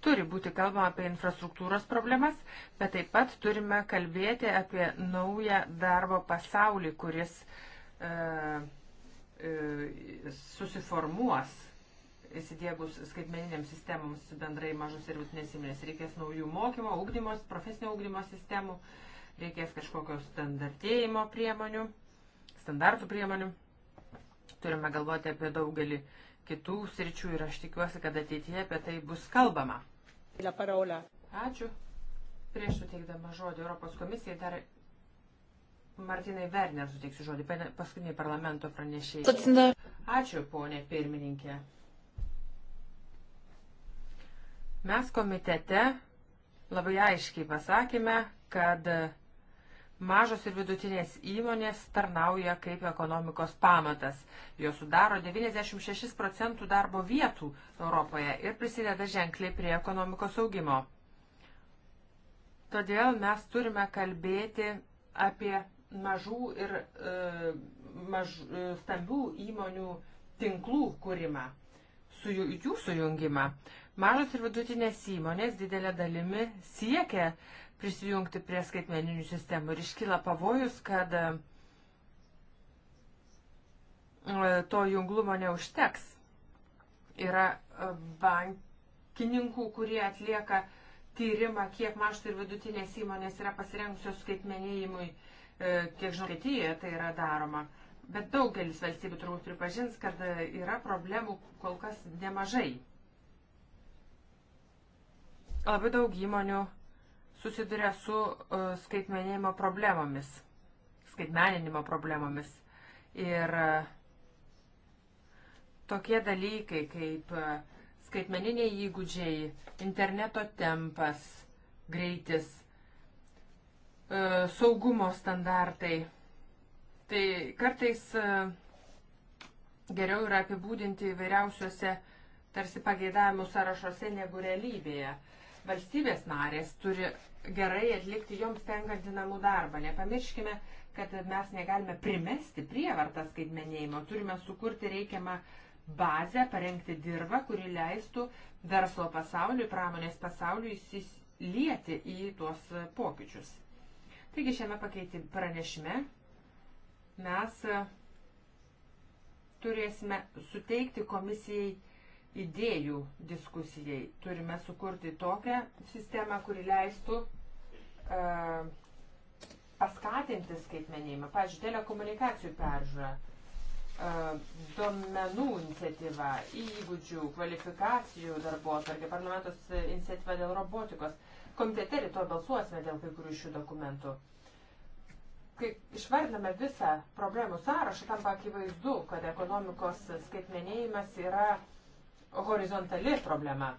turi būti kalbama apie infrastruktūros problemas, bet taip pat turime kalbėti apie naują darbo pasaulį, kuris uh, E, e, susiformuos įsidėgus skaitmeniniams sistemams bendrai mažus ir vidutinės įmonės. Reikės naujų mokymo, ugdymos, profesinio ugdymo sistemų, reikės kažkokio standartėjimo priemonių, standartų priemonių. Turime galvoti apie daugelį kitų sričių ir aš tikiuosi, kad ateityje apie tai bus kalbama. Ačiū. Prieš suteikdama žodį Europos komisijai dar Martinai Werner suteiksiu žodį, paskutiniai parlamento pranešėjai. Ačiū, ponė pirmininkė. Mes komitete labai aiškiai pasakėme, kad Mažos ir vidutinės įmonės tarnauja kaip ekonomikos pamatas. Jos sudaro 96 procentų darbo vietų Europoje ir prisideda ženkliai prie ekonomikos augimo. Todėl mes turime kalbėti apie mažų ir e, maž, e, stambių įmonių tinklų kūrimą, su jų, jų sujungimą. Mažos ir vidutinės įmonės didelė dalimi siekia prisijungti prie skaitmeninių sistemų ir iškyla pavojus, kad e, to junglumo neužteks. Yra e, bankininkų, kurie atlieka tyrimą, kiek mažos ir vidutinės įmonės yra pasirengusios skaitmenėjimui E, kiek žinau, Kietijoje tai yra daroma. Bet daugelis valstybių turbūt pripažins, kad e, yra problemų kol kas nemažai. Labai daug įmonių susiduria su uh, e, skaitmenėjimo problemomis, skaitmeninimo problemomis. Ir uh, tokie dalykai kaip uh, skaitmeniniai įgūdžiai, interneto tempas, greitis – E, saugumo standartai. Tai kartais e, geriau yra apibūdinti įvairiausiuose tarsi pageidavimų sąrašuose negu realybėje. Valstybės narės turi gerai atlikti joms tenkantį namų darbą. Nepamirškime, kad mes negalime primesti prievartą skaitmenėjimo. Turime sukurti reikiamą bazę, parengti dirbą, kuri leistų verslo pasauliui, pramonės pasauliui įsilieti į tuos pokyčius. Taigi šiame pakeiti pranešime mes e, turėsime suteikti komisijai idėjų diskusijai. Turime sukurti tokią sistemą, kuri leistų uh, paskatinti skaitmenėjimą. Pavyzdžiui, telekomunikacijų peržiūrą, uh, e, domenų iniciatyva, įgūdžių, kvalifikacijų darbuotvarkė, parlamentos iniciatyva dėl robotikos komitete rytoj balsuosime dėl kai kurių šių dokumentų. Kai išvardiname visą problemų sąrašą, tampa akivaizdu, kad ekonomikos skaitmenėjimas yra horizontali problema,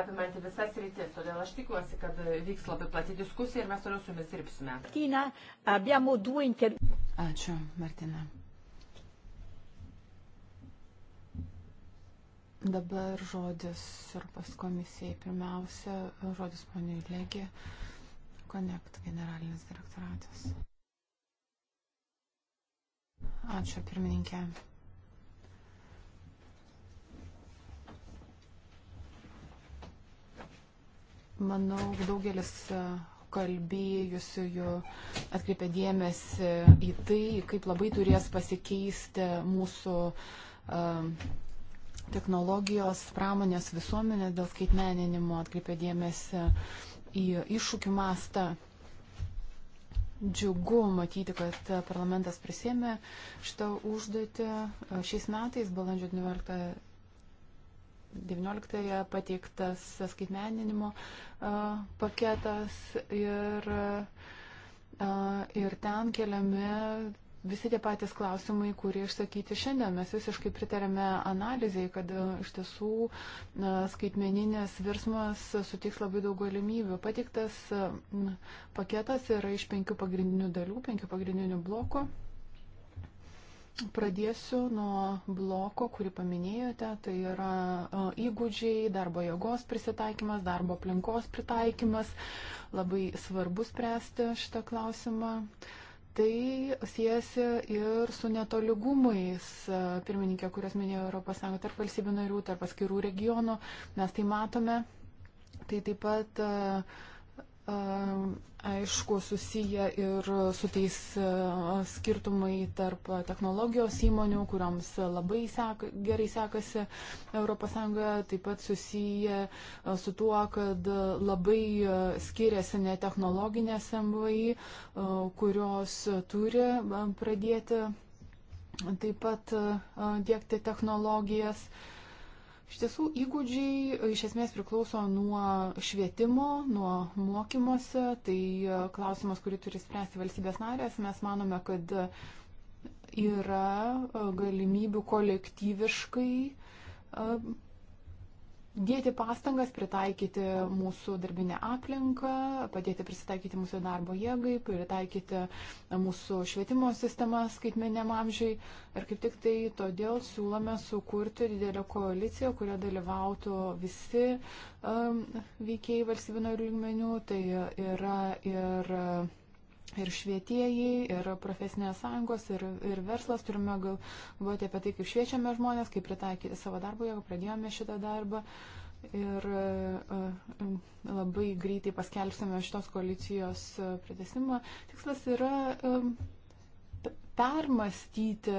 apimanti visas rytis. Todėl aš tikiuosi, kad vyks labai plati diskusija ir mes toliau su jumis dirbsime.
Ačiū, Martina. Dabar žodis Europos komisijai. Pirmiausia, žodis poniai Legė, Connect generalinis direktoratas. Ačiū, pirmininkė. Manau, daugelis kalbėjusiųjų atkreipė dėmesį į tai, kaip labai turės pasikeisti mūsų uh, technologijos pramonės visuomenė dėl skaitmeninimo atkreipė dėmesį į iššūkių mastą. Džiugu matyti, kad parlamentas prisėmė šitą užduotį. Šiais metais, balandžio 19, 19 pateiktas skaitmeninimo paketas ir, ir ten keliami visi tie patys klausimai, kurie išsakyti šiandien. Mes visiškai pritarėme analizai, kad e, iš tiesų skaitmeninės virsmas sutiks labai daug galimybių. Patiktas e, paketas yra iš penkių pagrindinių dalių, penkių pagrindinių blokų. Pradėsiu nuo bloko, kurį paminėjote, tai yra e, įgūdžiai, darbo jėgos prisitaikymas, darbo aplinkos pritaikymas. Labai svarbu spręsti šitą klausimą. Uh, tai siejasi ir su netoligumais, e, pirmininkė, kurias minėjo ES, tarp valstybių narių, tarp atskirų regionų, mes tai matome. Tai taip pat uh, aišku, susiję ir su tais skirtumai tarp technologijos įmonių, kuriams labai seka, gerai sekasi ES, taip pat susiję su tuo, kad labai skiriasi netechnologinės MVI, kurios turi pradėti taip pat dėkti technologijas. Uh, Iš tiesų, įgūdžiai e, iš esmės priklauso nuo švietimo, nuo mokymosi. Tai e, klausimas, kurį turi spręsti valstybės narės. Mes manome, kad e, yra galimybių kolektyviškai dėti pastangas, pritaikyti mūsų darbinę aplinką, padėti prisitaikyti mūsų darbo jėgai, pritaikyti mūsų švietimo sistemą skaitmeniam amžiai. Ir kaip tik tai todėl siūlome sukurti didelę koaliciją, kurioje dalyvautų visi um, veikėjai valstybinio lygmenių. Tai yra ir. Uh, ir švietėjai, ir profesinės sąjungos, ir, ir verslas. Turime galvoti apie tai, kaip šviečiame žmonės, kaip pritaikyti savo darbą, jeigu pradėjome šitą darbą. Ir e, e, labai greitai paskelbsime šitos koalicijos e, pritesimą. Tikslas yra permastyti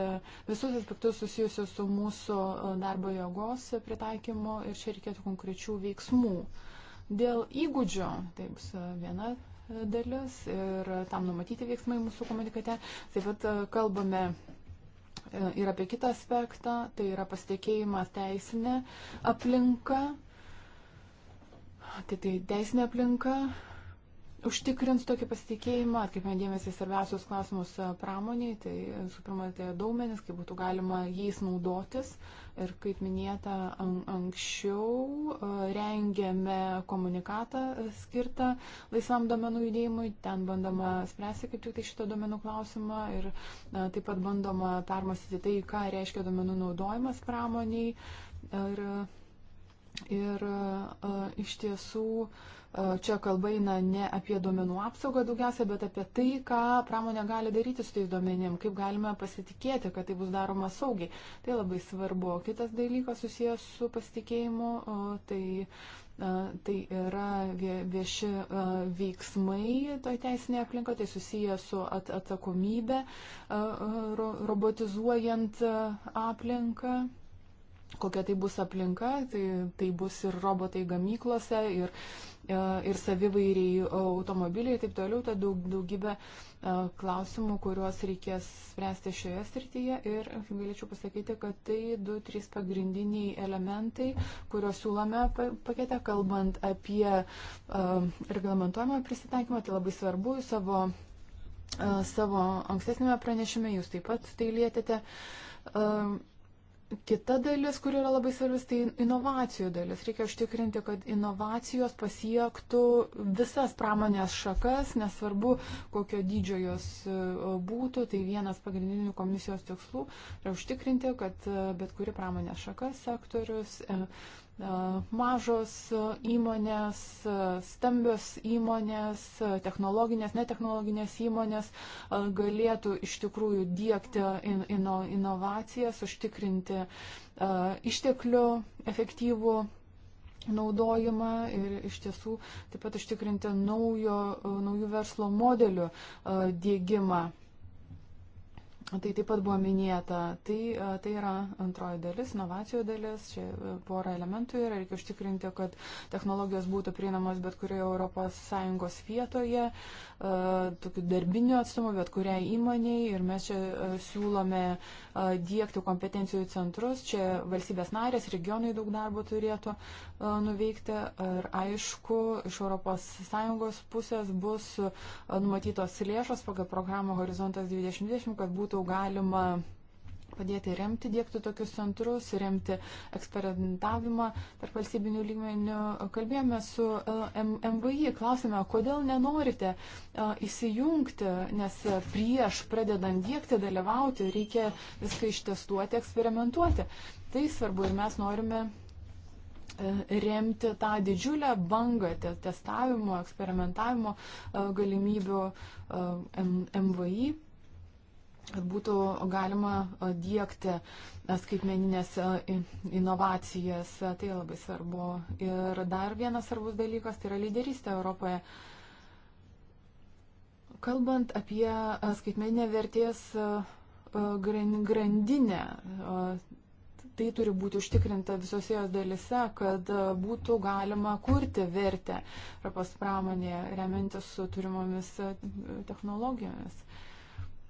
visus aspektus susijusius su mūsų darbo jėgos pritaikymu ir čia reikėtų konkrečių veiksmų. Dėl įgūdžio, taip, viena dalis ir tam numatyti veiksmai mūsų komunikate. Taip pat e, kalbame e, ir apie kitą aspektą, tai yra pasitikėjimas teisinė aplinka. Tai, tai teisinė aplinka, užtikrins tokį pasitikėjimą, atkreipėme dėmesį į svarbiausius klausimus e, pramoniai, tai e, visų pirma, tai daumenis, kaip būtų galima jais naudotis. Ir kaip minėta an, anksčiau, e, rengėme komunikatą skirtą laisvam domenų judėjimui, ten bandoma spręsti kaip tik tai šitą domenų klausimą ir na, taip pat bandoma permastyti tai, ką reiškia domenų naudojimas pramoniai. Ir, ir iš tiesų Čia kalba eina ne apie duomenų apsaugą daugiausia, bet apie tai, ką pramonė gali daryti su tais duomenim, kaip galime pasitikėti, kad tai bus daroma saugiai. Tai labai svarbu. Kitas dalykas susijęs su pasitikėjimu, tai tai yra vieši veiksmai toj teisinėje aplinkoje, tai susiję su at atsakomybė robotizuojant aplinką kokia tai bus aplinka, tai, tai bus ir robotai gamyklose, ir, e, ir savivairiai e, automobiliai ir taip toliau, ta daug, daugybė e, klausimų, kuriuos reikės spręsti šioje srityje. Ir galėčiau pasakyti, kad tai du, trys pagrindiniai elementai, kuriuos siūlome pakete, kalbant apie reglamentojimą prisitaikymą, tai labai svarbu savo, savo ankstesnėme pranešime, jūs taip pat tai lietėte. Uh, Kita dalis, kur yra labai svarbis, tai inovacijų dalis. Reikia užtikrinti, kad inovacijos pasiektų visas pramonės šakas, nesvarbu, kokio dydžio jos e, būtų. Tai vienas pagrindinių komisijos tikslų yra užtikrinti, kad e, bet kuri pramonės šaka sektorius. E, mažos įmonės, stambios įmonės, technologinės, netechnologinės įmonės galėtų iš tikrųjų dėkti ino, inovacijas, užtikrinti išteklių efektyvų naudojimą ir iš tiesų taip pat užtikrinti naujo, naujų verslo modelių dėgymą. Tai taip pat buvo minėta, tai, e, tai yra antroji dalis, inovacijų dalis, čia e, pora elementų yra, reikia užtikrinti, kad technologijos būtų prieinamos bet kurioje ES vietoje, e, tokiu darbiniu atstumu, bet kuriai įmoniai ir mes čia siūlome dėkti kompetencijų centrus, čia valstybės narės, regionai daug darbo turėtų E, nuveikti. Ir aišku, iš ES pusės bus e, numatytos lėšos pagal programą Horizontas 2020, kad būtų galima padėti remti, dėkti tokius centrus, remti eksperimentavimą tarp valstybinių lygmenių. Kalbėjome su e, MVI, klausime, kodėl nenorite įsijungti, nes prieš pradedant dėkti, dalyvauti, reikia viską ištestuoti, eksperimentuoti. Tai svarbu ir mes norime E, remti tą didžiulę bangą testavimo, eksperimentavimo e, galimybių e, MVI kad būtų galima dėkti skaitmeninės inovacijas. Tai labai svarbu. Ir dar vienas svarbus dalykas tai yra lyderystė Europoje. Kalbant apie skaitmeninę vertės grandinę, tai turi būti užtikrinta visose jos dalise, kad e, būtų galima kurti vertę Europos pramonėje, remiantis su turimomis e, technologijomis.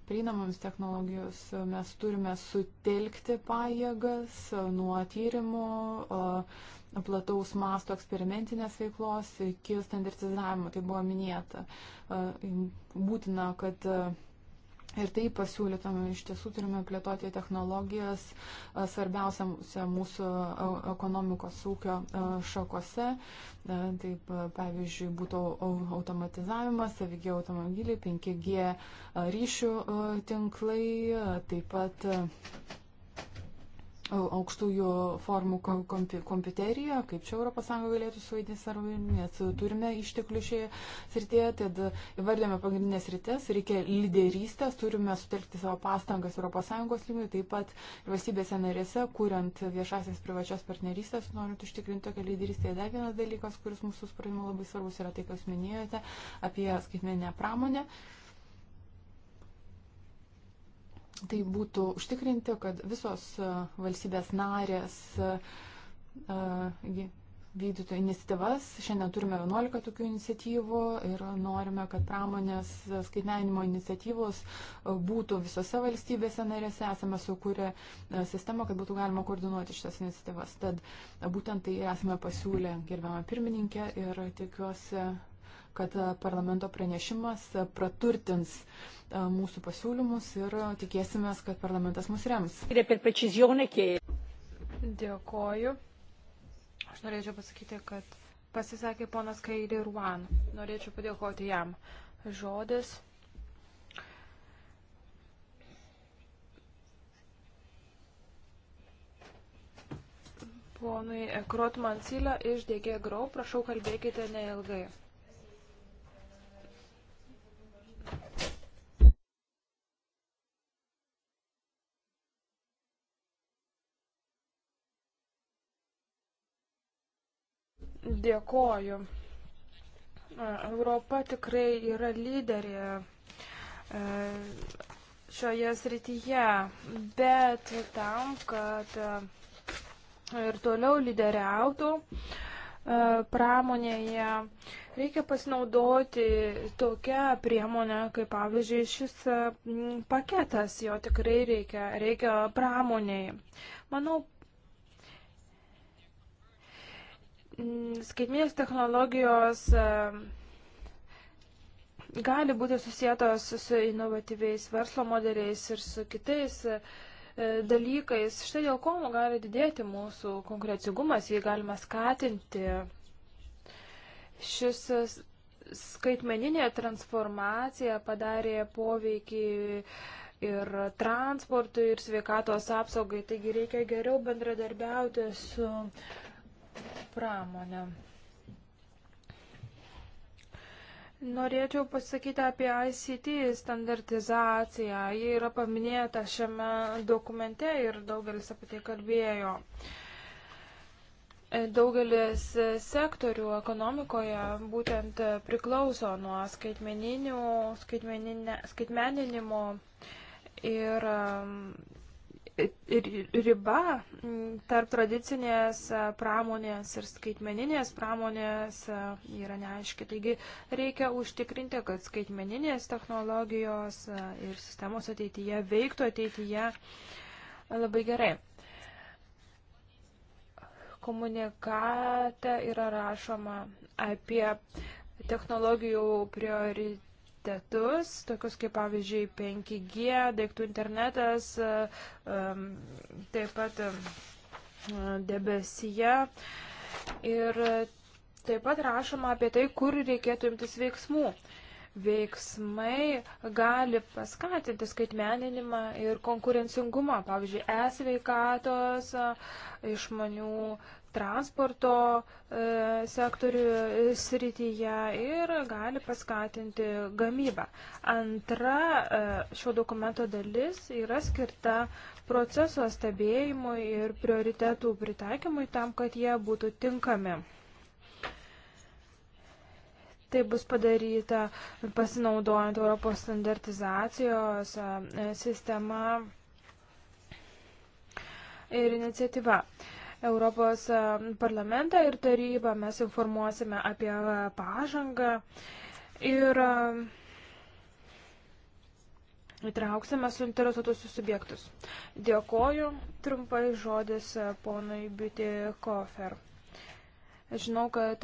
Prieinamomis technologijos e, mes turime sutelkti pajėgas nuo tyrimų, plataus masto eksperimentinės veiklos iki standartizavimo, tai buvo minėta. Būtina, kad Ir tai pasiūlytame iš tiesų turime plėtoti technologijas svarbiausiamose mūsų ekonomikos ūkio šakose. Taip, pavyzdžiui, būtų automatizavimas, savygie automobiliai, 5G ryšių tinklai, taip pat aukštųjų formų kompi kompiuteriją, kaip čia ES galėtų suvaidinti svarbu, nes turime išteklių šioje srityje, tad įvardėme pagrindinės rytis, reikia lyderystės, turime sutelkti savo pastangas ES lygių, taip pat ir valstybėse narėse, kuriant viešasias privačias partnerystės, norint užtikrinti tokią lyderystę. Dar vienas dalykas, kuris mūsų supratimu labai svarbus, yra tai, kas minėjote apie skaitmeninę pramonę. Uh, tai būtų užtikrinti, kad visos e, valstybės narės e, e, vykdytų iniciatyvas. Šiandien turime 11 tokių iniciatyvų ir norime, kad pramonės skaitmenimo iniciatyvos būtų visose valstybėse narėse. Esame sukūrę sistemą, kad būtų galima koordinuoti šitas iniciatyvas. Tad būtent tai esame pasiūlę gerbiamą pirmininkę ir tikiuosi kad e, parlamento pranešimas e, praturtins e, mūsų pasiūlymus ir tikėsime, kad parlamentas mus rems.
Dėkoju. Aš norėčiau pasakyti, kad pasisakė ponas Kairi Ruan. Norėčiau padėkoti jam. Žodis. Ponui Krotman Silė iš DG Grau, prašau kalbėkite neilgai. Dėkoju. Europa tikrai yra lyderė e, šioje srityje, bet tam, kad e, ir toliau lyderiautų e, pramonėje, reikia pasinaudoti tokią priemonę, kaip pavyzdžiui šis paketas, jo tikrai reikia, reikia pramoniai. Manau, Mm, skaitminės technologijos gali būti susijėtos su inovatyviais verslo modeliais ir su kitais e, dalykais. Štai dėl ko gali didėti mūsų konkurencingumas, jį galima skatinti. Šis skaitmeninė transformacija padarė poveikį ir transportui, ir sveikatos apsaugai, taigi reikia geriau bendradarbiauti su uh, pramonę. Norėčiau pasakyti apie ICT standartizaciją. Ji yra paminėta šiame dokumente ir daugelis apie tai kalbėjo. Daugelis sektorių ekonomikoje būtent priklauso nuo skaitmeninimo ir riba tarp tradicinės e, pramonės ir skaitmeninės pramonės e, yra neaiški. Taigi reikia užtikrinti, kad skaitmeninės technologijos e, ir sistemos ateityje veiktų ateityje labai gerai. Komunikate yra rašoma apie technologijų priori, prioritetus, tokius kaip pavyzdžiui 5G, daiktų internetas, e, taip pat debesyje. Ir taip pat rašoma apie tai, kur reikėtų imtis veiksmų veiksmai gali paskatinti skaitmeninimą ir konkurencingumą, pavyzdžiui, e-sveikatos, e, išmanių transporto e, sektorių e, srityje ir gali paskatinti gamybą. Antra e, šio dokumento dalis yra skirta proceso stebėjimui ir prioritetų pritaikymui tam, kad jie būtų tinkami. Tai bus padaryta pasinaudojant Europos standartizacijos sistema ir iniciatyva. Europos e, parlamentą ir tarybą, mes informuosime apie e, pažangą ir e, įtrauksime suinteresuotusius subjektus. Dėkoju, trumpai žodis ponui Biti Kofer. Žinau, kad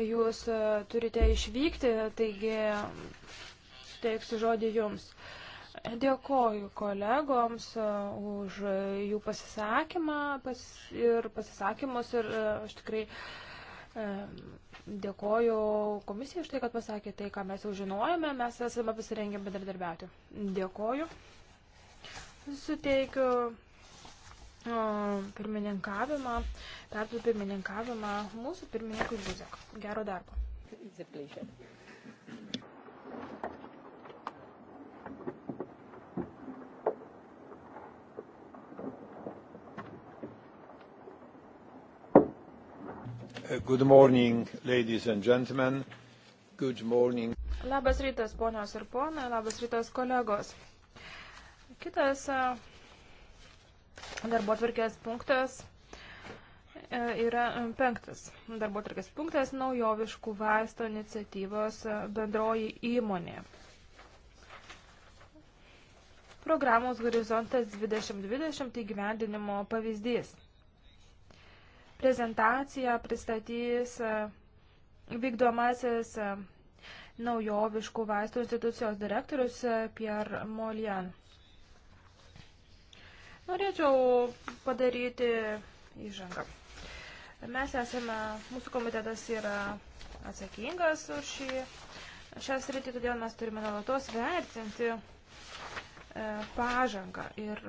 jūs turite išvykti, taigi teiksiu žodį jums. Uh, Dėkoju kolegoms e, už jų pasisakymą pas, ir pasisakymus ir e, aš tikrai e, dėkoju komisijai už tai, kad pasakė tai, ką mes jau žinojame, mes esame pasirengę bendradarbiauti. Dėkoju. Suteikiu pirmininkavimą, perdu pirmininkavimą mūsų pirmininkui Buzek. Gero darbo. It's a pleasure.
Uh, good morning, ladies and gentlemen. Good morning.
Labas rytas, ponios ir ponai, labas rytas, kolegos. Kitas uh, darbo atvarkės punktas uh, yra um, penktas. Darbo atvarkės punktas - naujoviškų vaisto iniciatyvos bendroji įmonė. Programos Horizontas 2020 įgyvendinimo pavyzdys. Prezentaciją pristatys e, vykdomasis e, naujoviškų vaistų institucijos direktorius e, Pierre Molian. Norėčiau padaryti įžangą. Mes esame, mūsų komitetas yra atsakingas už šį, šią sritį, todėl mes turime nuolatos vertinti e, pažangą. Ir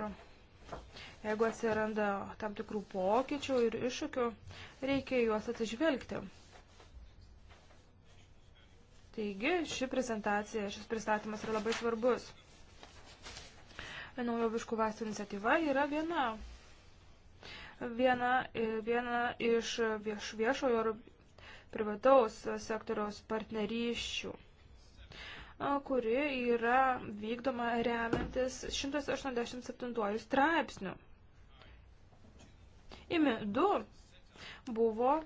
Jeigu atsiranda tam tikrų pokyčių ir iššūkių, reikia juos atsižvelgti. Taigi, ši prezentacija, šis pristatymas yra labai svarbus. Naujoviškų vaistų iniciatyva yra viena. Viena, viena iš vieš, viešojo ir privataus sektoriaus partnerysčių kuri yra vykdoma remiantis 187 straipsnių. IMI 2 buvo e,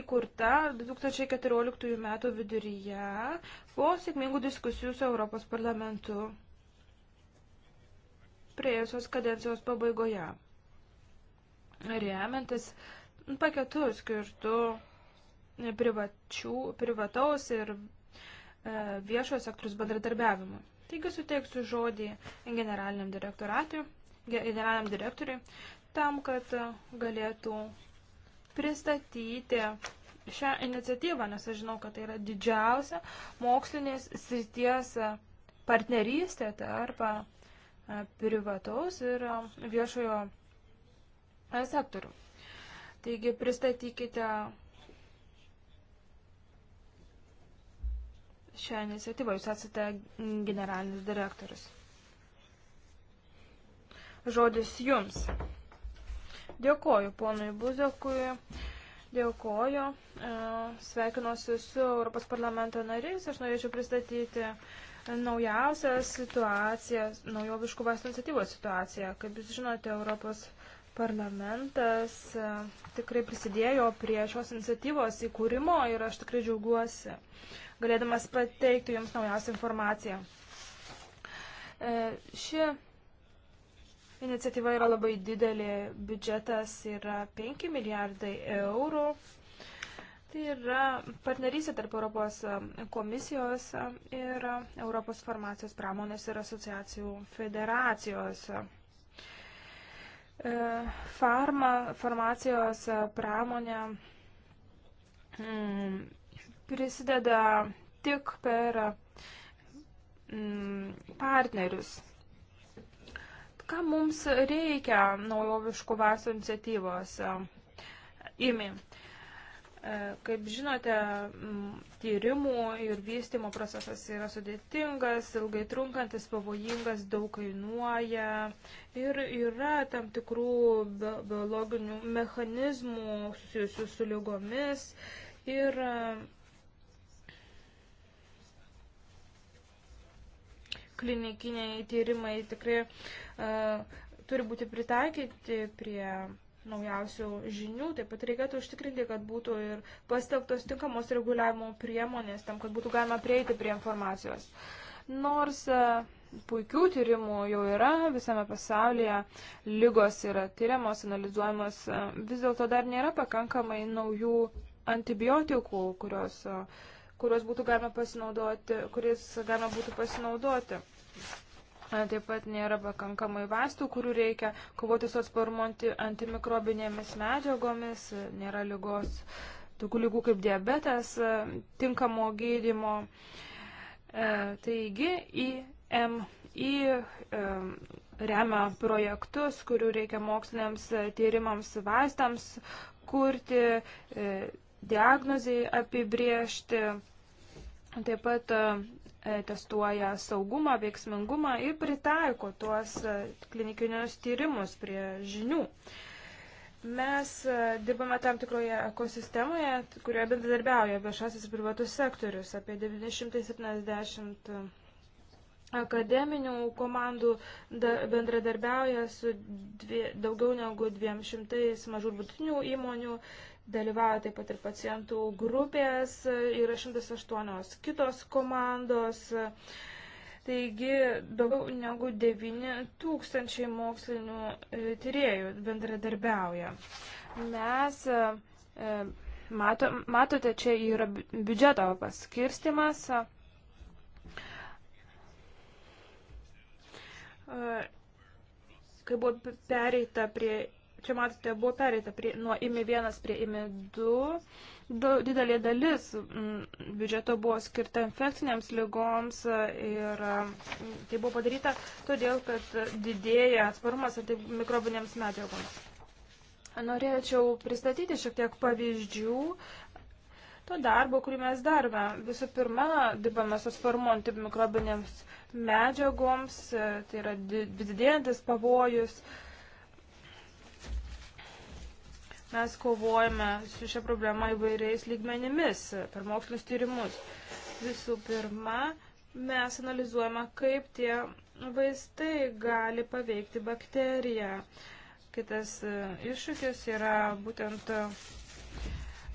įkurta 2014 m. viduryje po sėkmingų diskusijų su Europos parlamentu prieėjusios kadencijos pabaigoje. Remiantis paketų skirtų privačių, privataus ir e, viešojo sektorius bendradarbiavimui. Taigi suteiksiu žodį generaliniam direktoratui, generaliniam direktoriui tam, kad galėtų pristatyti šią iniciatyvą, nes aš žinau, kad tai yra didžiausia mokslinės srities partnerystė tarp privataus ir viešojo sektorių. Taigi pristatykite šią iniciatyvą. Jūs esate generalinis direktorius. Žodis jums. Dėkoju ponui Buzekui, dėkoju, e, sveikinuosi su Europos parlamento nariais, aš norėčiau pristatyti naujausią situaciją, naujoviškų vaistų iniciatyvos situaciją. Kaip jūs žinote, Europos parlamentas e, tikrai prisidėjo prie šios iniciatyvos įkūrimo ir aš tikrai džiaugiuosi, galėdamas pateikti jums naujausią informaciją. E, ši Iniciatyva yra labai didelė, biudžetas yra 5 milijardai eurų. Tai yra partnerysė tarp Europos komisijos ir Europos farmacijos pramonės ir asociacijų federacijos. E, farma, farmacijos pramonė mm, prisideda tik per mm, partnerius Ką mums reikia naujoviškų vaistų iniciatyvos? E, Imi. E, kaip žinote, tyrimų ir vystimo procesas yra sudėtingas, ilgai trunkantis, pavojingas, daug kainuoja ir yra tam tikrų biologinių mechanizmų susijusių su lygomis ir e, klinikiniai tyrimai tikrai E, turi būti pritaikyti prie naujausių žinių, taip pat reikėtų užtikrinti, kad būtų ir pasteltos tinkamos reguliavimo priemonės tam, kad būtų galima prieiti prie informacijos. Nors e, puikių tyrimų jau yra visame pasaulyje, lygos yra tyriamos, analizuojamos, e, vis dėlto dar nėra pakankamai naujų antibiotikų, kurios, kurios būtų galima pasinaudoti, kuris galima būtų pasinaudoti. Taip pat nėra pakankamai vaistų, kurių reikia kovoti su atsparumu antimikrobinėmis medžiagomis, nėra lygos, tokių lygų kaip diabetas, tinkamo gydimo. E, taigi, IMI e, remia projektus, kurių reikia moksliniams tyrimams vaistams kurti, e, diagnozijai apibriežti. Taip pat E, testuoja saugumą, veiksmingumą ir pritaiko tuos e, klinikinius tyrimus prie žinių. Mes e, dirbame tam tikroje ekosistemoje, kurioje bendradarbiauja viešasis ir privatus sektorius. Apie 970 akademinių komandų bendradarbiauja su dvie, daugiau negu 200 mažų ir vidutinių įmonių dalyvauja taip pat ir pacientų grupės, yra 108 kitos komandos. Taigi daugiau negu 9 tūkstančiai mokslinių e, tyriejų bendradarbiauja. Mes e, e, mato, matote, čia yra biudžeto paskirstimas. Kai buvo pereita prie čia matote, buvo pereita prie, nuo IMI 1 prie IMI 2. Du, didelė dalis m, mm, biudžeto buvo skirta infekcinėms lygoms ir m, mm, tai buvo padaryta todėl, kad didėja atsparumas antimikrovinėms medžiagoms. Norėčiau pristatyti šiek tiek pavyzdžių to darbo, kurį mes darome. Visų pirma, dirbame su atsparumu antimikrobinėms medžiagoms, tai yra didėjantis pavojus. Uh, Mes kovojame su šia problema įvairiais lygmenimis per mokslinius tyrimus. Visų pirma, mes analizuojame, kaip tie vaistai gali paveikti bakteriją. Kitas e, iššūkis yra būtent e,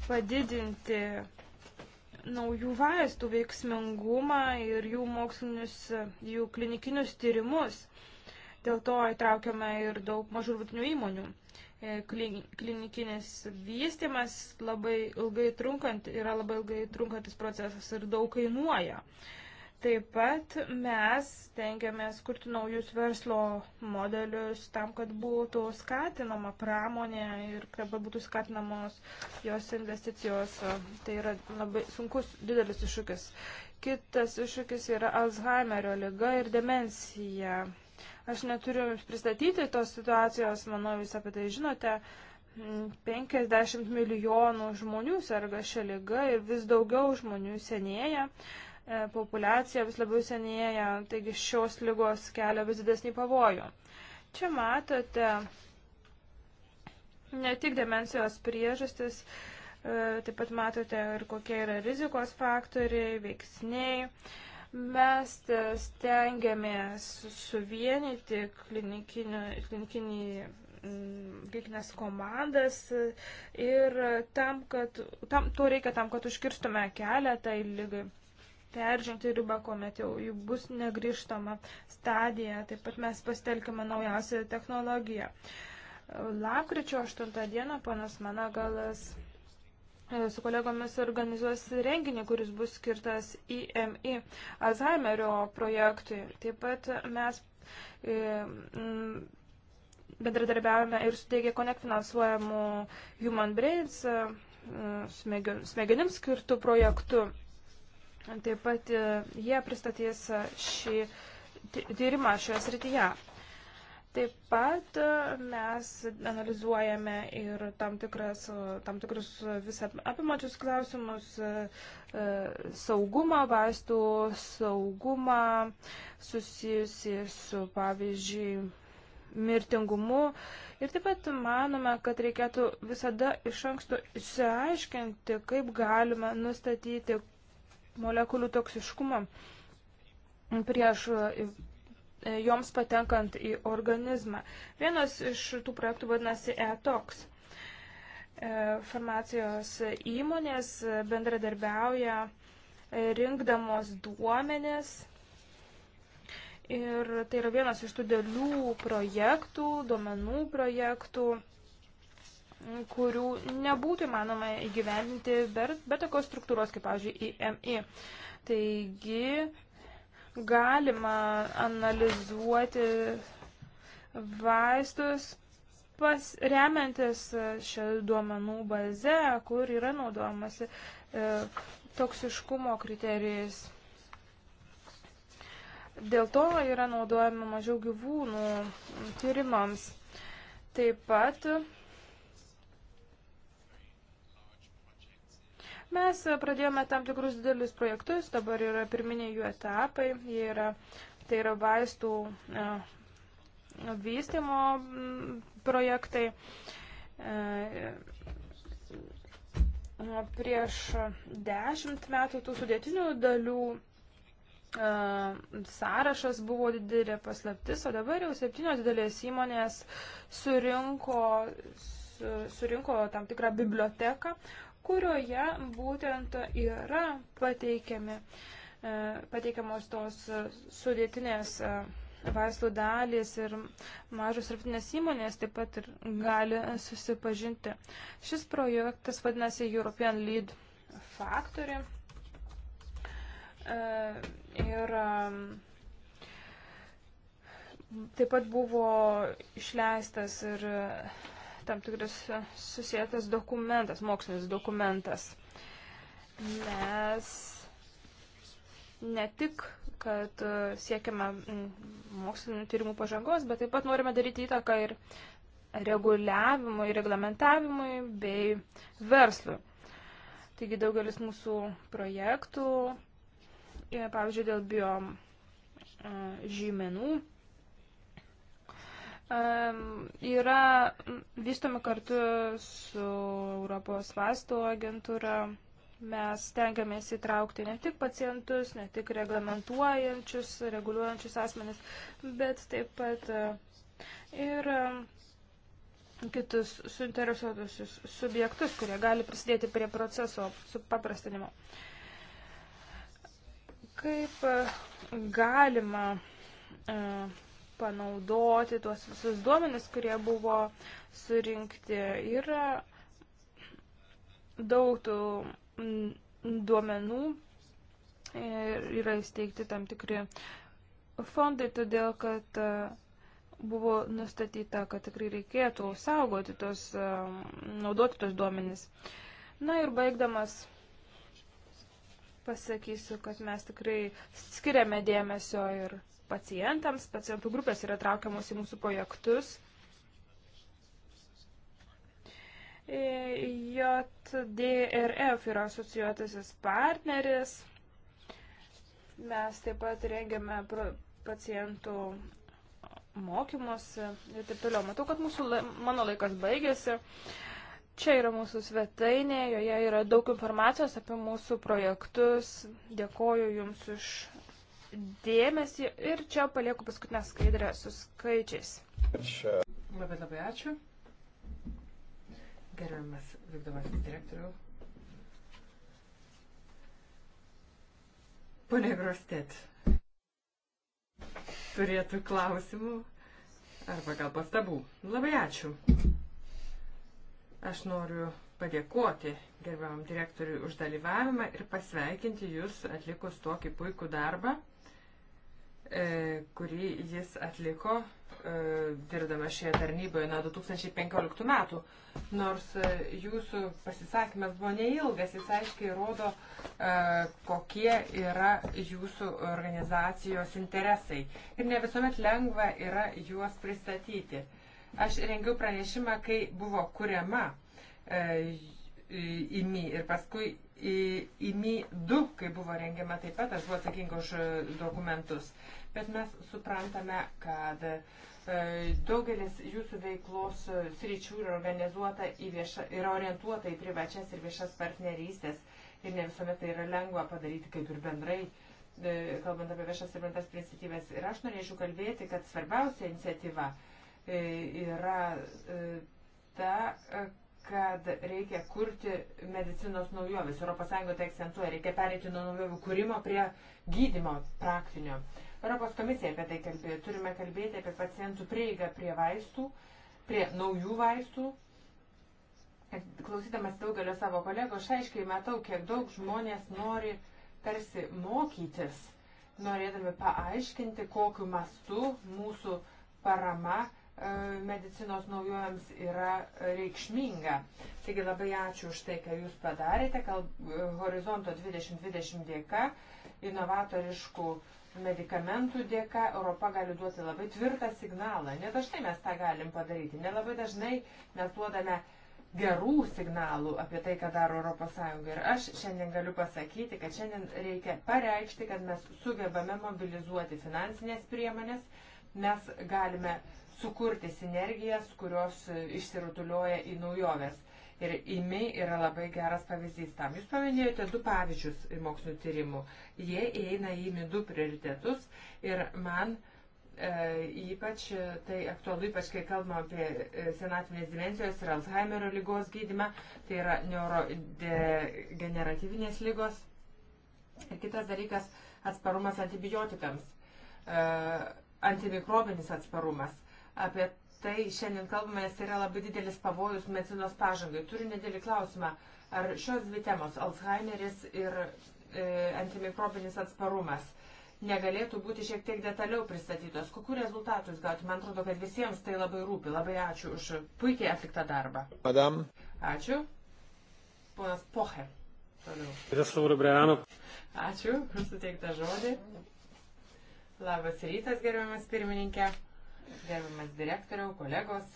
padidinti naujų vaistų veiksmingumą ir jų mokslinius, e, jų klinikinius tyrimus. Dėl to įtraukiame ir daug mažų rūtinių įmonių. E, klinikinis vystimas labai ilgai trunkant, yra labai ilgai trunkantis procesas ir daug kainuoja. Taip pat mes tengiamės kurti naujus verslo modelius tam, kad būtų skatinama pramonė ir kad būtų skatinamos jos investicijos. Tai yra labai sunkus, didelis iššūkis. Kitas iššūkis yra Alzheimerio lyga ir demencija. Aš neturiu jums pristatyti tos situacijos, manau, jūs apie tai žinote. 50 milijonų žmonių serga šią lygą ir vis daugiau žmonių senėja, e, populiacija vis labiau senėja, taigi šios lygos kelia vis didesnį pavojų. Čia matote ne tik demencijos priežastis, e, taip pat matote ir kokie yra rizikos faktoriai, veiksniai. Mes stengiamės suvienyti klinikinį mm, kiekvienas komandas ir tam, kad, tam, to reikia tam, kad užkirstume kelią tai lygai peržengti ribą, kuomet jau, jau bus negrižtama stadija. Taip pat mes pastelkime naujausią technologiją. Lapkričio 8 dieną panas Managalas E, su kolegomis organizuos renginį, kuris bus skirtas IMI e e, Alzheimerio projektui. Taip pat mes bendradarbiavome ir suteikė Connect finansuojamų Human Brains smegenims skirtų projektų. Taip pat jie pristatys šį tyrimą šioje srityje. Taip pat e, mes analizuojame ir tam, tikras, e, tam tikrus visą apimačius klausimus, e, saugumą, vaistų saugumą susijusi su, pavyzdžiui, mirtingumu. Ir taip pat manome, kad reikėtų visada iš anksto išsiaiškinti, kaip galime nustatyti molekulių toksiškumą prieš E, joms patenkant į organizmą. Vienas iš tų projektų vadinasi e-toks. E, farmacijos įmonės bendradarbiauja e, rinkdamos duomenis Ir tai yra vienas iš tų dėlių projektų, duomenų projektų, kurių nebūtų įmanoma įgyvendinti be tokios struktūros, kaip, pavyzdžiui, IMI. Taigi, galima analizuoti vaistus pas, remiantis šią duomenų bazę, kur yra naudojamasi e, toksiškumo kriterijais. Dėl to yra naudojama mažiau gyvūnų tyrimams. Taip pat Mes pradėjome tam tikrus didelius projektus, dabar yra pirminiai jų etapai, jie yra, tai yra vaistų e, vystimo projektai. E, e, prieš dešimt metų tų sudėtinių dalių e, sąrašas buvo didelė paslaptis, o dabar jau septynios didelės įmonės surinko, surinko tam tikrą biblioteką, kurioje būtent yra pateikiami, e, pateikiamos tos sudėtinės e, vaistų dalys ir mažos tarptinės įmonės taip pat ir gali susipažinti. Šis projektas vadinasi European Lead Factory. E, ir taip pat buvo išleistas ir tam tikras susijęs dokumentas, mokslinis dokumentas. Mes ne tik, kad e, siekiame mokslinio tyrimų pažangos, bet taip pat norime daryti įtaką ir reguliavimui, reglamentavimui bei verslui. Taigi daugelis mūsų projektų, e, pavyzdžiui, dėl bio e, žymenų, yra vystomi kartu su Europos vaistų agentūra. Mes tengiamės įtraukti ne tik pacientus, ne tik reglamentuojančius, reguliuojančius asmenis, bet taip pat e, ir e, kitus suinteresuotusius subjektus, kurie gali prisidėti prie proceso supaprastinimo. Kaip e, galima panaudoti tuos visus duomenis, kurie buvo surinkti. Yra daug tų mm, duomenų ir yra įsteigti tam tikri fondai, todėl kad e, buvo nustatyta, kad tikrai reikėtų saugoti tos, e, naudoti tos duomenys. Na ir baigdamas pasakysiu, kad mes tikrai skiriame dėmesio ir pacientams, pacientų grupės yra traukiamos į mūsų projektus. E, JDRF yra asociuotasis partneris. Mes taip pat rengiame pacientų mokymus ir taip toliau. Matau, kad mūsų, mano laikas baigėsi. Čia yra mūsų svetainė, joje yra daug informacijos apie mūsų projektus. Dėkoju Jums už dėmesį ir čia palieku paskutinę skaidrę su skaičiais.
Labai labai ačiū. Gerbiamas vykdomasis direktoriau. Pone Grostet, turėtų klausimų arba gal pastabų. Labai ačiū. Aš noriu padėkoti gerbiamam direktoriui už dalyvavimą ir pasveikinti Jūs atlikus tokį puikų darbą. E, kurį jis atliko e, dirbdamas šioje tarnyboje nuo 2015 metų. Nors e, jūsų pasisakymas buvo neilgas, jis aiškiai rodo, kokie yra jūsų organizacijos interesai. Ir ne visuomet lengva yra juos pristatyti. Aš rengiau pranešimą, kai buvo kuriama įmi ir paskui IMI 2, kai buvo rengiama taip pat, aš buvau atsakinga už e, dokumentus, bet mes suprantame, kad e, daugelis jūsų veiklos e, sričių yra organizuota į viešą, yra orientuota į privačias ir viešas partnerystės ir ne visuomet tai yra lengva padaryti kaip ir bendrai, kalbant apie viešas ir bendras principybės. Ir aš norėčiau kalbėti, kad svarbiausia iniciatyva yra ta, kad reikia kurti medicinos naujovis. ES tai akcentuoja, reikia pereiti nuo naujovių kūrimo prie gydimo praktinio. Europos komisija apie tai kalbėjo. Turime kalbėti apie pacientų prieigą prie vaistų, prie naujų vaistų. Klausydamas daugelio savo kolegų, aš aiškiai matau, kiek daug žmonės nori tarsi mokytis, norėdami paaiškinti, kokiu mastu mūsų parama E, medicinos naujovėms yra reikšminga. Taigi labai ačiū už tai, ką Jūs padarėte. Kalb, e, Horizonto 2020 dėka, inovatoriškų medikamentų dėka Europa gali duoti labai tvirtą signalą. Nedažnai mes tą galim padaryti. Nelabai dažnai mes duodame gerų signalų apie tai, ką daro ES. Ir aš šiandien galiu pasakyti, kad šiandien reikia pareikšti, kad mes sugebame mobilizuoti finansinės priemonės, mes galime uh, sukurti sinergijas, kurios išsirutulioja į naujoves. Ir įmi yra labai geras pavyzdys tam. Jūs paminėjote du pavyzdžius mokslinių tyrimų. Jie įeina į midų prioritetus ir man e, ypač e, tai aktualu, ypač kai kalbam apie e, senatvinės dimensijos ir Alzheimerio lygos gydimą, tai yra neurodegeneratyvinės lygos. Ir kitas dalykas - atsparumas antibiotikams, e, antimikrobinis atsparumas Apie tai šiandien kalbame, nes tai yra labai didelis pavojus medicinos pažangai. Turiu nedėlį klausimą, ar šios dvi temos - Alzheimeris ir e, antimikrobinis atsparumas - negalėtų būti šiek tiek detaliau pristatytos. Kokiu rezultatu jūs gauti? Man atrodo, kad visiems tai labai rūpi. Labai ačiū už puikiai atliktą darbą. Madam. Ačiū. Ponas Poche. Toliau. Ačiū už suteiktą žodį. Labas rytas, gerbiamas pirmininkė gerbiamas direktoriau, kolegos.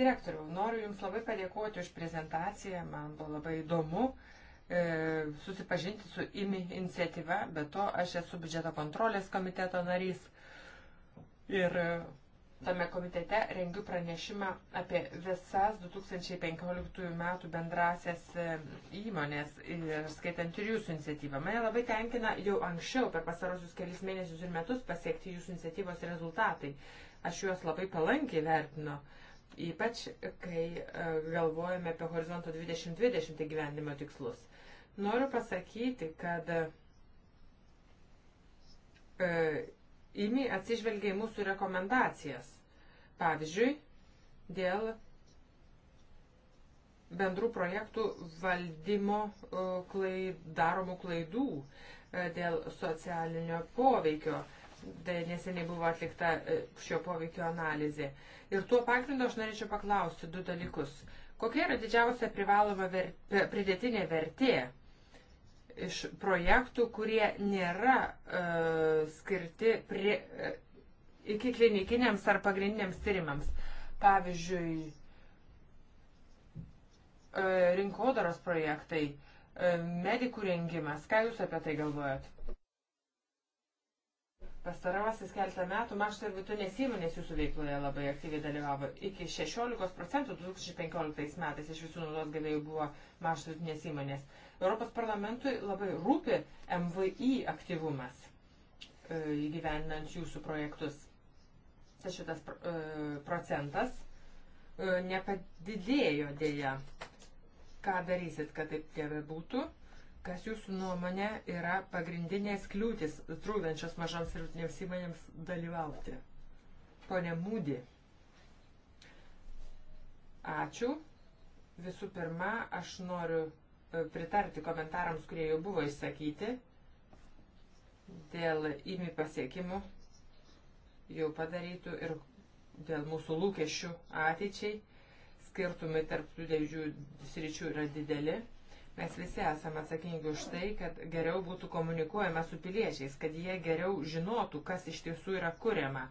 Direktoriau, noriu Jums labai padėkoti už prezentaciją, man buvo labai įdomu e, susipažinti su IMI iniciatyva, bet to aš esu biudžeto kontrolės komiteto narys ir tame komitete rengiu pranešimą apie visas 2015 metų bendrasias e, įmonės, skaitant ir jūsų iniciatyvą. Mane labai tenkina jau anksčiau, per pasarosius kelius mėnesius ir metus, pasiekti jūsų iniciatyvos rezultatai. Aš juos labai palankiai vertinu. Ypač, kai e, galvojame apie horizonto 2020 gyvenimo tikslus. Noriu pasakyti, kad e, įmi atsižvelgia į mūsų rekomendacijas. Pavyzdžiui, dėl bendrų projektų valdymo e, klaid, daromų klaidų, e, dėl socialinio poveikio. Tai neseniai buvo atlikta e, šio poveikio analizė. Ir tuo pagrindu aš norėčiau paklausti du dalykus. Kokia yra didžiausia privaloma ver, pridėtinė vertė iš projektų, kurie nėra uh, skirti prie, uh, iki klinikiniams ar pagrindiniams tyrimams. Pavyzdžiui, uh, rinkodaros projektai, uh, medikų rengimas. Ką Jūs apie tai galvojat? Pastaravasis keletą metų mažos ir vidutinės įmonės jūsų veikloje labai aktyviai dalyvavo. Iki 16 procentų 2015 metais iš visų naudos galėjų buvo mažos vidutinės įmonės. Uh, Europos parlamentui labai rūpi MVI aktyvumas e, įgyvendinant jūsų projektus. Tai šitas e, procentas e, nepadidėjo dėja. Ką darysit, kad taip nebebūtų? Kas jūsų nuomonė yra pagrindinės kliūtis trūvenčios mažoms ir vidutinėms įmonėms dalyvauti? Pone Mūdi. Ačiū. Visų pirma, aš noriu pritarti komentarams, kurie jau buvo išsakyti dėl įmi pasiekimų jau padarytų ir dėl mūsų lūkesčių ateičiai. Skirtumai tarp tų dėžių sričių yra dideli. Mes visi esame atsakingi už tai, kad geriau būtų komunikuojama su piliečiais, kad jie geriau žinotų, kas iš tiesų yra kuriama.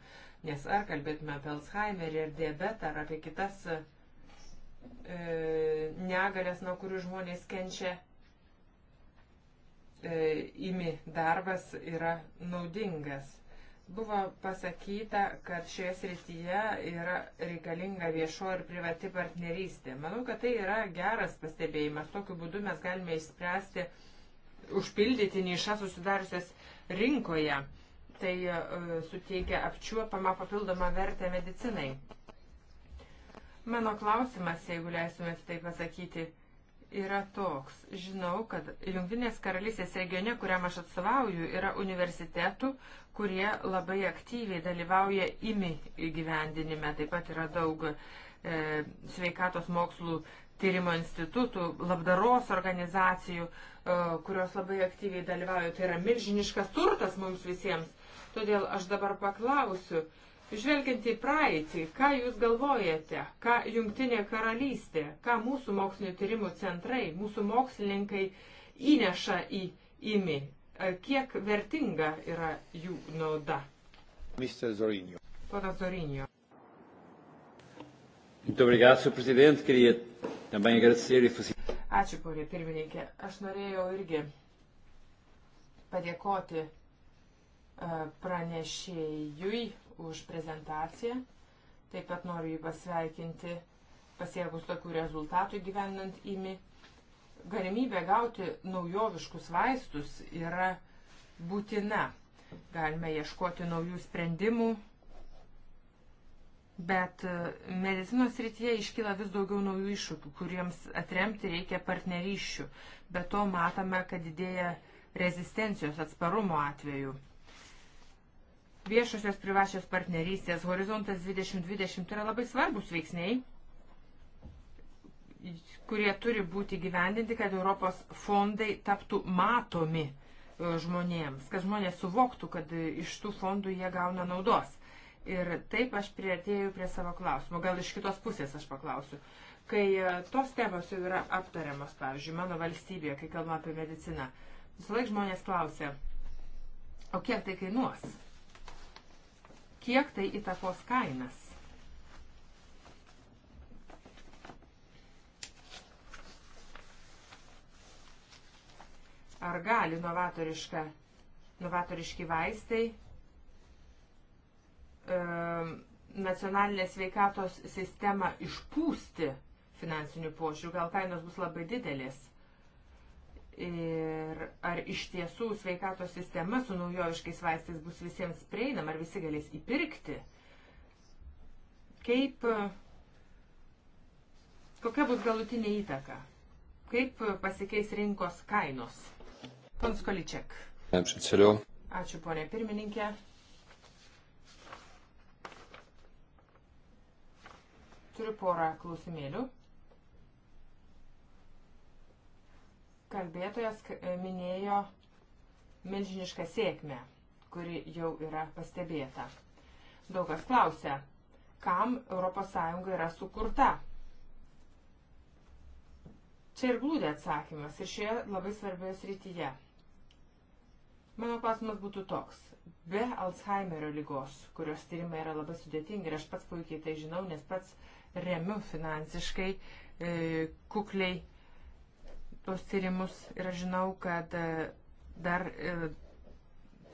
Nes ar kalbėtume apie Alzheimerį, ar diabetą, ar apie kitas uh, E, negalės, nuo kurių žmonės kenčia, įmi e, darbas yra naudingas. Buvo pasakyta, kad šioje srityje yra reikalinga viešo ir privati partnerystė. Manau, kad tai yra geras pastebėjimas. Tokiu būdu mes galime išspręsti, užpildyti nišą susidariusias rinkoje. Tai e, suteikia apčiuopamą papildomą vertę medicinai. Mano klausimas, jeigu leisimės tai pasakyti, yra toks. Žinau, kad Junktinės karalystės regione, kuriam aš atstovauju, yra universitetų, kurie labai aktyviai dalyvauja IMI įgyvendinime. Taip pat yra daug e, sveikatos mokslų tyrimo institutų, labdaros organizacijų, e, kurios labai aktyviai dalyvauja. Tai yra milžiniškas turtas mums visiems. Todėl aš dabar paklausiu, Žvelgiant į praeitį, ką Jūs galvojate, ką Jungtinė karalystė, ką mūsų mokslinio tyrimų centrai, mūsų mokslininkai įneša į įmi, kiek vertinga yra jų nauda? Mr. Zorinio. Pana Zorinio. E Ačiū, ponė pirmininkė. Aš norėjau irgi padėkoti pranešėjui už prezentaciją. Taip pat noriu jį pasveikinti pasiekus tokių rezultatų gyvenant įmi. Galimybė gauti naujoviškus vaistus yra būtina. Galime ieškoti naujų sprendimų, bet e, medicinos rytyje iškyla vis daugiau naujų iššūkių, kuriems atremti reikia partnerysčių. Be to matome, kad didėja rezistencijos atsparumo atveju. Viešosios privačios partnerystės horizontas 2020 yra labai svarbus veiksniai, kurie turi būti gyvendinti, kad Europos fondai taptų matomi e, žmonėms, kad žmonės suvoktų, kad iš tų fondų jie gauna naudos. Ir taip aš prieartėjau prie savo klausimo. Gal iš kitos pusės aš paklausiu. Kai e, tos temos jau yra aptariamos, pavyzdžiui, mano valstybėje, kai kalbame apie mediciną, visą laiką žmonės klausia, o kiek tai kainuos? kiek tai įtakos kainas. Ar gali novatoriški vaistai nacionalinę sveikatos sistemą išpūsti finansinių požiūrių, gal kainos bus labai didelės. Ir ar iš tiesų sveikatos sistema su naujoviškais vaistais bus visiems prieinama, ar visi galės įpirkti? Kaip, kokia bus galutinė įtaka? Kaip pasikeis rinkos kainos? Pons Količek.
Ačiū,
ponė pirmininkė. Turiu porą klausimėlių. kalbėtojas e, minėjo milžinišką sėkmę, kuri jau yra pastebėta. Daug kas klausia, kam ES yra sukurta. Čia ir glūdė atsakymas ir šioje labai svarbioje srityje. Mano klausimas būtų toks. Be Alzheimerio lygos, kurios tyrimai yra labai sudėtingi ir aš pats puikiai tai žinau, nes pats remiu finansiškai e, kukliai tos tyrimus ir aš žinau, kad e, dar e,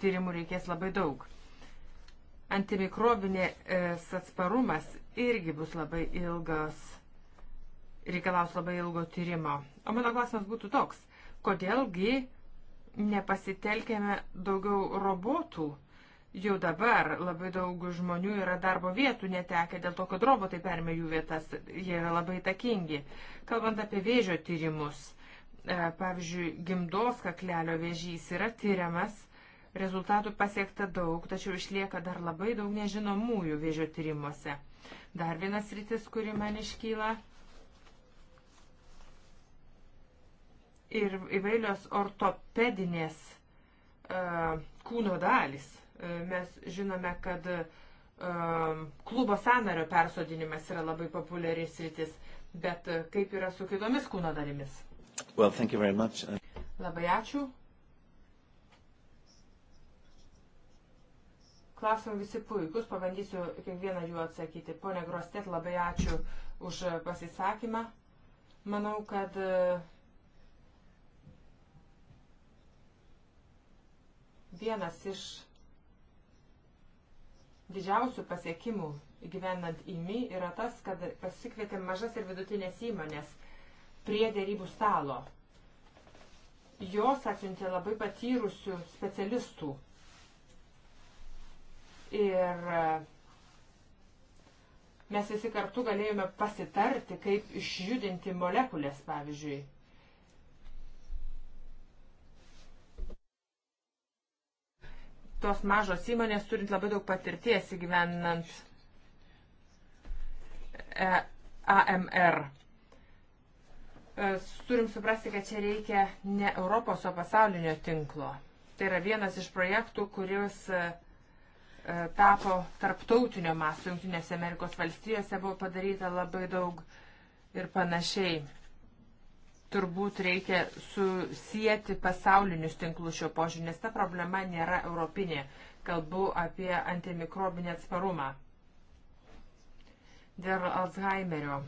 tyrimų reikės labai daug. Antimikrobinės e, atsparumas irgi bus labai ilgas, reikalaus labai ilgo tyrimo. O mano klausimas būtų toks, kodėlgi nepasitelkėme daugiau robotų? Jau dabar labai daug žmonių yra darbo vietų netekę dėl to, kad robotai permė jų vietas, jie yra labai takingi. Kalbant apie vėžio tyrimus, E, pavyzdžiui, gimdos kaklelio vėžys yra tyriamas, rezultatų pasiekta daug, tačiau išlieka dar labai daug nežinomųjų vėžio tyrimuose. Dar vienas rytis, kuri man iškyla. Ir įvairios ortopedinės uh, kūno dalys. E, mes žinome, kad uh, klubo sanario persodinimas yra labai populiaris rytis, bet kaip yra su kitomis kūno dalimis?
Well, thank you very much. Uh,
labai ačiū. Klausimai visi puikus, pabandysiu kiekvieną jų atsakyti. Pone Grostet, labai ačiū už uh, pasisakymą. Manau, kad uh, vienas iš didžiausių pasiekimų gyvenant įmi yra tas, kad pasikvietėm mažas ir vidutinės įmonės prie dėrybų stalo. Jos atsiuntė labai patyrusių specialistų. Ir e, mes visi kartu galėjome pasitarti, kaip išjudinti molekulės, pavyzdžiui. Tos mažos įmonės turint labai daug patirties įgyveninant e, AMR E, turim suprasti, kad čia reikia ne Europos, o pasaulinio tinklo. Tai yra vienas iš projektų, kuris e, e, tapo tarptautinio masto Junktinėse Amerikos valstijose, buvo padaryta labai daug ir panašiai. Turbūt reikia susijęti pasaulinius tinklus šio požiūrį, nes ta problema nėra europinė. Kalbu apie antimikrobinį atsparumą. Dėl Alzheimerio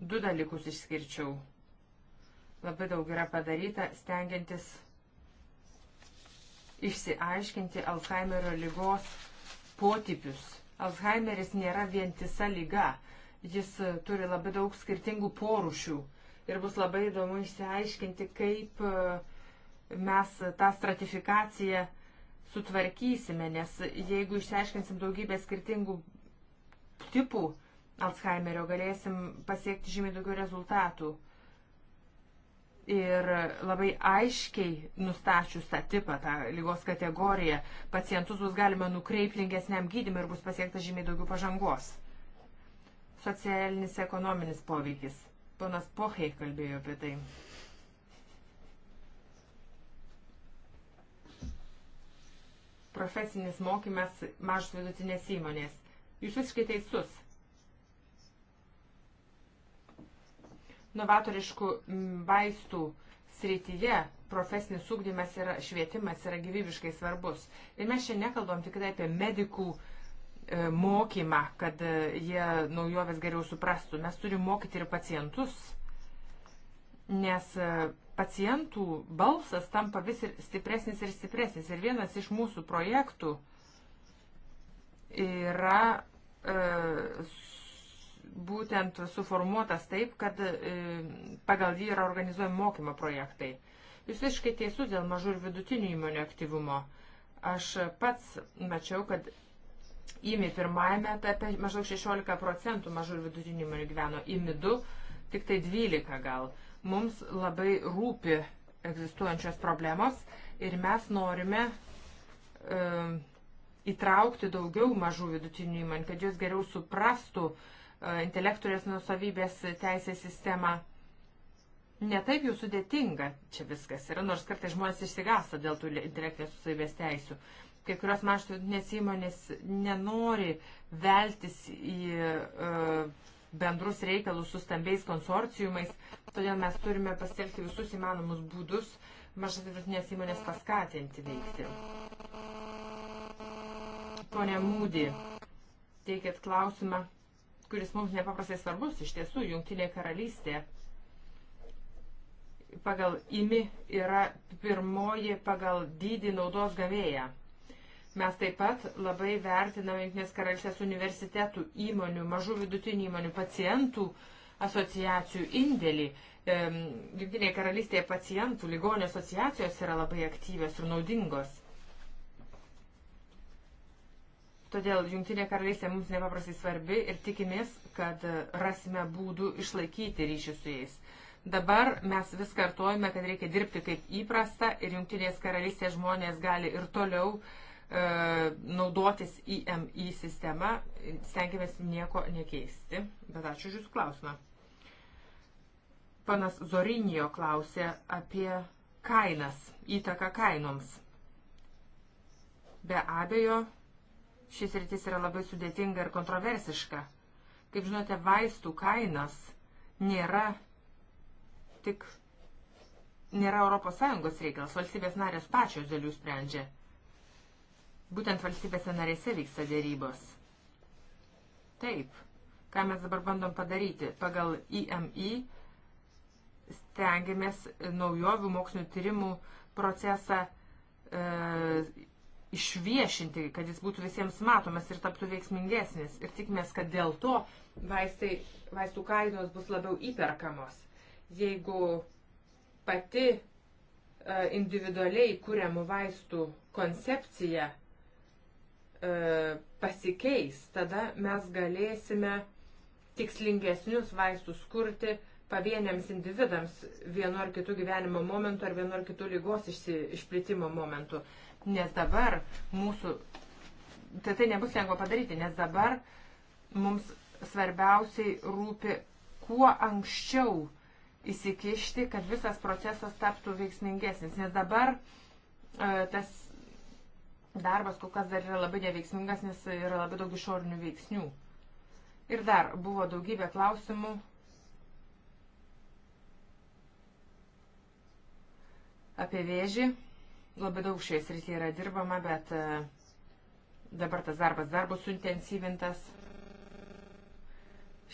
Du dalykus išskirčiau. Labai daug yra padaryta, stengiantis išsiaiškinti Alzheimerio lygos potipius. Alzheimeris nėra vientisa lyga, jis turi labai daug skirtingų porušių ir bus labai įdomu išsiaiškinti, kaip e, mes tą stratifikaciją sutvarkysime, nes jeigu išsiaiškinsim daugybę skirtingų tipų, Alzheimerio galėsim pasiekti žymiai daugiau rezultatų. Ir labai aiškiai nustačius tą tipą, tą lygos kategoriją, pacientus bus galima nukreipti lingesniam gydymui ir bus pasiekta žymiai daugiau pažangos. Socialinis ekonominis poveikis. Ponas Pohei kalbėjo apie tai. Profesinis mokymas mažos vidutinės įmonės. Jūs visiškai teisus Novatoriškų vaistų srityje profesinis ūkdymas ir švietimas yra gyvybiškai svarbus. Ir mes čia nekalbam tik tai apie medikų e, mokymą, kad e, jie naujoves geriau suprastų. Mes turime mokyti ir pacientus, nes e, pacientų balsas tampa vis ir stipresnis ir stipresnis. Ir vienas iš mūsų projektų yra e, būtent suformuotas taip, kad e, pagal jį yra organizuojami mokymo projektai. Jūs visiškai teisus dėl mažų ir vidutinių įmonių aktyvumo. Aš pats mačiau, kad įmi pirmajame etape maždaug 16 procentų mažų ir vidutinių įmonių gyveno, įmi 2 tik tai 12 gal. Mums labai rūpi egzistuojančios problemos ir mes norime e, įtraukti daugiau mažų vidutinių įmonių, kad jos geriau suprastų, e, E, intelektualės nusavybės teisės sistemą. Netaip jau sudėtinga čia viskas yra, nors kartais žmonės išsigąsta dėl tų intelektinės nusavybės teisių. Kai kurios maštutinės įmonės nenori veltis į uh, bendrus reikalus su stambiais konsorciumais, todėl mes turime pasitelkti visus įmanomus būdus mažas vidutinės įmonės paskatinti veikti. Pone Mūdį, teikėt klausimą kuris mums nepaprastai svarbus. Iš tiesų, Junktinė karalystė pagal IMI yra pirmoji pagal dydį naudos gavėja. Mes taip pat labai vertiname Junktinės karalystės universitetų įmonių, mažų vidutinių įmonių, pacientų asociacijų indėlį. Junktinėje karalystėje pacientų, ligonio asociacijos yra labai aktyvios ir naudingos. Todėl Junktinė karalystė mums nepaprastai svarbi ir tikimės, kad rasime būdų išlaikyti ryšį su jais. Dabar mes vis kartuojame, kad reikia dirbti kaip įprasta ir Junktinės karalystės žmonės gali ir toliau e, naudotis IMI e sistema. Stengiamės nieko nekeisti. Bet ačiū už Jūsų klausimą. Panas Zorinijo klausė apie kainas, įtaką kainoms. Be abejo, Šis rytis yra labai sudėtinga ir kontroversiška. Kaip žinote, vaistų kainos nėra tik nėra ES reikalas, valstybės narės pačios dėl jų sprendžia. Būtent valstybėse narėse vyksta dėrybos. Taip, ką mes dabar bandom padaryti, pagal IMI e e stengiamės naujovių mokslinių tyrimų procesą e, išviešinti, kad jis būtų visiems matomas ir taptų veiksmingesnis. Ir tikimės, kad dėl to vaistai, vaistų kainos bus labiau įperkamos. Jeigu pati e, individualiai kuriamų vaistų koncepcija e, pasikeis, tada mes galėsime tikslingesnius vaistus kurti pavieniams individams vienu ar kitu gyvenimo momentu ar vienu ar kitu lygos išplitimo momentu nes dabar mūsų, tai tai nebus lengva padaryti, nes dabar mums svarbiausiai rūpi kuo anksčiau įsikišti, kad visas procesas taptų veiksmingesnis, nes dabar e, tas darbas kol kas dar yra labai neveiksmingas, nes yra labai daug išorinių veiksnių. Ir dar buvo daugybė klausimų. Apie vėžį. Labai daug šioje srityje yra dirbama, bet e, dabar tas darbas dar bus suintensyvintas.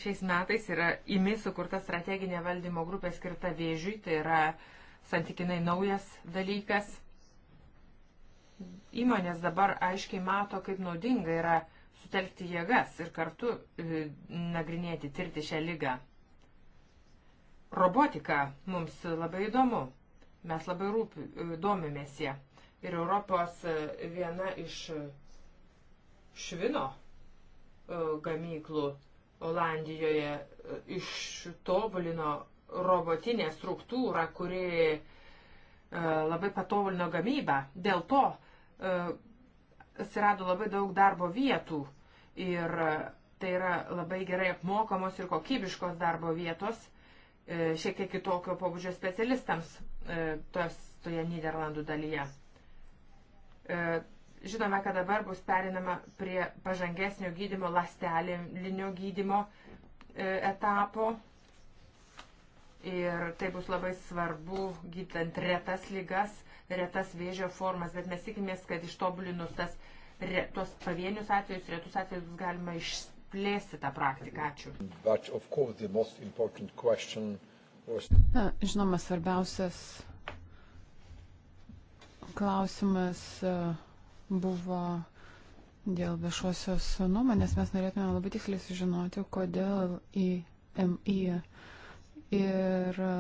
Šiais metais yra įmi sukurta strateginė valdymo grupė skirta vėžiui, tai yra santykinai naujas dalykas. Įmonės dabar aiškiai mato, kaip naudinga yra sutelkti jėgas ir kartu e, nagrinėti, tirti šią lygą. Robotika mums labai įdomu. Mes labai rūpi, domimės jie. Ir Europos e, viena iš e, švino e, gamyklų Olandijoje ištobulino robotinę struktūrą, kuri labai patobulino gamybą. Dėl to atsirado labai daug darbo vietų ir tai yra labai gerai apmokamos ir kokybiškos darbo vietos šiek tiek kitokio pobūdžio specialistams E, tos, toje Niderlandų dalyje. E, žinome, kad dabar bus perinama prie pažangesnio gydimo, lastelinio gydimo e, etapo. Ir tai bus labai svarbu gydant retas lygas, retas vėžio formas, bet mes tikimės, kad ištobulinus tas, re, tos pavienius atvejus, retus atvejus bus galima išplėsti tą praktiką. Ačiū. Na,
žinoma, svarbiausias klausimas e, buvo dėl viešosios nuomonės. Mes norėtume labai tiksliai sužinoti, kodėl IMI ir e,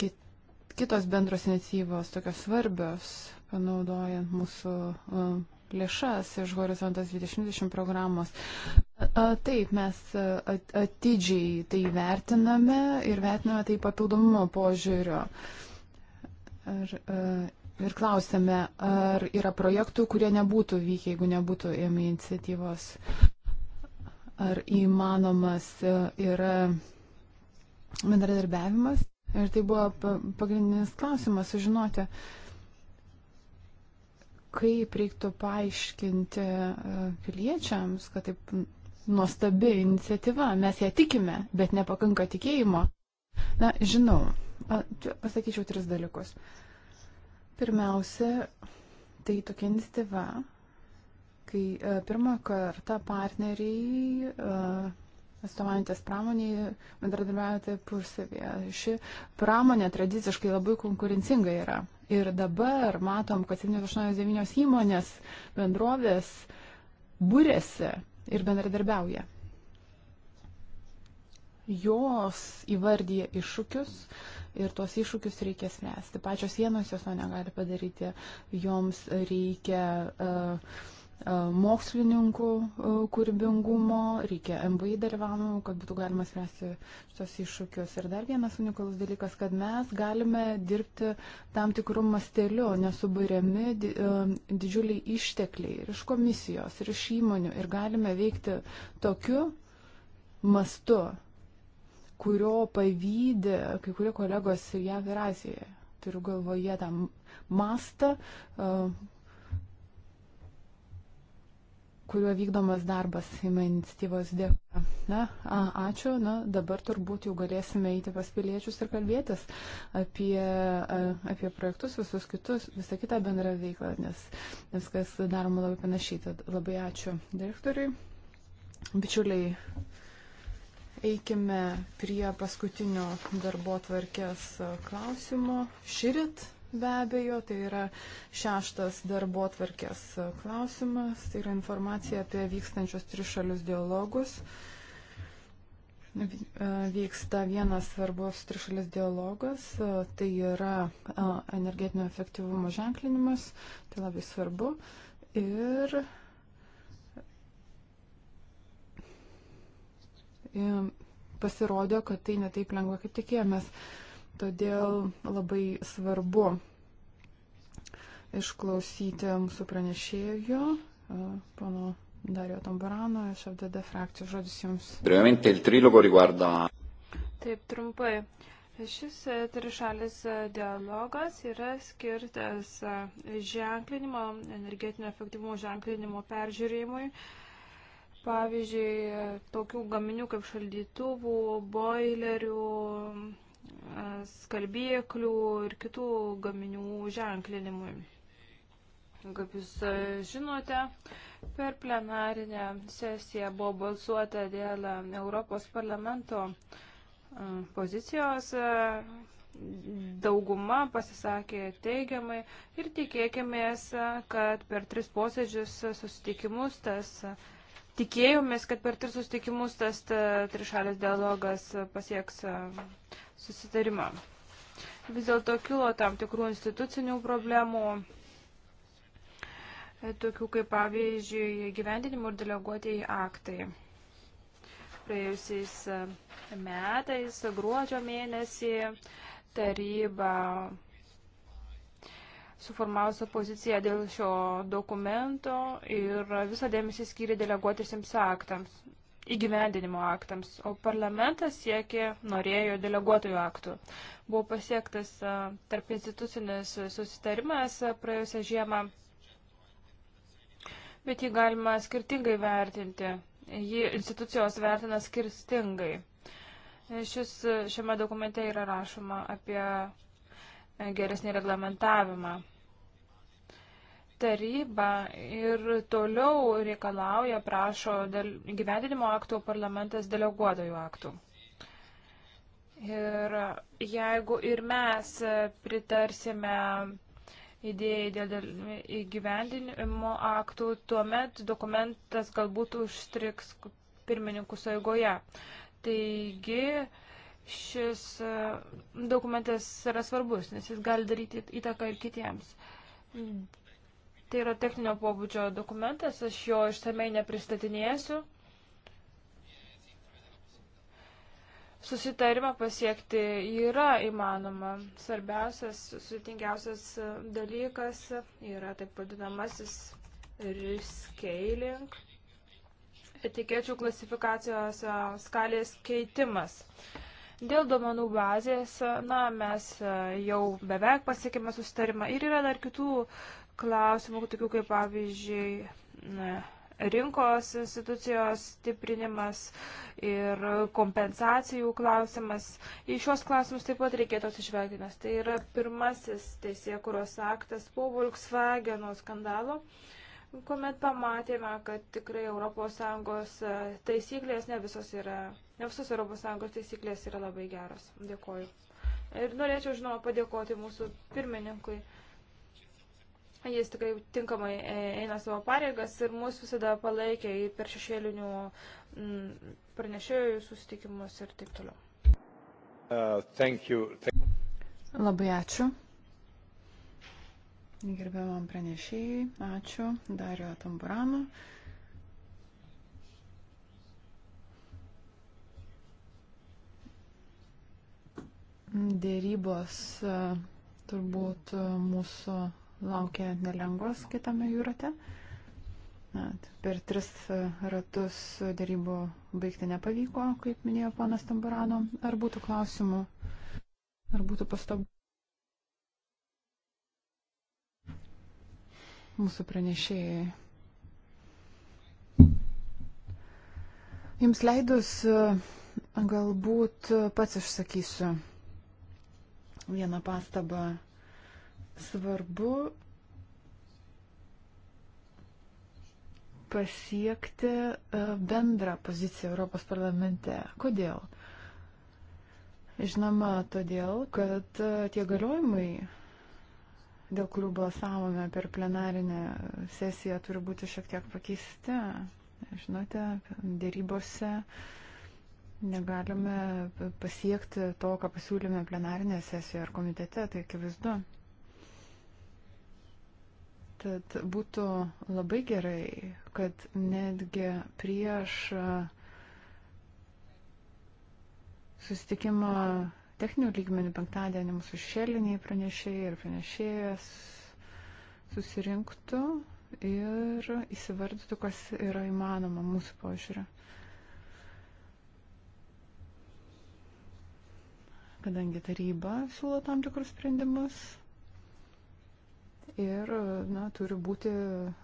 kitos bendros iniciatyvos tokios svarbios, panaudojant mūsų e, lėšas iš Horizontas 2020 programos. Taip, mes atidžiai tai vertiname ir vertiname tai papildomumo požiūrio. Ir, ir klausėme, ar yra projektų, kurie nebūtų vykę, jeigu nebūtų ėmė iniciatyvos. Ar įmanomas yra bendradarbiavimas. Ir tai buvo pagrindinis klausimas sužinoti. Uh, kaip reiktų paaiškinti e, piliečiams, kad taip nuostabi iniciatyva, mes ją tikime, bet nepakanka tikėjimo. Na, žinau, pasakyčiau tris dalykus. Pirmiausia, tai tokia iniciatyva, kai e, pirmą kartą partneriai e, atstovaujantis pramoniai bendradarbiauja tarpusavėje. Ši pramonė tradiciškai labai konkurencinga yra. Ir dabar matom, kad 789 įmonės bendrovės būrėsi ir bendradarbiauja. Jos įvardyja iššūkius ir tuos iššūkius reikia spręsti. Pačios vienos jos to negali padaryti, joms reikia uh, E, mokslininkų e, kūrybingumo, reikia MVI dalyvavimo, kad būtų galima spręsti šios iššūkius. Ir dar vienas unikalus dalykas, kad mes galime dirbti tam tikrų masteliu, nesubariami e, didžiuliai ištekliai ir iš komisijos, ir iš įmonių, ir galime veikti tokiu mastu, kurio pavydė kai kurie kolegos JAV ir Azijoje. Turiu galvoje tą mastą, kuriuo vykdomas darbas iniciatyvos dėka. Na, a, ačiū. Na, dabar turbūt jau galėsime eiti pas piliečius ir kalbėtis apie, a, apie projektus, visus kitus, visą kitą bendrą veiklą, nes viskas daroma labai panašiai. Tad labai ačiū direktoriui. Bičiuliai, eikime prie paskutinio darbo tvarkės klausimo. Širit be abejo, tai yra šeštas darbo atvarkės klausimas, tai yra informacija apie vykstančius trišalius dialogus. E, vyksta vienas svarbus trišalis dialogas, e, tai yra e, energetinio efektyvumo ženklinimas, tai labai svarbu. Ir pasirodė, kad tai netaip lengva, kaip tikėjomės. Todėl labai svarbu išklausyti mūsų pranešėjo, pono Dario Tombarano iš FDD frakcijos žodis jums.
Taip, trumpai. Šis e, trišalis e, dialogas yra skirtas e, ženklinimo, energetinio efektyvumo ženklinimo peržiūrėjimui. Pavyzdžiui, tokių gaminių kaip šaldytuvų, boilerių, skarbėklių ir kitų gaminių ženklinimui. Kaip jūs e, žinote, per plenarinę sesiją buvo balsuota dėl e, Europos parlamento e, pozicijos. Dauguma pasisakė teigiamai ir tikėkimės, kad per tris posėdžius susitikimus tas tikėjomės, kad per tris susitikimus tas trišalės dialogas pasieks susitarimą. Vis dėlto kilo tam tikrų institucinių problemų, e, tokių kaip pavyzdžiui gyvendinimo ir deleguotieji aktai. Praėjusiais e, metais, gruodžio mėnesį, taryba suformavusi poziciją dėl šio dokumento ir visą dėmesį skyrė deleguotisiems aktams įgyvendinimo aktams, o parlamentas siekė, norėjo deleguotojų aktų. Buvo pasiektas tarp institucinis susitarimas praėjusią žiemą, bet jį galima skirtingai vertinti. Jį institucijos vertina skirtingai. Šis, šiame dokumente yra rašoma apie geresnį reglamentavimą. Taryba ir toliau reikalauja, prašo gyvendinimo aktų, parlamentas deleguotojų aktų. Ir jeigu ir mes pritarsime idėjai dėl įgyvendinimo aktų, tuomet dokumentas galbūt užstriks pirmininkų sąjungoje. Taigi šis e, dokumentas yra svarbus, nes jis gali daryti įtaką ir kitiems. Tai yra techninio pobūdžio dokumentas, aš jo išsamei nepristatinėsiu. Susitarimą pasiekti yra įmanoma. Svarbiausias, sudėtingiausias dalykas yra taip vadinamasis rescaling, etikečių klasifikacijos skalės keitimas. Dėl duomenų bazės, na, mes jau beveik pasiekėme susitarimą ir yra dar kitų klausimų, tokių kaip pavyzdžiui rinkos institucijos stiprinimas ir kompensacijų klausimas. Į šios klausimus taip pat reikėtų atsižvelgti, nes tai yra pirmasis teisėkuros aktas po Volkswageno skandalo kuomet pamatėme, kad tikrai ES e, taisyklės, ne visos, yra, ne visos ES taisyklės yra labai geros. Dėkoju. Ir norėčiau, žinoma, padėkoti mūsų pirmininkui. Jis tikrai tinkamai e, eina savo pareigas ir mūsų visada palaikė per šešėlinių mm, pranešėjų susitikimus ir taip toliau.
Uh, thank you. Thank you.
Labai ačiū. Gerbiamam pranešėjai, ačiū Dario Tamburano. Dėrybos e, turbūt e, mūsų laukia nelengvas kitame jūrate. Per tris ratus darybų baigti nepavyko, kaip minėjo ponas Tamburano. Ar būtų klausimų, ar būtų pastabų? Mūsų pranešėjai. Jums leidus, galbūt pats išsakysiu vieną pastabą Svarbu pasiekti e, bendrą poziciją Europos parlamente. Kodėl? Žinoma, todėl, kad e, tie galiojimai, dėl kurių balsavome per plenarinę sesiją, turi būti šiek tiek pakeisti. Žinote, dėrybose negalime pasiekti to, ką pasiūlėme plenarinėje sesijoje ar komitete, tai akivaizdu. Tad būtų labai gerai, kad netgi prieš susitikimą techninių lygmenių penktadienį mūsų šeliniai pranešėjai ir pranešėjas susirinktų ir įsivardytų, kas yra įmanoma mūsų požiūrė. Kadangi taryba siūlo tam tikrus sprendimus, ir na, turi būti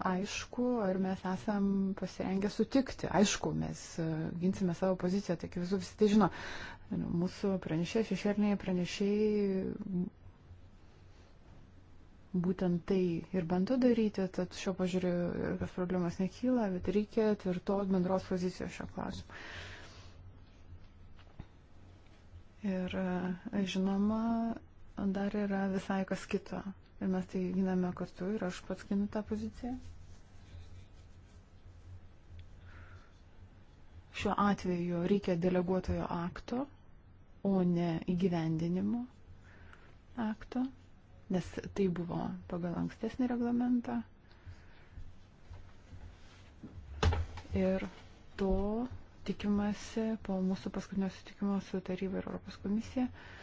aišku, ar mes esam pasirengę sutikti. Aišku, mes e, ginsime savo poziciją, tai visų visi tai žino. Mūsų pranešėjai, šešerniai pranešėjai būtent tai ir bando daryti, tad šio požiūriu jokios problemos nekyla, bet reikia tvirtos bendros pozicijos šio klausimu. Ir e, žinoma, dar yra visai kas kita Ir mes tai giname kartu ir aš pats ginu tą poziciją. Šiuo atveju reikia deleguotojo akto, o ne įgyvendinimo akto, nes tai buvo pagal ankstesnį reglamentą. Ir to tikimasi po mūsų paskutinio sutikimo su taryba ir Europos komisija. Uh,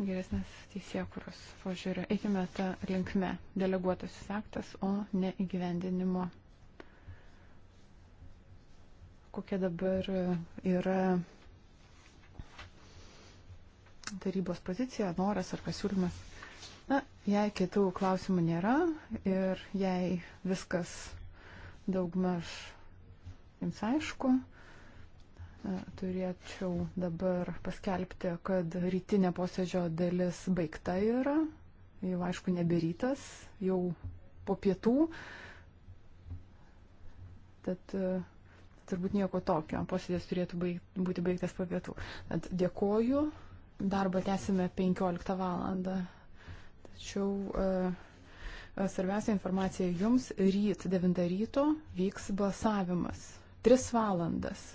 geresnės teisėkuros požiūrio. Eikime tą linkme deleguotasis aktas, o ne įgyvendinimo. Kokia dabar yra tarybos pozicija, noras ar pasiūlymas. Na, jei kitų klausimų nėra ir jei viskas daugmaž jums aišku, Turėčiau dabar paskelbti, kad rytinė posėdžio dalis baigta yra, jau aišku neberytas, jau po pietų. Tad e, turbūt nieko tokio, posėdės turėtų baig, būti baigtas po pietų. Tad dėkoju, darbą tęsime 15 valandą. Tačiau uh, svarbiausia informacija jums, ryt 9 ryto vyks balsavimas. 3 valandas.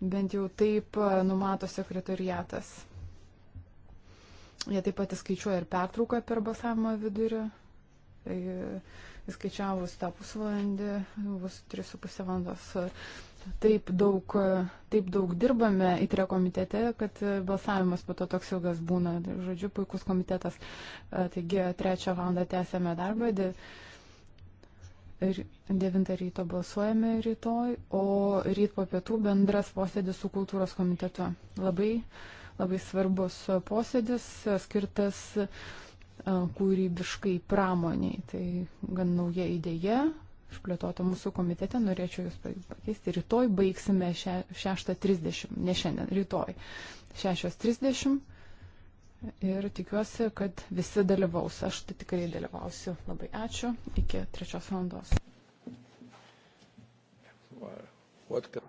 Bent jau taip e, numato sekretariatas. Jie taip pat įskaičiuoja ir pertrauką per balsavimo vidurį. Tai e, įskaičiavus tą pusvalandį, bus 3,5 valandos. Taip daug, e, taip daug dirbame į tre komitete, kad balsavimas po to toks ilgas būna. Žodžiu, puikus komitetas. Taigi trečią valandą tęsėme darbą. Dėl... 9 ryto balsuojame rytoj, o ryt po pietų bendras posėdis su kultūros komitetu. Labai, labai svarbus posėdis, skirtas e, kūrybiškai pramoniai. Tai gan nauja idėja, išplėtota mūsų komitete, norėčiau Jūs pakeisti. Rytoj baigsime 6.30, ne šiandien, rytoj 6.30 ir tikiuosi, kad visi dalyvaus. Aš tai tikrai dalyvausiu. Labai ačiū. Iki trečios valandos.
What?